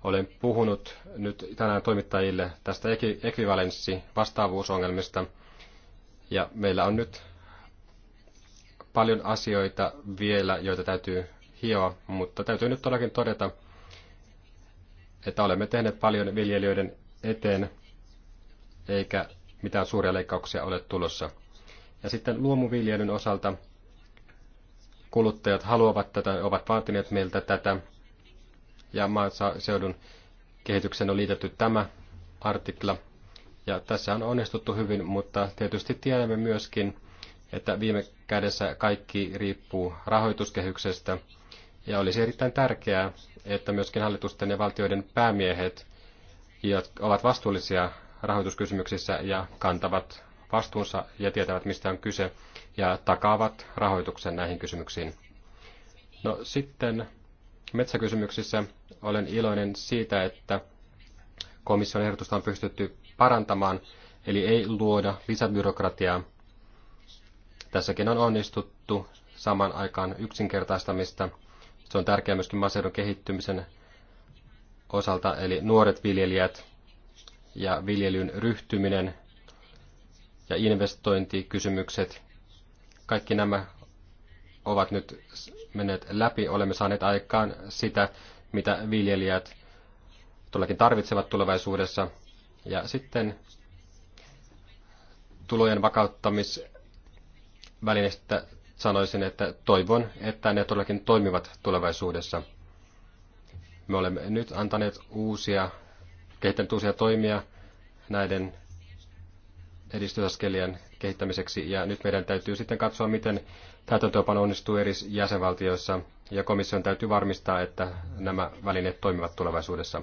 Olen puhunut nyt tänään toimittajille tästä ekvivalenssi vastaavuusongelmista, ja meillä on nyt paljon asioita vielä, joita täytyy hioa, mutta täytyy nyt todellakin todeta, että olemme tehneet paljon viljelijöiden eteen, eikä mitään suuria leikkauksia ole tulossa. Ja sitten luomuviljelyn osalta kuluttajat haluavat tätä, ovat vaatineet meiltä tätä, ja maaseudun kehityksen on liitetty tämä artikla. Ja tässä on onnistuttu hyvin, mutta tietysti tiedämme myöskin, että viime kädessä kaikki riippuu rahoituskehyksestä, ja olisi erittäin tärkeää, että myöskin hallitusten ja valtioiden päämiehet, jotka ovat vastuullisia rahoituskysymyksissä ja kantavat vastuunsa ja tietävät, mistä on kyse, ja takaavat rahoituksen näihin kysymyksiin. No sitten metsäkysymyksissä olen iloinen siitä, että komission ehdotusta on pystytty parantamaan, eli ei luoda lisäbyrokratiaa. Tässäkin on onnistuttu saman aikaan yksinkertaistamista se on tärkeää myöskin maaseudun kehittymisen osalta, eli nuoret viljelijät ja viljelyn ryhtyminen ja investointikysymykset. Kaikki nämä ovat nyt menneet läpi. Olemme saaneet aikaan sitä, mitä viljelijät todellakin tarvitsevat tulevaisuudessa. Ja sitten tulojen vakauttamisvälineistä sanoisin, että toivon, että ne todellakin toimivat tulevaisuudessa. Me olemme nyt antaneet uusia, kehittäneet uusia toimia näiden edistysaskelien kehittämiseksi, ja nyt meidän täytyy sitten katsoa, miten täytäntöönpano onnistuu eri jäsenvaltioissa, ja komission täytyy varmistaa, että nämä välineet toimivat tulevaisuudessa.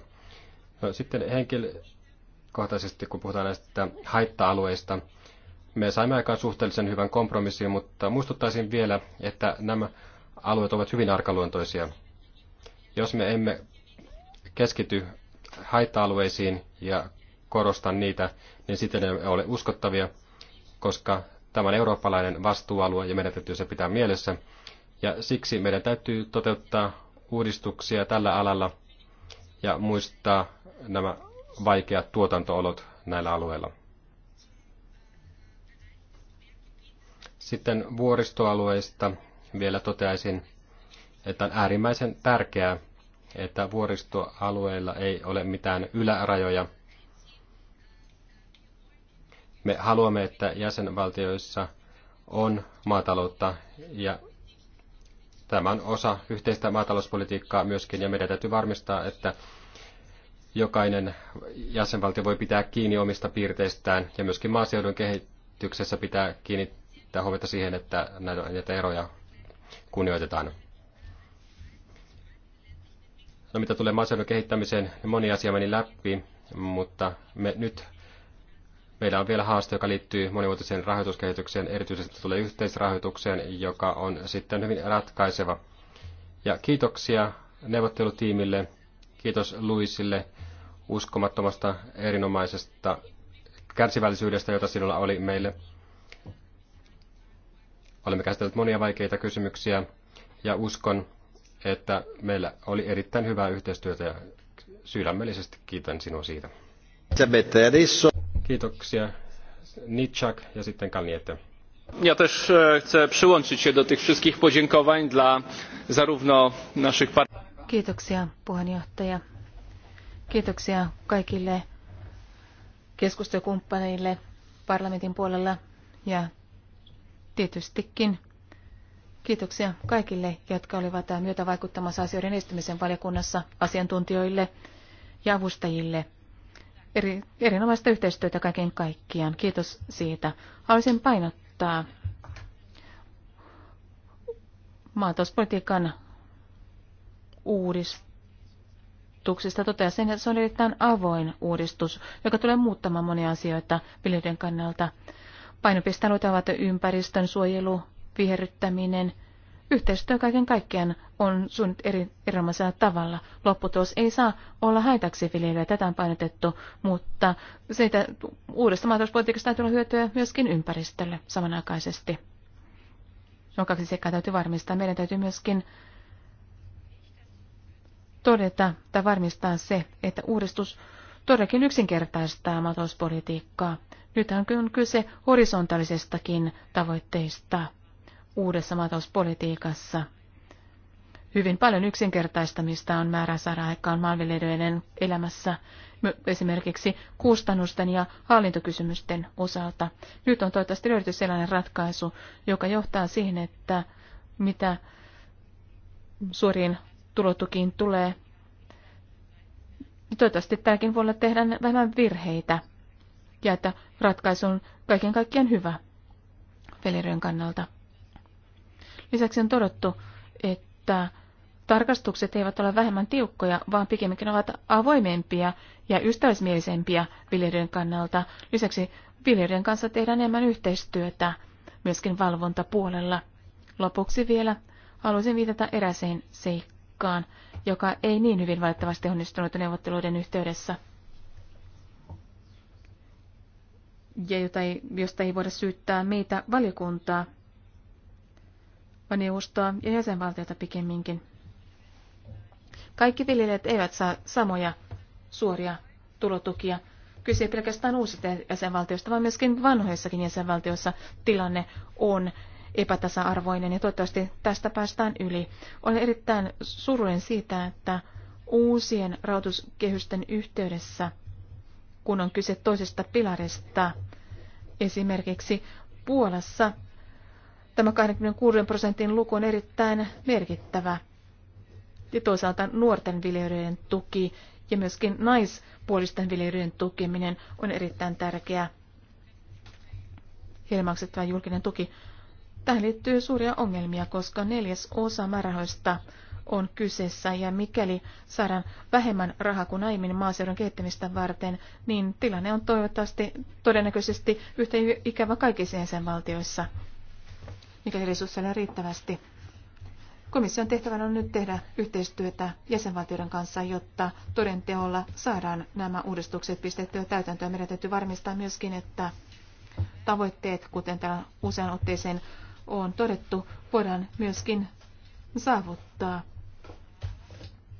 No, sitten henkilökohtaisesti, kun puhutaan näistä haitta-alueista, me saimme aikaan suhteellisen hyvän kompromissin, mutta muistuttaisin vielä, että nämä alueet ovat hyvin arkaluontoisia. Jos me emme keskity haitta-alueisiin ja korosta niitä, niin sitten ne ei ole uskottavia, koska tämä on eurooppalainen vastuualue ja meidän täytyy se pitää mielessä. Ja siksi meidän täytyy toteuttaa uudistuksia tällä alalla ja muistaa nämä vaikeat tuotantoolot näillä alueilla. Sitten vuoristoalueista vielä toteaisin, että on äärimmäisen tärkeää, että vuoristoalueilla ei ole mitään ylärajoja. Me haluamme, että jäsenvaltioissa on maataloutta ja tämä on osa yhteistä maatalouspolitiikkaa myöskin ja meidän täytyy varmistaa, että jokainen jäsenvaltio voi pitää kiinni omista piirteistään ja myöskin maaseudun kehityksessä pitää kiinni kiinnittää huomiota siihen, että näitä eroja kunnioitetaan. No mitä tulee maaseudun kehittämiseen, niin moni asia meni läpi, mutta me nyt meillä on vielä haaste, joka liittyy monivuotiseen rahoituskehitykseen, erityisesti tulee yhteisrahoitukseen, joka on sitten hyvin ratkaiseva. Ja kiitoksia neuvottelutiimille, kiitos Luisille uskomattomasta, erinomaisesta kärsivällisyydestä, jota sinulla oli meille. Olemme käsitelleet monia vaikeita kysymyksiä ja uskon, että meillä oli erittäin hyvää yhteistyötä ja sydämellisesti kiitän sinua siitä. Kiitoksia. Nitschak ja sitten Kalniette. Ja też e, chcę przyłączyć się do tych wszystkich podziękowań dla zarówno naszych Kiitoksia puheenjohtaja. Kiitoksia kaikille keskustelukumppaneille parlamentin puolella ja tietystikin kiitoksia kaikille, jotka olivat myötä vaikuttamassa asioiden edistymisen valiokunnassa, asiantuntijoille ja avustajille. Eri, erinomaista yhteistyötä kaiken kaikkiaan. Kiitos siitä. Haluaisin painottaa maatalouspolitiikan uudistuksista totesin, että se on erittäin avoin uudistus, joka tulee muuttamaan monia asioita viljelijöiden kannalta. Painopistealueita ovat ympäristön suojelu, viherryttäminen, yhteistyö kaiken kaikkiaan on suunnit eri, erilaisella tavalla. Lopputulos ei saa olla haitaksi viljelijöille, tätä on painotettu, mutta siitä uudesta maatalouspolitiikasta täytyy olla hyötyä myöskin ympäristölle samanaikaisesti. On kaksi sekä täytyy varmistaa. Meidän täytyy myöskin todeta tai varmistaa se, että uudistus todellakin yksinkertaistaa maatalouspolitiikkaa. Nythän on kyse horisontaalisestakin tavoitteista uudessa maatalouspolitiikassa. Hyvin paljon yksinkertaistamista on määrä saada aikaan maanviljelijöiden elämässä, esimerkiksi kustannusten ja hallintokysymysten osalta. Nyt on toivottavasti löydetty sellainen ratkaisu, joka johtaa siihen, että mitä suoriin tulotukiin tulee, Toivottavasti tälläkin vuonna tehdään vähän virheitä ja että ratkaisu on kaiken kaikkiaan hyvä velirön kannalta. Lisäksi on todettu, että tarkastukset eivät ole vähemmän tiukkoja, vaan pikemminkin ovat avoimempia ja ystävällismielisempiä viljelijöiden kannalta. Lisäksi viljelijöiden kanssa tehdään enemmän yhteistyötä myöskin valvontapuolella. Lopuksi vielä haluaisin viitata eräseen seikkaan, joka ei niin hyvin valitettavasti onnistunut neuvotteluiden yhteydessä. Ja jota ei, josta ei voida syyttää meitä valiokuntaa, vaan neuvostoa ja jäsenvaltiota pikemminkin. Kaikki viljelijät eivät saa samoja suoria tulotukia. Kyse ei pelkästään uusista jäsenvaltioista, vaan myöskin vanhoissakin jäsenvaltioissa tilanne on epätasa-arvoinen ja toivottavasti tästä päästään yli. Olen erittäin surullinen siitä, että uusien rahoituskehysten yhteydessä, kun on kyse toisesta pilarista, esimerkiksi Puolassa, tämä 26 prosentin luku on erittäin merkittävä. Ja toisaalta nuorten viljelijöiden tuki ja myöskin naispuolisten viljelijöiden tukeminen on erittäin tärkeää. Heille julkinen tuki Tähän liittyy suuria ongelmia, koska neljäs osa määrärahoista on kyseessä ja mikäli saadaan vähemmän rahaa kuin aiemmin maaseudun kehittämistä varten, niin tilanne on toivottavasti todennäköisesti yhtä ikävä kaikissa jäsenvaltioissa, mikäli resursseja on riittävästi. Komission tehtävänä on nyt tehdä yhteistyötä jäsenvaltioiden kanssa, jotta todenteolla saadaan nämä uudistukset pistettyä täytäntöön. Meidän täytyy varmistaa myöskin, että tavoitteet, kuten täällä usean otteeseen on todettu, voidaan myöskin saavuttaa.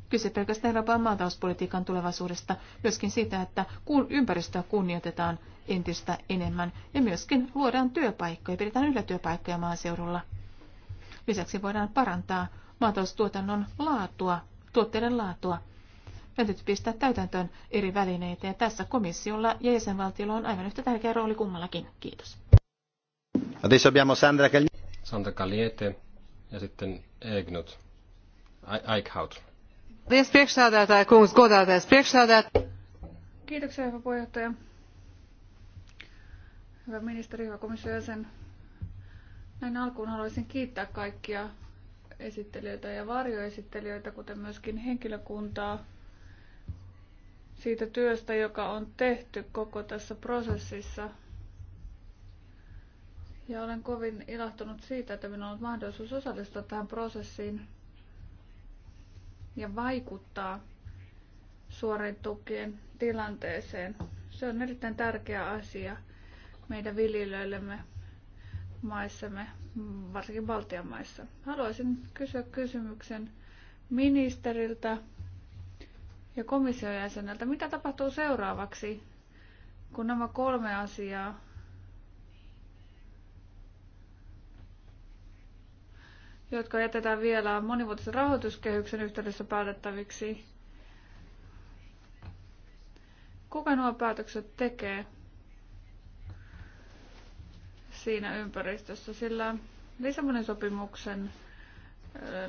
Kyse pelkästään Euroopan maatalouspolitiikan tulevaisuudesta, myöskin sitä, että kun ympäristöä kunnioitetaan entistä enemmän ja myöskin luodaan työpaikkoja, pidetään yllä työpaikkoja maaseudulla. Lisäksi voidaan parantaa maataloustuotannon laatua, tuotteiden laatua. Meidän täytyy pistää täytäntöön eri välineitä ja tässä komissiolla ja jäsenvaltiolla on aivan yhtä tärkeä rooli kummallakin. Kiitos. Adesso abbiamo Sandra Cagliete. Sandra Cagliete ja sitten Egnut. Eichhaut. Kiitoksia, hyvä puheenjohtaja. Hyvä ministeri, hyvä komission jäsen. Näin alkuun haluaisin kiittää kaikkia esittelijöitä ja varjoesittelijöitä, kuten myöskin henkilökuntaa siitä työstä, joka on tehty koko tässä prosessissa – ja olen kovin ilahtunut siitä, että minulla on mahdollisuus osallistua tähän prosessiin ja vaikuttaa suorien tukien tilanteeseen. Se on erittäin tärkeä asia meidän viljelijöillemme maissamme, varsinkin Baltian maissa. Haluaisin kysyä kysymyksen ministeriltä ja komission jäseneltä, mitä tapahtuu seuraavaksi, kun nämä kolme asiaa jotka jätetään vielä monivuotisen rahoituskehyksen yhteydessä päätettäviksi. Kuka nuo päätökset tekee siinä ympäristössä, sillä Lissabonin sopimuksen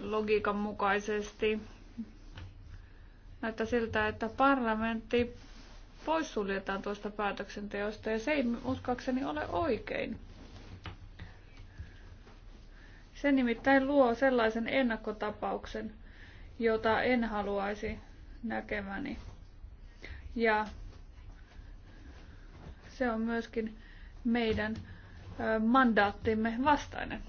logiikan mukaisesti näyttää siltä, että parlamentti poissuljetaan tuosta päätöksenteosta ja se ei uskoakseni ole oikein. Se nimittäin luo sellaisen ennakkotapauksen, jota en haluaisi näkemäni. Ja se on myöskin meidän mandaattimme vastainen.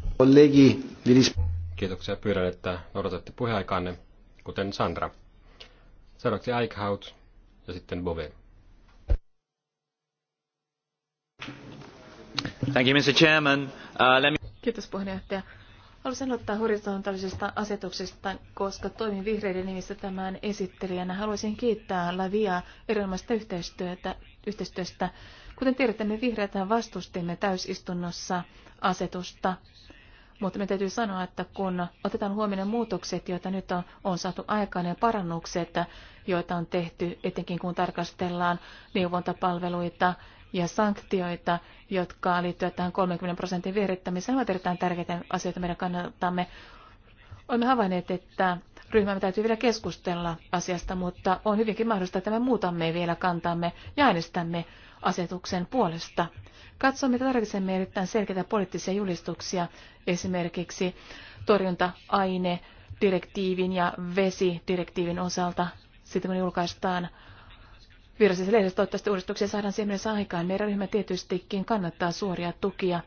Kiitoksia pyydän, että noudatatte puheaikaanne, kuten Sandra. Seuraavaksi Eichhout ja sitten Bove. Thank you, Mr. Chairman. Uh, let me... Kiitos puheenjohtaja. Haluaisin aloittaa horisontaalisesta asetuksesta, koska toimin vihreiden nimissä tämän esittelijänä. Haluaisin kiittää Lavia erilaisesta yhteistyötä, yhteistyöstä. Kuten tiedätte, me vihreät vastustimme täysistunnossa asetusta. Mutta me täytyy sanoa, että kun otetaan huomioon muutokset, joita nyt on, on saatu aikaan ja parannukset, joita on tehty, etenkin kun tarkastellaan neuvontapalveluita ja sanktioita, jotka liittyvät tähän 30 prosentin vierittämiseen, ovat erittäin tärkeitä asioita meidän kannaltamme. Olemme havainneet, että ryhmämme täytyy vielä keskustella asiasta, mutta on hyvinkin mahdollista, että me muutamme vielä kantamme ja äänestämme asetuksen puolesta. Katsomme, että tarvitsemme erittäin selkeitä poliittisia julistuksia, esimerkiksi torjunta-aine, direktiivin ja vesidirektiivin osalta, sitten kun julkaistaan virallisessa lehdessä. Toivottavasti uudistuksia saadaan siihen mennessä aikaan. Meidän ryhmä tietystikin kannattaa suoria tukia.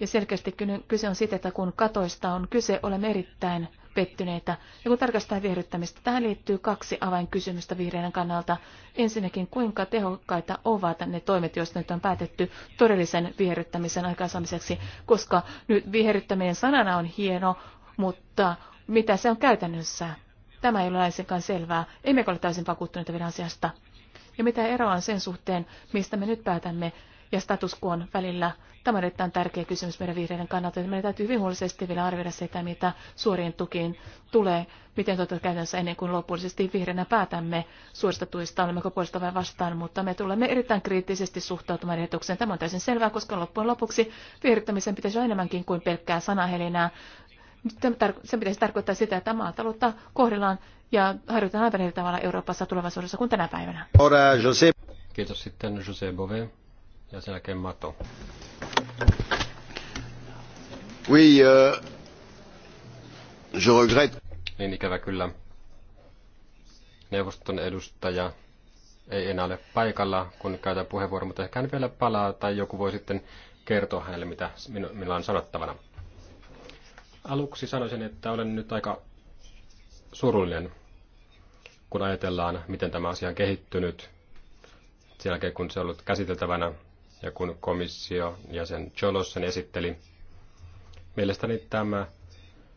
Ja selkeästi kyse on siitä, että kun katoista on kyse, olemme erittäin pettyneitä. Ja kun tarkastetaan viehdyttämistä, tähän liittyy kaksi avainkysymystä vihreän kannalta. Ensinnäkin, kuinka tehokkaita ovat ne toimet, joista nyt on päätetty todellisen viehdyttämisen aikaansaamiseksi, koska nyt viehdyttäminen sanana on hieno, mutta mitä se on käytännössä? Tämä ei ole laisinkaan selvää. Emmekö ole täysin vakuuttuneita vielä asiasta? ja mitä eroa on sen suhteen, mistä me nyt päätämme ja status quo välillä. Tämä on erittäin tärkeä kysymys meidän vihreiden kannalta. Meidän täytyy hyvin huolellisesti vielä arvioida sitä, mitä suoriin tukiin tulee, miten toteutetaan käytännössä ennen kuin lopullisesti vihreänä päätämme suorista tuista, olemmeko puolesta vai vastaan, mutta me tulemme erittäin kriittisesti suhtautumaan ehdotukseen. Tämä on täysin selvää, koska loppujen lopuksi viherryttämisen pitäisi olla enemmänkin kuin pelkkää sanahelinää. Se pitäisi tarkoittaa sitä, että maataloutta kohdellaan ja harjoitetaan aivan eri tavalla Euroopassa tulevaisuudessa kuin tänä päivänä. Kiitos sitten José Bové ja sen jälkeen Mato. Oui, uh, je regrette. Niin ikävä kyllä. Neuvoston edustaja ei enää ole paikalla, kun käytän puheenvuoron, mutta ehkä hän vielä palaa tai joku voi sitten kertoa hänelle, mitä minulla on sanottavana. Aluksi sanoisin, että olen nyt aika surullinen, kun ajatellaan, miten tämä asia on kehittynyt sen jälkeen, kun se on ollut käsiteltävänä ja kun komissio ja sen Cholos sen esitteli. Mielestäni tämä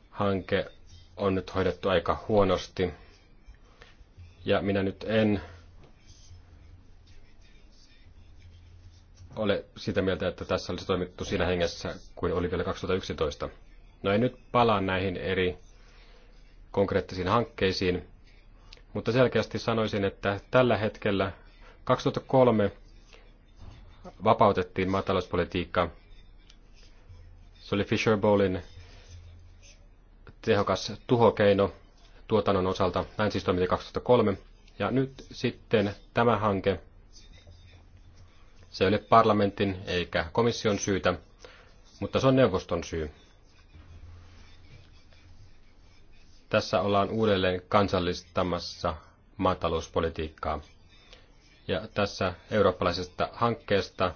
hanke on nyt hoidettu aika huonosti. Ja minä nyt en ole sitä mieltä, että tässä olisi toimittu siinä hengessä kuin oli vielä 2011. No en nyt palaa näihin eri konkreettisiin hankkeisiin, mutta selkeästi sanoisin, että tällä hetkellä 2003 vapautettiin maatalouspolitiikka. Se oli Fisher Bowlin tehokas tuhokeino tuotannon osalta. Näin siis 2003. Ja nyt sitten tämä hanke, se ei ole parlamentin eikä komission syytä, mutta se on neuvoston syy. Tässä ollaan uudelleen kansallistamassa maatalouspolitiikkaa. Ja tässä eurooppalaisesta hankkeesta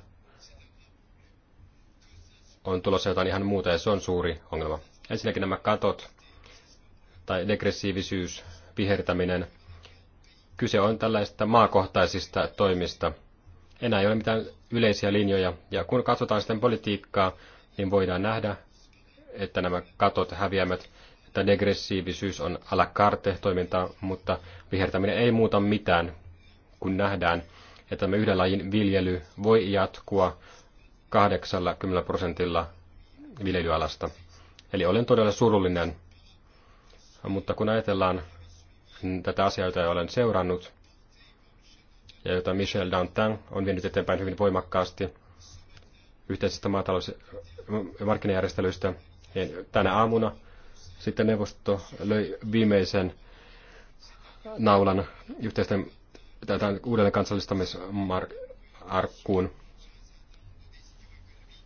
on tulossa jotain ihan muuta ja se on suuri ongelma. Ensinnäkin nämä katot tai degressiivisyys, vihertäminen. Kyse on tällaista maakohtaisista toimista. Enää ei ole mitään yleisiä linjoja. Ja kun katsotaan sitten politiikkaa, niin voidaan nähdä, että nämä katot häviämät että degressiivisyys on ala carte toiminta, mutta vihertäminen ei muuta mitään, kun nähdään, että me yhden lajin viljely voi jatkua 80 prosentilla viljelyalasta. Eli olen todella surullinen, mutta kun ajatellaan tätä asiaa, jota olen seurannut, ja jota Michel Dantin on vienyt eteenpäin hyvin voimakkaasti yhteisistä maatalous- ja markkinajärjestelyistä, niin tänä aamuna sitten neuvosto löi viimeisen naulan yhteisten uudelleen kansallistamisarkkuun.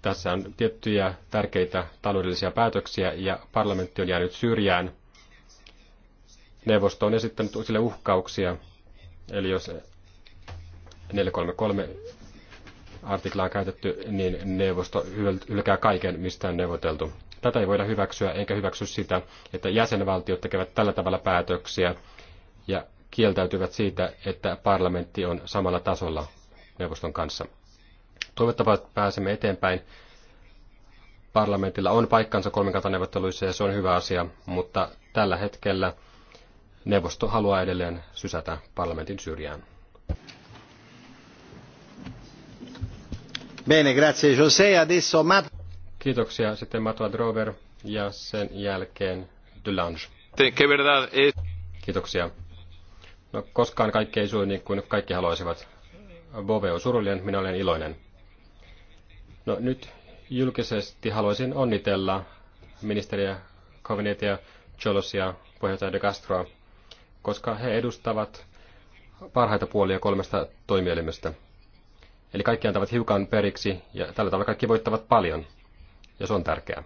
Tässä on tiettyjä tärkeitä taloudellisia päätöksiä ja parlamentti on jäänyt syrjään. Neuvosto on esittänyt sille uhkauksia, eli jos 433 artiklaa on käytetty, niin neuvosto hylkää kaiken, mistä on neuvoteltu. Tätä ei voida hyväksyä, eikä hyväksy sitä, että jäsenvaltiot tekevät tällä tavalla päätöksiä ja kieltäytyvät siitä, että parlamentti on samalla tasolla neuvoston kanssa. Toivottavasti pääsemme eteenpäin. Parlamentilla on paikkansa kolmikantaneuvotteluissa ja se on hyvä asia, mutta tällä hetkellä neuvosto haluaa edelleen sysätä parlamentin syrjään. Bene, grazie José. Adesso Matt... Kiitoksia. Sitten Matua Drover ja sen jälkeen Dulange. Kiitoksia. No, koskaan kaikki ei suju niin kuin kaikki haluaisivat. Bove on surullinen, minä olen iloinen. No nyt julkisesti haluaisin onnitella ministeriä Covenetia, Cholosia, puheenjohtaja De Castroa, koska he edustavat parhaita puolia kolmesta toimielimestä. Eli kaikki antavat hiukan periksi ja tällä tavalla kaikki voittavat paljon ja se on tärkeää.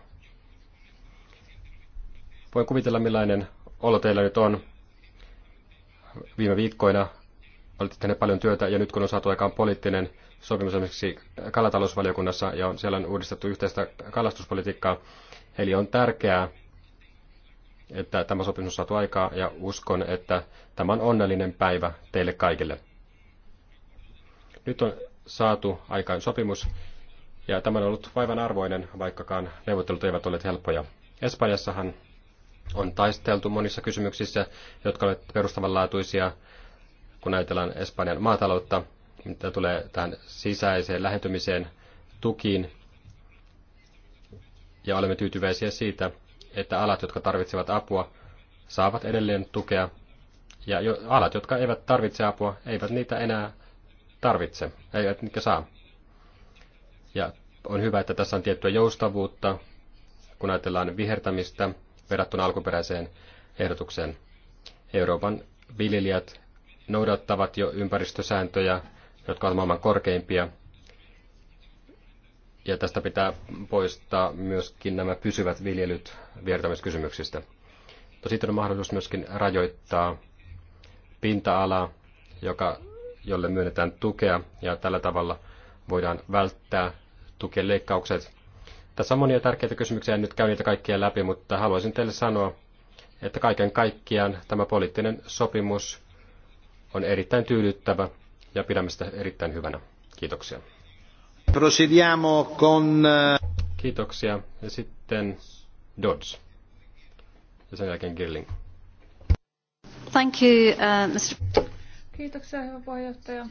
Voin kuvitella, millainen olo teillä nyt on. Viime viikkoina olette tehneet paljon työtä, ja nyt kun on saatu aikaan poliittinen sopimus esimerkiksi kalatalousvaliokunnassa, ja on, siellä on uudistettu yhteistä kalastuspolitiikkaa, eli on tärkeää, että tämä sopimus on saatu aikaa, ja uskon, että tämä on onnellinen päivä teille kaikille. Nyt on saatu aikaan sopimus, ja tämä on ollut vaivan arvoinen, vaikkakaan neuvottelut eivät ole helppoja. Espanjassahan on taisteltu monissa kysymyksissä, jotka ovat perustavanlaatuisia, kun ajatellaan Espanjan maataloutta, mitä tulee tähän sisäiseen lähentymiseen, tukiin. Ja olemme tyytyväisiä siitä, että alat, jotka tarvitsevat apua, saavat edelleen tukea. Ja alat, jotka eivät tarvitse apua, eivät niitä enää tarvitse, eivät niitä saa. Ja on hyvä, että tässä on tiettyä joustavuutta, kun ajatellaan vihertämistä verrattuna alkuperäiseen ehdotukseen. Euroopan viljelijät noudattavat jo ympäristösääntöjä, jotka ovat maailman korkeimpia. Ja tästä pitää poistaa myöskin nämä pysyvät viljelyt viertämiskysymyksistä. Mutta sitten on mahdollisuus myöskin rajoittaa pinta-alaa, joka, jolle myönnetään tukea, ja tällä tavalla voidaan välttää tukien leikkaukset. Tässä on monia tärkeitä kysymyksiä, en nyt käy niitä kaikkia läpi, mutta haluaisin teille sanoa, että kaiken kaikkiaan tämä poliittinen sopimus on erittäin tyydyttävä ja pidämme sitä erittäin hyvänä. Kiitoksia. Procediamo con... Eh, Kiitoksia. Ja sitten Dodds. Ja sen jälkeen Girling. Thank you, uh, Mr. Kiitoksia, hyvä puheenjohtaja.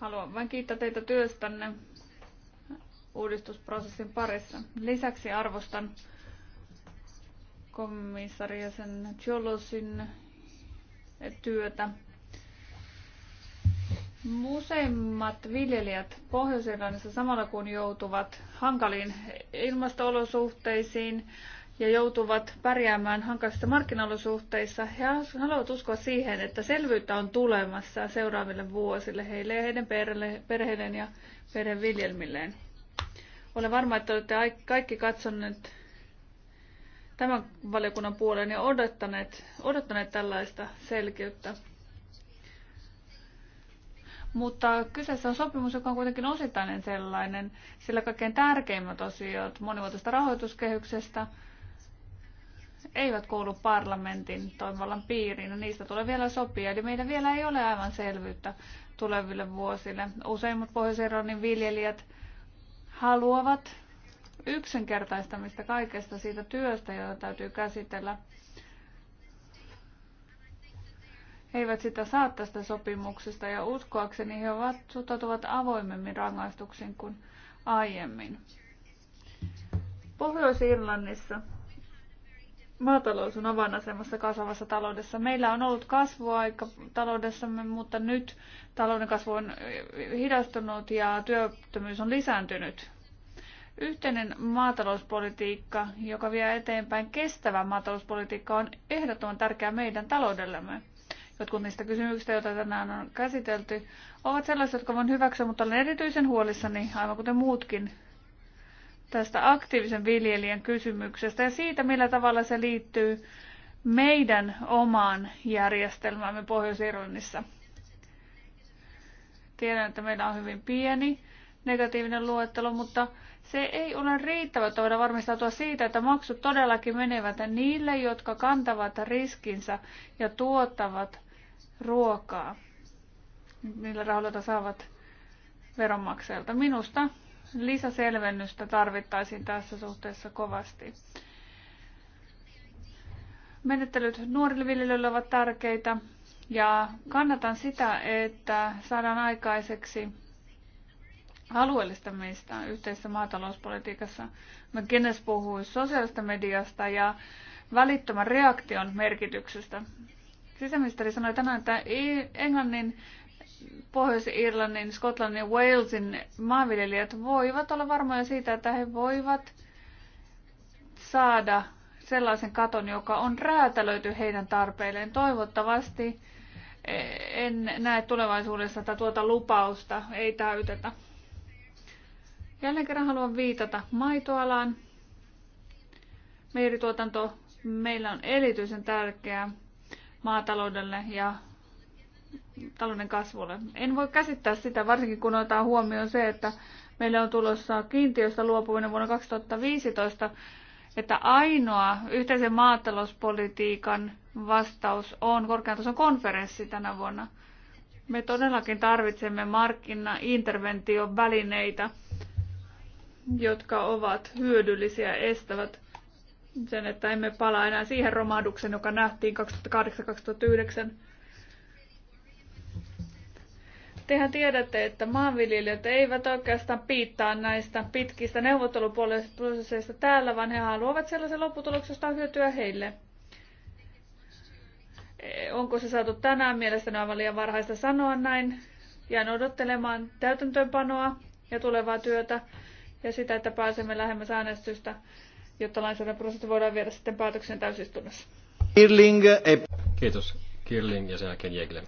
Haluan vain kiittää teitä työstänne uudistusprosessin parissa. Lisäksi arvostan komissaari ja sen Cholosin työtä. Useimmat viljelijät pohjois samalla kun joutuvat hankaliin ilmastoolosuhteisiin, ja joutuvat pärjäämään hankalissa markkinaolosuhteissa. He haluavat uskoa siihen, että selvyyttä on tulemassa seuraaville vuosille heille ja heidän perheilleen ja perheviljelmilleen. Olen varma, että olette kaikki katsoneet tämän valiokunnan puoleen ja odottaneet, odottaneet tällaista selkeyttä. Mutta kyseessä on sopimus, joka on kuitenkin osittainen sellainen, sillä kaikkein tärkeimmät osiot monivuotoista rahoituskehyksestä – eivät kuulu parlamentin toimivallan piiriin, ja niistä tulee vielä sopia. Eli meillä vielä ei ole aivan selvyyttä tuleville vuosille. Useimmat Pohjois-Irlannin viljelijät haluavat yksinkertaistamista kaikesta siitä työstä, jota täytyy käsitellä. He eivät sitä saa tästä sopimuksesta ja uskoakseni he ovat, suhtautuvat avoimemmin rangaistuksiin kuin aiemmin. Pohjois-Irlannissa Maatalous on avainasemassa kasvavassa taloudessa. Meillä on ollut kasvuaika taloudessamme, mutta nyt talouden kasvu on hidastunut ja työttömyys on lisääntynyt. Yhteinen maatalouspolitiikka, joka vie eteenpäin kestävä maatalouspolitiikka, on ehdottoman tärkeää meidän taloudellemme. Jotkut niistä kysymyksistä, joita tänään on käsitelty, ovat sellaisia, jotka voin hyväksyä, mutta olen erityisen huolissani, aivan kuten muutkin, tästä aktiivisen viljelijän kysymyksestä ja siitä, millä tavalla se liittyy meidän omaan järjestelmäämme Pohjois-Irlannissa. Tiedän, että meillä on hyvin pieni negatiivinen luettelo, mutta se ei ole riittävä, että varmistautua siitä, että maksut todellakin menevät niille, jotka kantavat riskinsä ja tuottavat ruokaa niillä rahoilla, saavat veronmaksajalta. Minusta lisäselvennystä tarvittaisiin tässä suhteessa kovasti. Menettelyt nuorille viljelijöille ovat tärkeitä ja kannatan sitä, että saadaan aikaiseksi alueellistamista yhteisessä maatalouspolitiikassa. Kenes puhui sosiaalista mediasta ja välittömän reaktion merkityksestä. Sisäministeri sanoi tänään, että Englannin Pohjois-Irlannin, Skotlannin ja Walesin maanviljelijät voivat olla varmoja siitä, että he voivat saada sellaisen katon, joka on räätälöity heidän tarpeilleen. Toivottavasti en näe tulevaisuudessa, että tuota lupausta ei täytetä. Jälleen kerran haluan viitata maitoalaan. Meirituotanto meillä on erityisen tärkeää maataloudelle ja talouden kasvulle. En voi käsittää sitä, varsinkin kun otetaan huomioon se, että meillä on tulossa kiintiöstä luopuminen vuonna 2015, että ainoa yhteisen maatalouspolitiikan vastaus on korkean tason konferenssi tänä vuonna. Me todellakin tarvitsemme markkinainterventiovälineitä, välineitä, jotka ovat hyödyllisiä estävät sen, että emme palaa enää siihen romahdukseen, joka nähtiin 2008-2009 Tehän tiedätte, että maanviljelijät eivät oikeastaan piittaa näistä pitkistä neuvotteluprosesseista täällä, vaan he haluavat sellaisen lopputuloksesta hyötyä heille. Eh, onko se saatu tänään? Mielestäni on aivan liian varhaista sanoa näin. Jään odottelemaan täytäntöönpanoa ja tulevaa työtä ja sitä, että pääsemme lähemmäs äänestystä, jotta prosessi voidaan viedä sitten päätöksen täysistunnossa. Kirling. Kiitos Kirling ja sen jälkeen Jägle.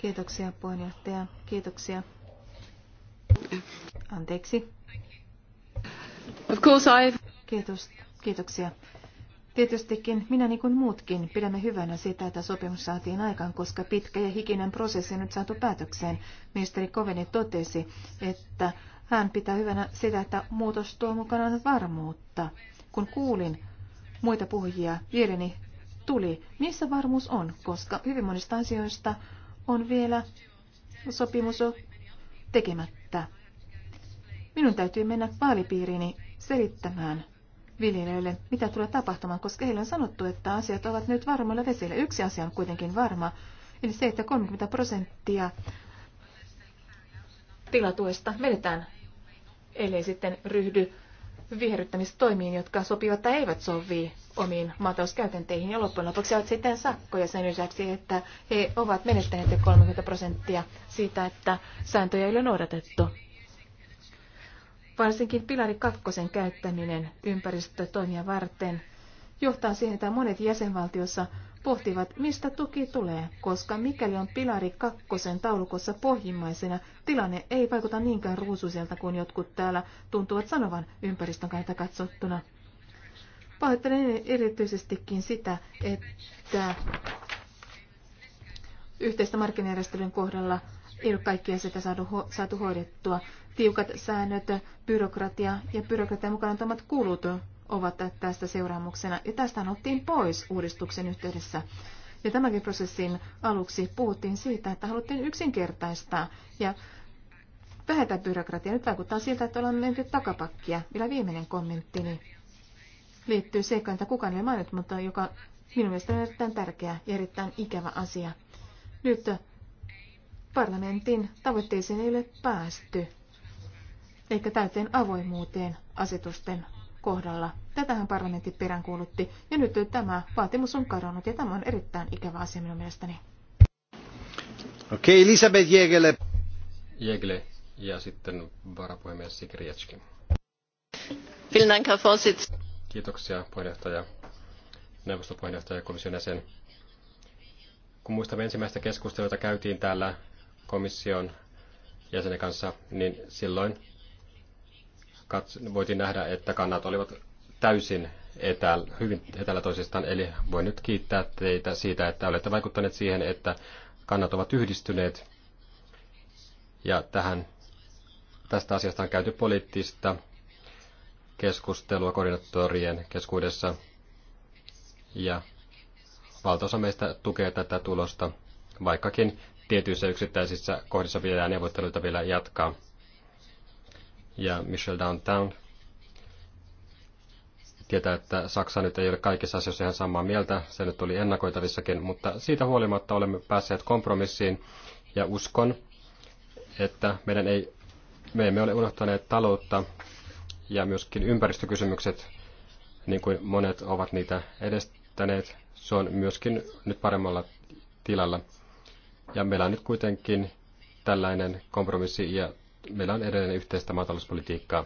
Kiitoksia puheenjohtaja. Kiitoksia. Anteeksi. Of course I've. Kiitos. Kiitoksia. Tietystikin minä niin kuin muutkin pidämme hyvänä sitä, että sopimus saatiin aikaan, koska pitkä ja hikinen prosessi on nyt saatu päätökseen. Ministeri Koveni totesi, että hän pitää hyvänä sitä, että muutos tuo mukanaan varmuutta. Kun kuulin muita puhujia, mieleni tuli. missä varmuus on, koska hyvin monista asioista on vielä sopimus tekemättä. Minun täytyy mennä vaalipiiriini selittämään viljelijöille, mitä tulee tapahtumaan, koska heille on sanottu, että asiat ovat nyt varmoilla vesillä. Yksi asia on kuitenkin varma, eli se, että 30 prosenttia tilatuesta vedetään, ellei sitten ryhdy viherryttämistoimiin, jotka sopivat tai eivät sovi omiin maatalouskäytänteihin ja loppujen lopuksi ovat sitten sakkoja sen lisäksi, että he ovat menettäneet jo 30 prosenttia siitä, että sääntöjä ei ole noudatettu. Varsinkin pilari kakkosen käyttäminen ympäristötoimia varten johtaa siihen, että monet jäsenvaltiossa pohtivat, mistä tuki tulee, koska mikäli on pilari kakkosen taulukossa pohjimmaisena, tilanne ei vaikuta niinkään ruusuiselta kuin jotkut täällä tuntuvat sanovan ympäristön kannalta katsottuna. Pahoittelen erityisestikin sitä, että yhteistä markkinajärjestelyn kohdalla ei ole kaikkia sitä saatu, ho- saatu hoidettua. Tiukat säännöt, byrokratia ja byrokratian mukaan antamat kulut ovat tästä seuraamuksena. Ja tästä ottiin pois uudistuksen yhteydessä. Ja tämänkin prosessin aluksi puhuttiin siitä, että haluttiin yksinkertaistaa ja vähetä byrokratiaa. Nyt vaikuttaa siltä, että ollaan menty takapakkia. Vielä viimeinen kommenttini liittyy seikkaan, että kukaan ei mainit, mutta joka minun mielestäni on erittäin tärkeä ja erittäin ikävä asia. Nyt parlamentin tavoitteisiin ei ole päästy, eikä täyteen avoimuuteen asetusten kohdalla. Tätähän parlamentti peräänkuulutti ja nyt tämä vaatimus on kadonnut ja tämä on erittäin ikävä asia minun mielestäni. Okei, okay, Elisabeth Jägele. Jägele ja sitten varapuhemies Sikri Kiitoksia puheenjohtaja, neuvostopuheenjohtaja puheenjohtaja ja komission jäsen. Kun muistamme ensimmäistä keskustelua, jota käytiin täällä komission jäsenen kanssa, niin silloin voitiin nähdä, että kannat olivat täysin etäällä, hyvin etäällä toisistaan. Eli voin nyt kiittää teitä siitä, että olette vaikuttaneet siihen, että kannat ovat yhdistyneet. Ja tähän, tästä asiasta on käyty poliittista keskustelua koordinaattorien keskuudessa. Ja valtaosa meistä tukee tätä tulosta, vaikkakin tietyissä yksittäisissä kohdissa vielä neuvotteluita vielä jatkaa ja Michel Downtown tietää, että Saksa nyt ei ole kaikissa asioissa ihan samaa mieltä, se nyt oli ennakoitavissakin, mutta siitä huolimatta olemme päässeet kompromissiin ja uskon, että meidän ei, me emme ole unohtaneet taloutta ja myöskin ympäristökysymykset, niin kuin monet ovat niitä edestäneet. Se on myöskin nyt paremmalla tilalla. Ja meillä on nyt kuitenkin tällainen kompromissi ja meillä on edelleen yhteistä maatalouspolitiikkaa.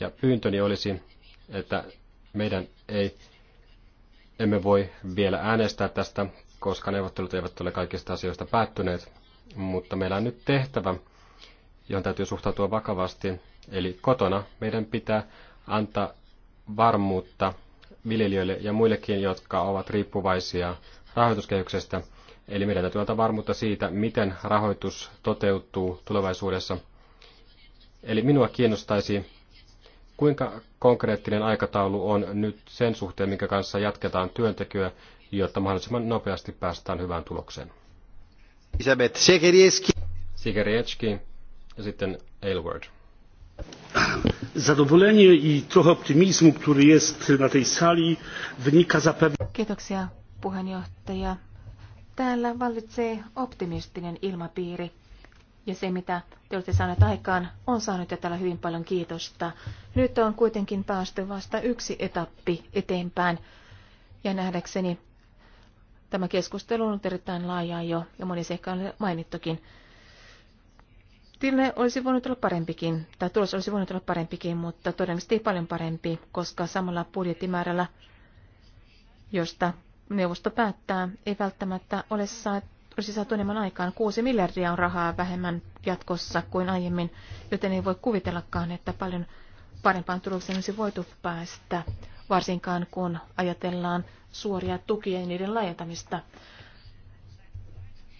Ja pyyntöni olisi, että meidän ei, emme voi vielä äänestää tästä, koska neuvottelut eivät ole kaikista asioista päättyneet, mutta meillä on nyt tehtävä, johon täytyy suhtautua vakavasti. Eli kotona meidän pitää antaa varmuutta viljelijöille ja muillekin, jotka ovat riippuvaisia rahoituskehyksestä. Eli meidän täytyy antaa varmuutta siitä, miten rahoitus toteutuu tulevaisuudessa – Eli minua kiinnostaisi, kuinka konkreettinen aikataulu on nyt sen suhteen, minkä kanssa jatketaan työntekijöä, jotta mahdollisimman nopeasti päästään hyvään tulokseen. Isabet Sekerietski. Sekerietski ja sitten Aylward. Zadowolenie i trochę optymizmu, który jest na tej sali, wynika zapewne... Kiitoksia, puheenjohtaja. Täällä vallitsee optimistinen ilmapiiri ja se, mitä te olette saaneet aikaan, on saanut jo täällä hyvin paljon kiitosta. Nyt on kuitenkin päästy vasta yksi etappi eteenpäin, ja nähdäkseni tämä keskustelu on ollut erittäin laaja jo, ja moni ehkä on mainittukin. Tilanne olisi voinut olla parempikin, tai tulos olisi voinut olla parempikin, mutta todennäköisesti paljon parempi, koska samalla budjettimäärällä, josta neuvosto päättää, ei välttämättä ole saatu Kyproksessa saatu enemmän aikaan. 6 miljardia on rahaa vähemmän jatkossa kuin aiemmin, joten ei voi kuvitellakaan, että paljon parempaan tulokseen olisi voitu päästä, varsinkaan kun ajatellaan suoria tukia ja niiden laajentamista.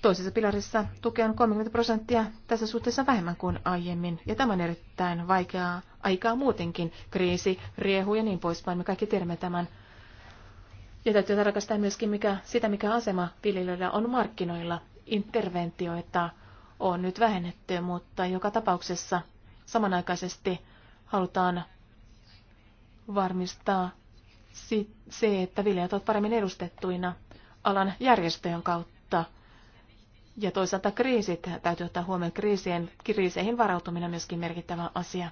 Toisessa pilarissa tukea on 30 prosenttia tässä suhteessa vähemmän kuin aiemmin, ja tämä on erittäin vaikeaa aikaa muutenkin. Kriisi, riehu ja niin poispäin, me kaikki tiedämme tämän. Ja täytyy tarkastaa myöskin mikä, sitä, mikä asema viljelijöillä on markkinoilla. Interventioita on nyt vähennetty, mutta joka tapauksessa samanaikaisesti halutaan varmistaa se, että viljelijät ovat paremmin edustettuina alan järjestöjen kautta. Ja toisaalta kriisit, täytyy ottaa huomioon kriisien, kriiseihin varautuminen myöskin merkittävä asia.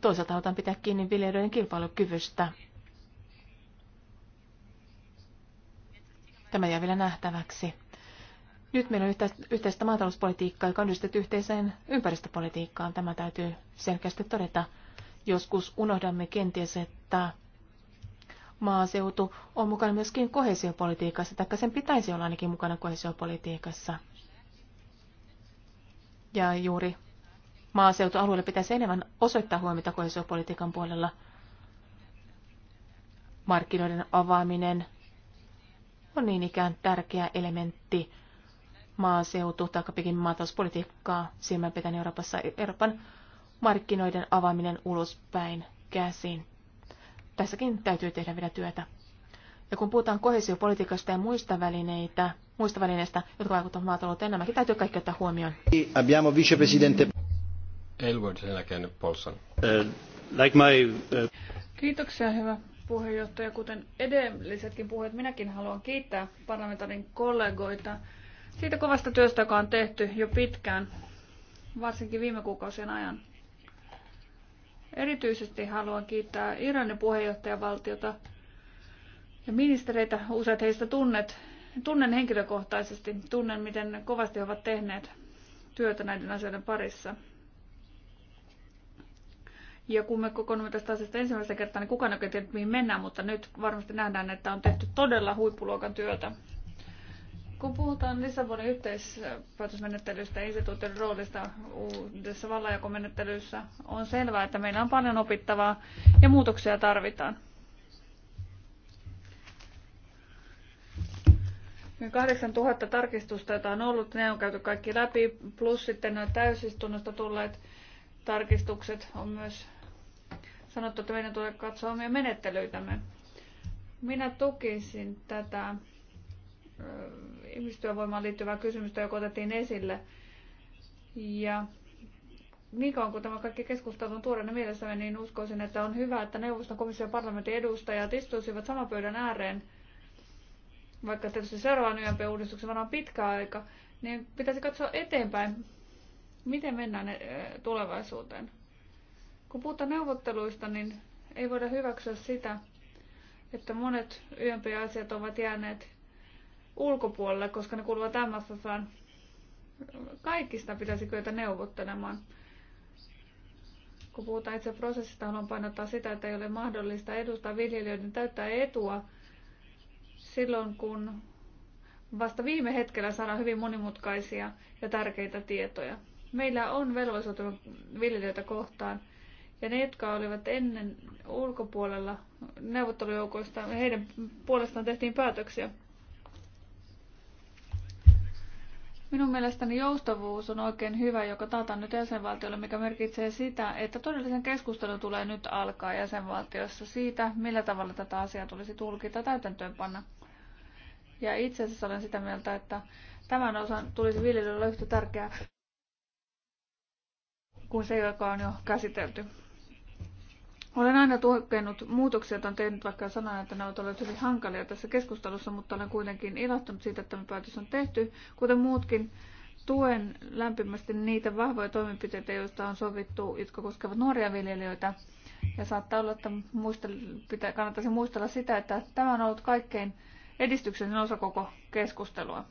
Toisaalta halutaan pitää kiinni viljelijöiden kilpailukyvystä Tämä jää vielä nähtäväksi. Nyt meillä on yhteistä maatalouspolitiikkaa, joka on yhdistetty yhteiseen ympäristöpolitiikkaan. Tämä täytyy selkeästi todeta. Joskus unohdamme kenties, että maaseutu on mukana myöskin kohesiopolitiikassa, tai sen pitäisi olla ainakin mukana kohesiopolitiikassa. Ja juuri maaseutualueelle pitäisi enemmän osoittaa huomiota kohesiopolitiikan puolella. Markkinoiden avaaminen, on niin ikään tärkeä elementti maaseutu- tai pikin maatalouspolitiikkaa silmän pitäen Euroopassa Euroopan markkinoiden avaaminen ulospäin käsiin. Tässäkin täytyy tehdä vielä työtä. Ja kun puhutaan kohesiopolitiikasta ja muista välineitä, muista välineistä, jotka vaikuttavat maatalouteen, nämäkin täytyy kaikki ottaa huomioon. Abbiamo vicepresidente Elwood, sen jälkeen eh, eh- Kiitoksia, hyvä puheenjohtaja, kuten edellisetkin puheet, minäkin haluan kiittää parlamentarin kollegoita siitä kovasta työstä, joka on tehty jo pitkään, varsinkin viime kuukausien ajan. Erityisesti haluan kiittää Iranin puheenjohtajavaltiota ja ministereitä, useat heistä tunnet, tunnen henkilökohtaisesti, tunnen miten kovasti he ovat tehneet työtä näiden asioiden parissa. Ja kun me kokoonnumme tästä asiasta ensimmäistä kertaa, niin kukaan ei tiedä, mihin mennään, mutta nyt varmasti nähdään, että on tehty todella huippuluokan työtä. Kun puhutaan Lissabonin yhteispäätösmenettelystä ja instituutin roolista uudessa vallanjakomenettelyssä, on selvää, että meillä on paljon opittavaa ja muutoksia tarvitaan. 8000 tarkistusta, joita on ollut, ne on käyty kaikki läpi, plus sitten nämä täysistunnosta tulleet tarkistukset on myös sanottu, että meidän tulee katsoa omia menettelyitämme. Minä tukisin tätä ihmistyövoimaan liittyvää kysymystä, joka otettiin esille. Ja niin kauan kuin tämä kaikki keskustelu on tuoreena mielessäni, niin uskoisin, että on hyvä, että neuvoston komission ja parlamentin edustajat istuisivat saman pöydän ääreen, vaikka tietysti seuraavan YMP-uudistuksen varmaan pitkä aika, niin pitäisi katsoa eteenpäin, miten mennään tulevaisuuteen. Kun puhutaan neuvotteluista, niin ei voida hyväksyä sitä, että monet YMP-asiat ovat jääneet ulkopuolelle, koska ne kuuluvat MFFään. Kaikista pitäisi kyetä neuvottelemaan. Kun puhutaan itse prosessista, haluan painottaa sitä, että ei ole mahdollista edustaa viljelijöiden täyttää etua silloin, kun vasta viime hetkellä saadaan hyvin monimutkaisia ja tärkeitä tietoja. Meillä on velvollisuutta viljelijöitä kohtaan – ja ne, jotka olivat ennen ulkopuolella neuvottelujoukoista, heidän puolestaan tehtiin päätöksiä. Minun mielestäni joustavuus on oikein hyvä, joka taataan nyt jäsenvaltiolle, mikä merkitsee sitä, että todellisen keskustelun tulee nyt alkaa jäsenvaltiossa siitä, millä tavalla tätä asiaa tulisi tulkita täytäntöönpanna. Ja itse asiassa olen sitä mieltä, että tämän osan tulisi olla yhtä tärkeää kuin se, joka on jo käsitelty. Olen aina tukenut muutoksia, joita on tehnyt, vaikka sanan, että ne ovat olleet hyvin hankalia tässä keskustelussa, mutta olen kuitenkin ilahtunut siitä, että tämä päätös on tehty, kuten muutkin. Tuen lämpimästi niitä vahvoja toimenpiteitä, joista on sovittu, jotka koskevat nuoria viljelijöitä. Ja saattaa olla, että muistel- pitä- kannattaisi muistella sitä, että tämä on ollut kaikkein edistyksen osa koko keskustelua.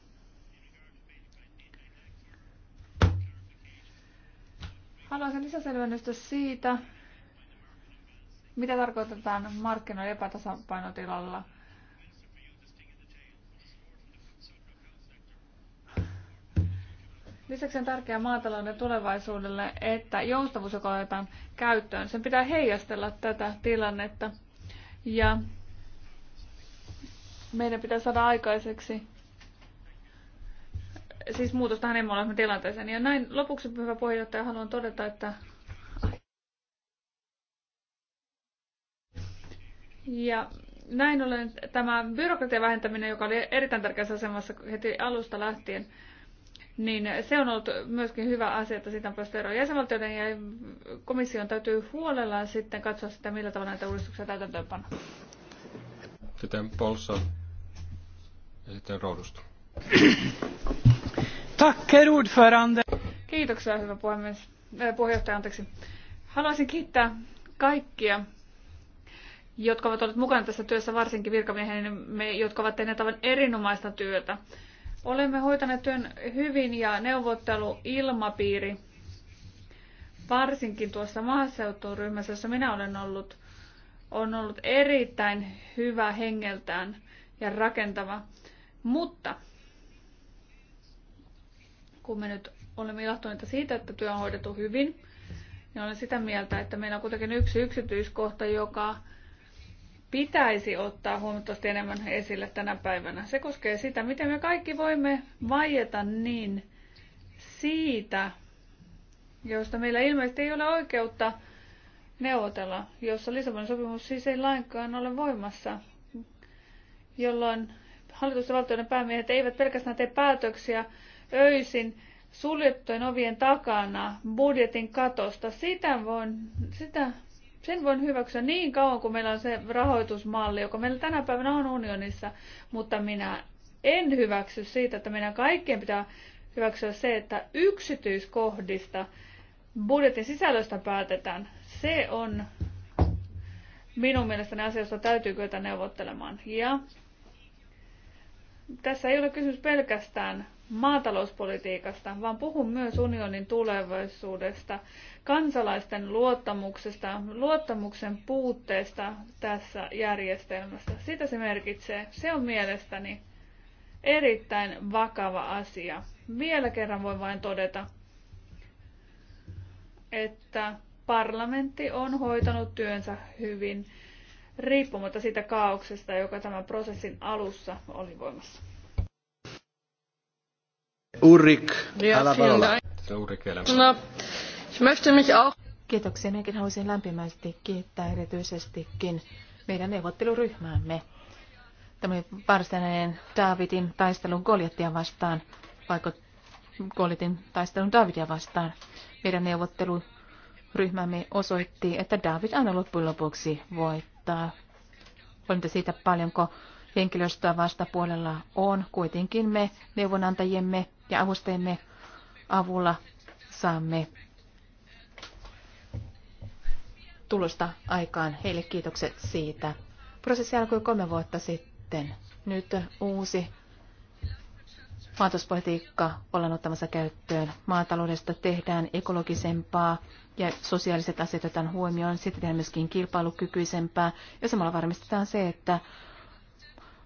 Haluaisin lisäselvennystä siitä, mitä tarkoitetaan markkinoiden epätasapainotilalla? Lisäksi on tärkeää maatalouden tulevaisuudelle, että joustavuus, joka otetaan käyttöön, sen pitää heijastella tätä tilannetta. Ja meidän pitää saada aikaiseksi siis muutosta hänen tilanteeseen. Ja näin lopuksi, hyvä puheenjohtaja, haluan todeta, että Ja näin ollen tämä byrokratian vähentäminen, joka oli erittäin tärkeässä asemassa heti alusta lähtien, niin se on ollut myöskin hyvä asia, että siitä on päästy eroon. Jäsenvaltioiden ja komission täytyy huolella sitten katsoa sitä, millä tavalla näitä uudistuksia täytäntöön pannaan. Sitten Polsa ja sitten Roudusta. Tack, ordförande. Kiitoksia, hyvä puhemies. Äh, puheenjohtaja, anteeksi. Haluaisin kiittää kaikkia jotka ovat olleet mukana tässä työssä, varsinkin niin me, jotka ovat tehneet aivan erinomaista työtä. Olemme hoitaneet työn hyvin ja neuvottelu ilmapiiri, varsinkin tuossa maaseuturyhmässä, jossa minä olen ollut, on ollut erittäin hyvä hengeltään ja rakentava. Mutta kun me nyt olemme ilahtuneita siitä, että työ on hoidettu hyvin, niin olen sitä mieltä, että meillä on kuitenkin yksi yksityiskohta, joka pitäisi ottaa huomattavasti enemmän esille tänä päivänä. Se koskee sitä, miten me kaikki voimme vaieta niin siitä, josta meillä ilmeisesti ei ole oikeutta neuvotella, jossa Lisabonin sopimus siis ei lainkaan ole voimassa, jolloin ja valtioiden päämiehet eivät pelkästään tee päätöksiä öisin suljettujen ovien takana budjetin katosta. Sitä, voin, sitä sen voin hyväksyä niin kauan, kun meillä on se rahoitusmalli, joka meillä tänä päivänä on unionissa, mutta minä en hyväksy siitä, että meidän kaikkien pitää hyväksyä se, että yksityiskohdista budjetin sisällöstä päätetään. Se on minun mielestäni asia, josta täytyy kyetä neuvottelemaan. Ja tässä ei ole kysymys pelkästään maatalouspolitiikasta, vaan puhun myös unionin tulevaisuudesta, kansalaisten luottamuksesta, luottamuksen puutteesta tässä järjestelmässä. Sitä se merkitsee. Se on mielestäni erittäin vakava asia. Vielä kerran voin vain todeta, että parlamentti on hoitanut työnsä hyvin, riippumatta siitä kaauksesta, joka tämän prosessin alussa oli voimassa. Ulrik, älä no, ich möchte mich auch... Kiitoksia. Minäkin haluaisin lämpimästi kiittää erityisestikin meidän neuvotteluryhmäämme. Tämä oli varsinainen Davidin taistelun Goljattia vastaan, vaikka Goliatin taistelun Davidia vastaan. Meidän neuvotteluryhmämme osoitti, että David aina loppujen lopuksi voittaa. Olimme siitä paljonko henkilöstöä vastapuolella on. Kuitenkin me neuvonantajiemme ja avustajamme avulla saamme tulosta aikaan. Heille kiitokset siitä. Prosessi alkoi kolme vuotta sitten. Nyt uusi maatalouspolitiikka ollaan ottamassa käyttöön. Maataloudesta tehdään ekologisempaa ja sosiaaliset asiat otetaan huomioon. Sitten tehdään myöskin kilpailukykyisempää ja samalla varmistetaan se, että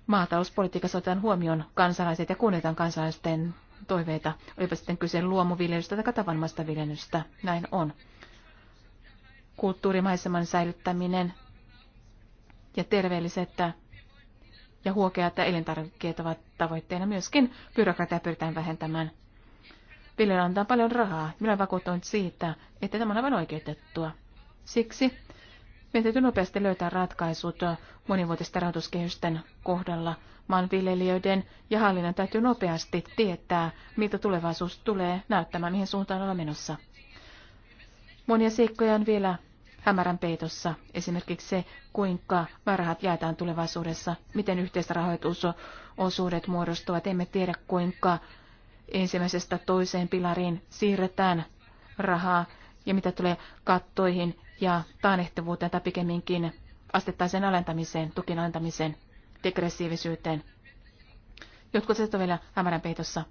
maatalouspolitiikassa otetaan huomioon kansalaiset ja kuunnetaan kansalaisten toiveita, olipa sitten kyse luomuviljelystä tai tavanomaista viljelystä. Näin on. Kulttuurimaiseman säilyttäminen ja terveelliset ja huokeat elintarvikkeet ovat tavoitteena myöskin. Byrokratia pyritään vähentämään. Viljelijä antaa paljon rahaa. Minä olen vakuuttunut siitä, että tämä on aivan oikeutettua. Siksi meidän täytyy nopeasti löytää ratkaisut monivuotisten rahoituskehysten kohdalla – maanviljelijöiden ja hallinnan täytyy nopeasti tietää, miltä tulevaisuus tulee näyttämään, mihin suuntaan ollaan menossa. Monia seikkoja on vielä hämärän peitossa, esimerkiksi se, kuinka määrärahat jaetaan tulevaisuudessa, miten yhteisrahoitusosuudet muodostuvat, emme tiedä kuinka ensimmäisestä toiseen pilariin siirretään rahaa ja mitä tulee kattoihin ja taanehtivuuteen tai pikemminkin astettaisen alentamiseen, tukin alentamiseen degressiivisyyteen. Jotkut se ovat vielä hämärän peitossa.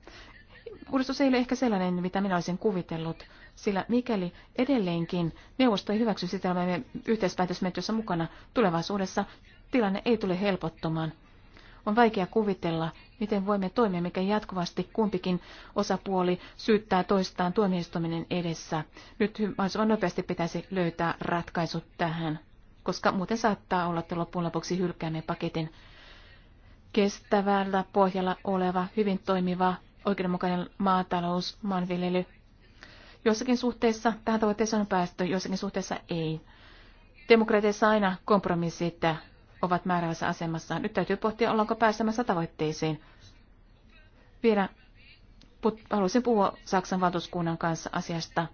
Uudistus ei ole ehkä sellainen, mitä minä olisin kuvitellut, sillä mikäli edelleenkin neuvosto ei hyväksy sitä olemme yhteispäätösmenettelyssä mukana, tulevaisuudessa tilanne ei tule helpottumaan. On vaikea kuvitella, miten voimme toimia, mikä jatkuvasti kumpikin osapuoli syyttää toistaan tuomioistuminen edessä. Nyt mahdollisimman nopeasti pitäisi löytää ratkaisut tähän, koska muuten saattaa olla, että loppujen lopuksi hylkäämme paketin kestävällä pohjalla oleva, hyvin toimiva, oikeudenmukainen maatalous, maanviljely. Jossakin suhteessa tähän tavoitteeseen on päästy, jossakin suhteessa ei. Demokratiassa aina kompromissit ovat määräävässä asemassa. Nyt täytyy pohtia, ollaanko pääsemässä tavoitteisiin. Vielä haluaisin puhua Saksan valtuuskunnan kanssa asiasta.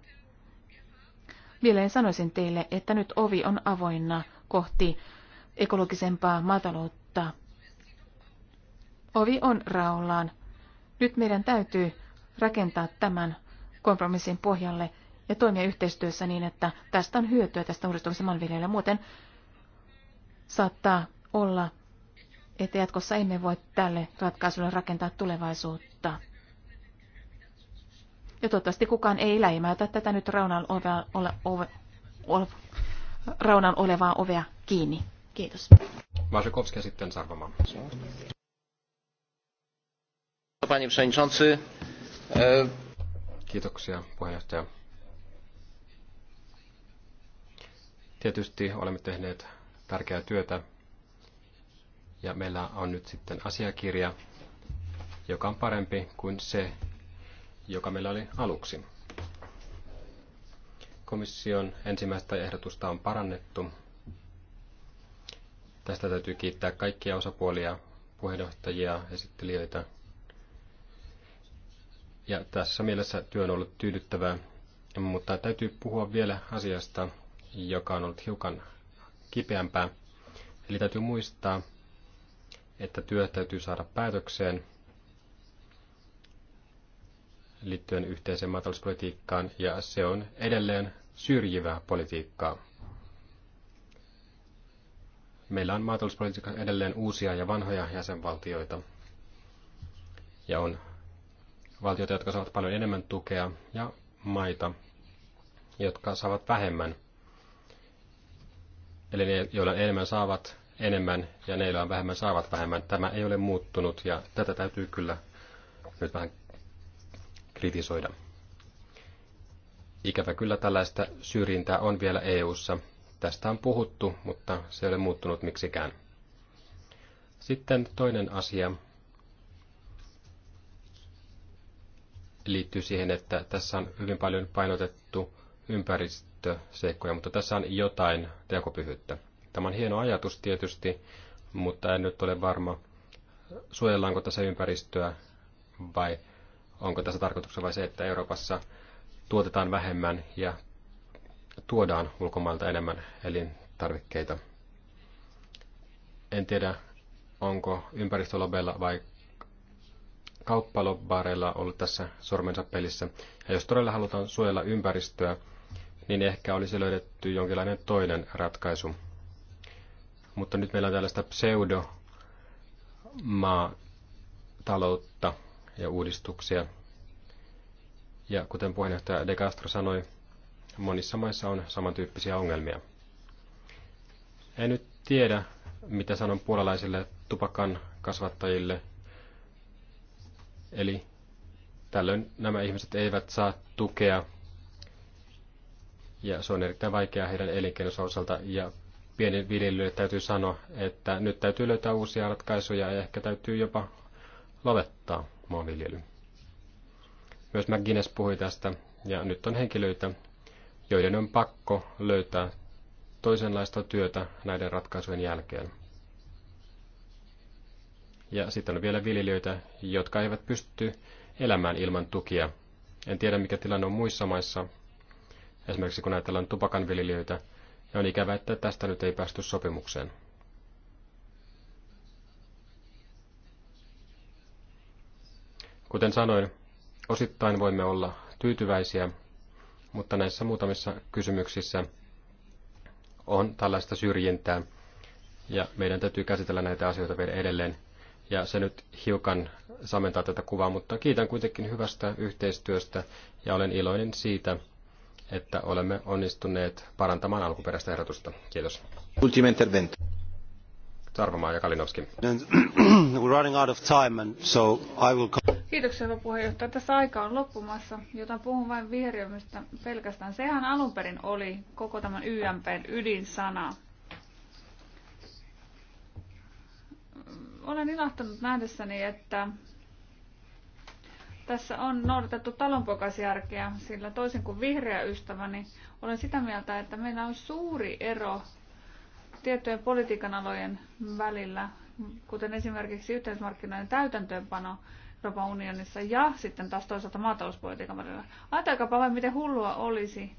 Vielä sanoisin teille, että nyt ovi on avoinna kohti ekologisempaa maataloutta Ovi on raollaan. Nyt meidän täytyy rakentaa tämän kompromissin pohjalle ja toimia yhteistyössä niin, että tästä on hyötyä tästä uudistumisen maanviljelijälle. Muuten saattaa olla, että jatkossa emme voi tälle ratkaisulle rakentaa tulevaisuutta. Ja toivottavasti kukaan ei läimäytä tätä nyt raunan, ovea, ole, ove, ole, raunan olevaa ovea kiinni. Kiitos. Vasekovski sitten Sarvamaa. Panie przewodniczący. E, Kiitoksia puheenjohtaja. Tietysti olemme tehneet tärkeää työtä ja meillä on nyt sitten asiakirja, joka on parempi kuin se, joka meillä oli aluksi. Komission ensimmäistä ehdotusta on parannettu. Tästä täytyy kiittää kaikkia osapuolia, puheenjohtajia, esittelijöitä, ja tässä mielessä työ on ollut tyydyttävää, mutta täytyy puhua vielä asiasta, joka on ollut hiukan kipeämpää. Eli täytyy muistaa, että työ täytyy saada päätökseen liittyen yhteiseen maatalouspolitiikkaan, ja se on edelleen syrjivää politiikkaa. Meillä on maatalouspolitiikka edelleen uusia ja vanhoja jäsenvaltioita, ja on valtioita, jotka saavat paljon enemmän tukea, ja maita, jotka saavat vähemmän. Eli ne, joilla enemmän saavat enemmän ja ne, joilla on vähemmän saavat vähemmän. Tämä ei ole muuttunut ja tätä täytyy kyllä nyt vähän kritisoida. Ikävä kyllä tällaista syrjintää on vielä EU:ssa. Tästä on puhuttu, mutta se ei ole muuttunut miksikään. Sitten toinen asia, liittyy siihen, että tässä on hyvin paljon painotettu ympäristöseikkoja, mutta tässä on jotain tekopyhyyttä. Tämä on hieno ajatus tietysti, mutta en nyt ole varma, suojellaanko tässä ympäristöä vai onko tässä tarkoituksena vai se, että Euroopassa tuotetaan vähemmän ja tuodaan ulkomailta enemmän elintarvikkeita. En tiedä, onko ympäristölobeilla vai kauppalobbareilla ollut tässä sormensa pelissä. Ja jos todella halutaan suojella ympäristöä, niin ehkä olisi löydetty jonkinlainen toinen ratkaisu. Mutta nyt meillä on tällaista pseudomaataloutta ja uudistuksia. Ja kuten puheenjohtaja De Castro sanoi, monissa maissa on samantyyppisiä ongelmia. En nyt tiedä, mitä sanon puolalaisille tupakan kasvattajille – Eli tällöin nämä ihmiset eivät saa tukea ja se on erittäin vaikeaa heidän elinkeinonsa osalta ja pienen viljelijöille täytyy sanoa, että nyt täytyy löytää uusia ratkaisuja ja ehkä täytyy jopa lopettaa maanviljely. Myös McGuinness puhui tästä ja nyt on henkilöitä, joiden on pakko löytää toisenlaista työtä näiden ratkaisujen jälkeen. Ja sitten on vielä viljelijöitä, jotka eivät pysty elämään ilman tukia. En tiedä, mikä tilanne on muissa maissa, esimerkiksi kun ajatellaan tupakanviljelijöitä, ja on ikävä, että tästä nyt ei päästy sopimukseen. Kuten sanoin, osittain voimme olla tyytyväisiä, mutta näissä muutamissa kysymyksissä on tällaista syrjintää, ja meidän täytyy käsitellä näitä asioita vielä edelleen ja se nyt hiukan samentaa tätä kuvaa, mutta kiitän kuitenkin hyvästä yhteistyöstä ja olen iloinen siitä, että olemme onnistuneet parantamaan alkuperäistä ehdotusta. Kiitos. Ultima intervento. Sarvamaa ja Kalinowski. Kiitoksia, puheenjohtaja. Tässä aika on loppumassa, jota puhun vain vihreämistä pelkästään. Sehän alun perin oli koko tämän YMPn ydinsana. olen ilahtunut nähdessäni, että tässä on noudatettu talonpokaisjärkeä, sillä toisin kuin vihreä ystäväni, olen sitä mieltä, että meillä on suuri ero tiettyjen politiikan alojen välillä, kuten esimerkiksi yhteismarkkinoiden täytäntöönpano Euroopan unionissa ja sitten taas toisaalta maatalouspolitiikan välillä. Ajatelkaapa vain, miten hullua olisi,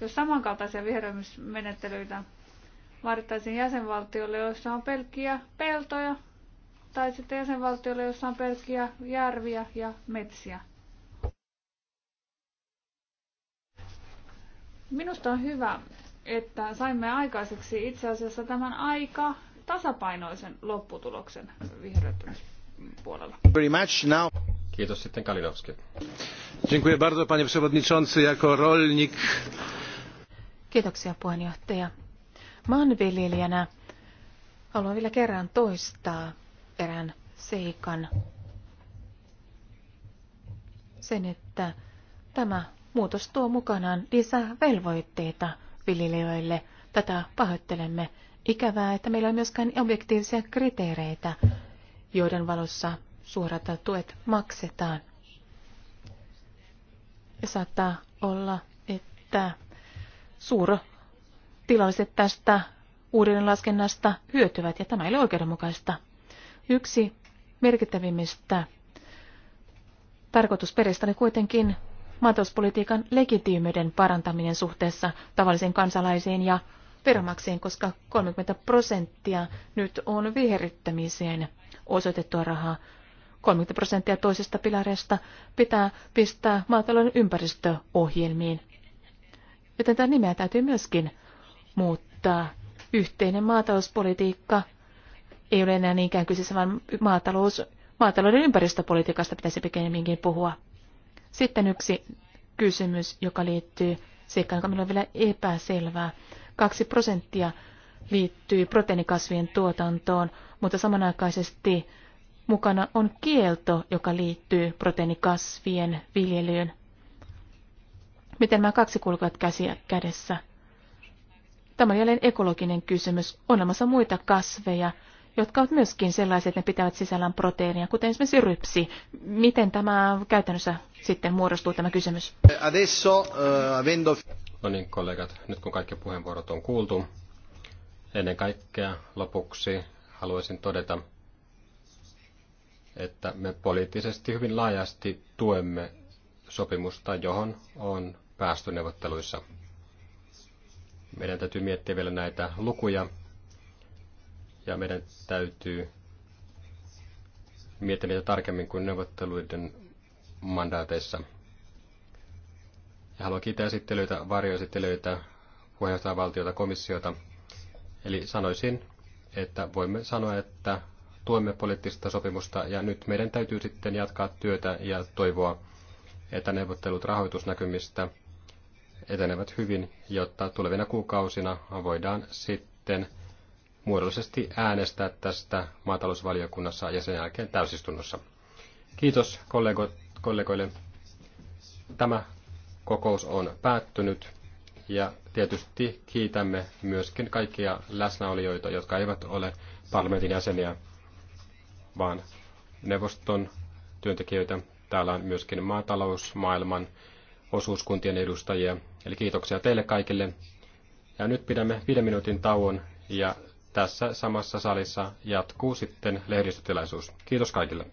jos samankaltaisia vihreämismenettelyitä vaadittaisiin jäsenvaltioille, joissa on pelkkiä peltoja, tai sitten jäsenvaltioille, jossa on pelkkiä järviä ja metsiä. Minusta on hyvä, että saimme aikaiseksi itse asiassa tämän aika tasapainoisen lopputuloksen puolella. Very much now. Kiitos sitten Kalinowski. Dziękuję bardzo panie przewodniczący jako rolnik. Kiitoksia puheenjohtaja. Maanviljelijänä haluan vielä kerran toistaa erään seikan. Sen, että tämä muutos tuo mukanaan lisää velvoitteita viljelijöille. Tätä pahoittelemme. Ikävää, että meillä on myöskään objektiivisia kriteereitä, joiden valossa suorata tuet maksetaan. Ja saattaa olla, että suur tilalliset tästä uuden laskennasta hyötyvät, ja tämä ei ole oikeudenmukaista. Yksi merkittävimmistä tarkoitusperistä oli kuitenkin maatalouspolitiikan legitiimyyden parantaminen suhteessa tavallisiin kansalaisiin ja veromaksiin, koska 30 prosenttia nyt on viherryttämiseen osoitettua rahaa. 30 prosenttia toisesta pilareista pitää pistää maatalouden ympäristöohjelmiin. Joten tämä nimeä täytyy myöskin muuttaa. Yhteinen maatalouspolitiikka – ei ole enää niinkään kyseessä, vaan maatalous, maatalouden ympäristöpolitiikasta pitäisi pikemminkin puhua. Sitten yksi kysymys, joka liittyy seikkaan, joka minulla on vielä epäselvää. Kaksi prosenttia liittyy proteiinikasvien tuotantoon, mutta samanaikaisesti mukana on kielto, joka liittyy proteiinikasvien viljelyyn. Miten nämä kaksi kulkevat käsiä kädessä? Tämä on jälleen ekologinen kysymys. On olemassa muita kasveja, jotka ovat myöskin sellaiset, että ne pitävät sisällään proteiinia, kuten esimerkiksi rypsi. Miten tämä käytännössä sitten muodostuu tämä kysymys? Adesso, uh, avendo... No niin, kollegat, nyt kun kaikki puheenvuorot on kuultu, ennen kaikkea lopuksi haluaisin todeta, että me poliittisesti hyvin laajasti tuemme sopimusta, johon on päästy neuvotteluissa. Meidän täytyy miettiä vielä näitä lukuja, ja meidän täytyy miettiä niitä tarkemmin kuin neuvotteluiden mandaateissa. Ja haluan kiittää esittelyitä, varjoesittelyitä, puheenjohtajavaltiota, komissiota. Eli sanoisin, että voimme sanoa, että tuemme poliittista sopimusta ja nyt meidän täytyy sitten jatkaa työtä ja toivoa, että neuvottelut rahoitusnäkymistä etenevät hyvin, jotta tulevina kuukausina voidaan sitten muodollisesti äänestää tästä maatalousvaliokunnassa ja sen jälkeen täysistunnossa. Kiitos kollego- kollegoille. Tämä kokous on päättynyt ja tietysti kiitämme myöskin kaikkia läsnäolijoita, jotka eivät ole parlamentin jäseniä, vaan neuvoston työntekijöitä. Täällä on myöskin maatalousmaailman osuuskuntien edustajia. Eli kiitoksia teille kaikille. Ja nyt pidämme viiden minuutin tauon ja tässä samassa salissa jatkuu sitten lehdistötilaisuus. Kiitos kaikille.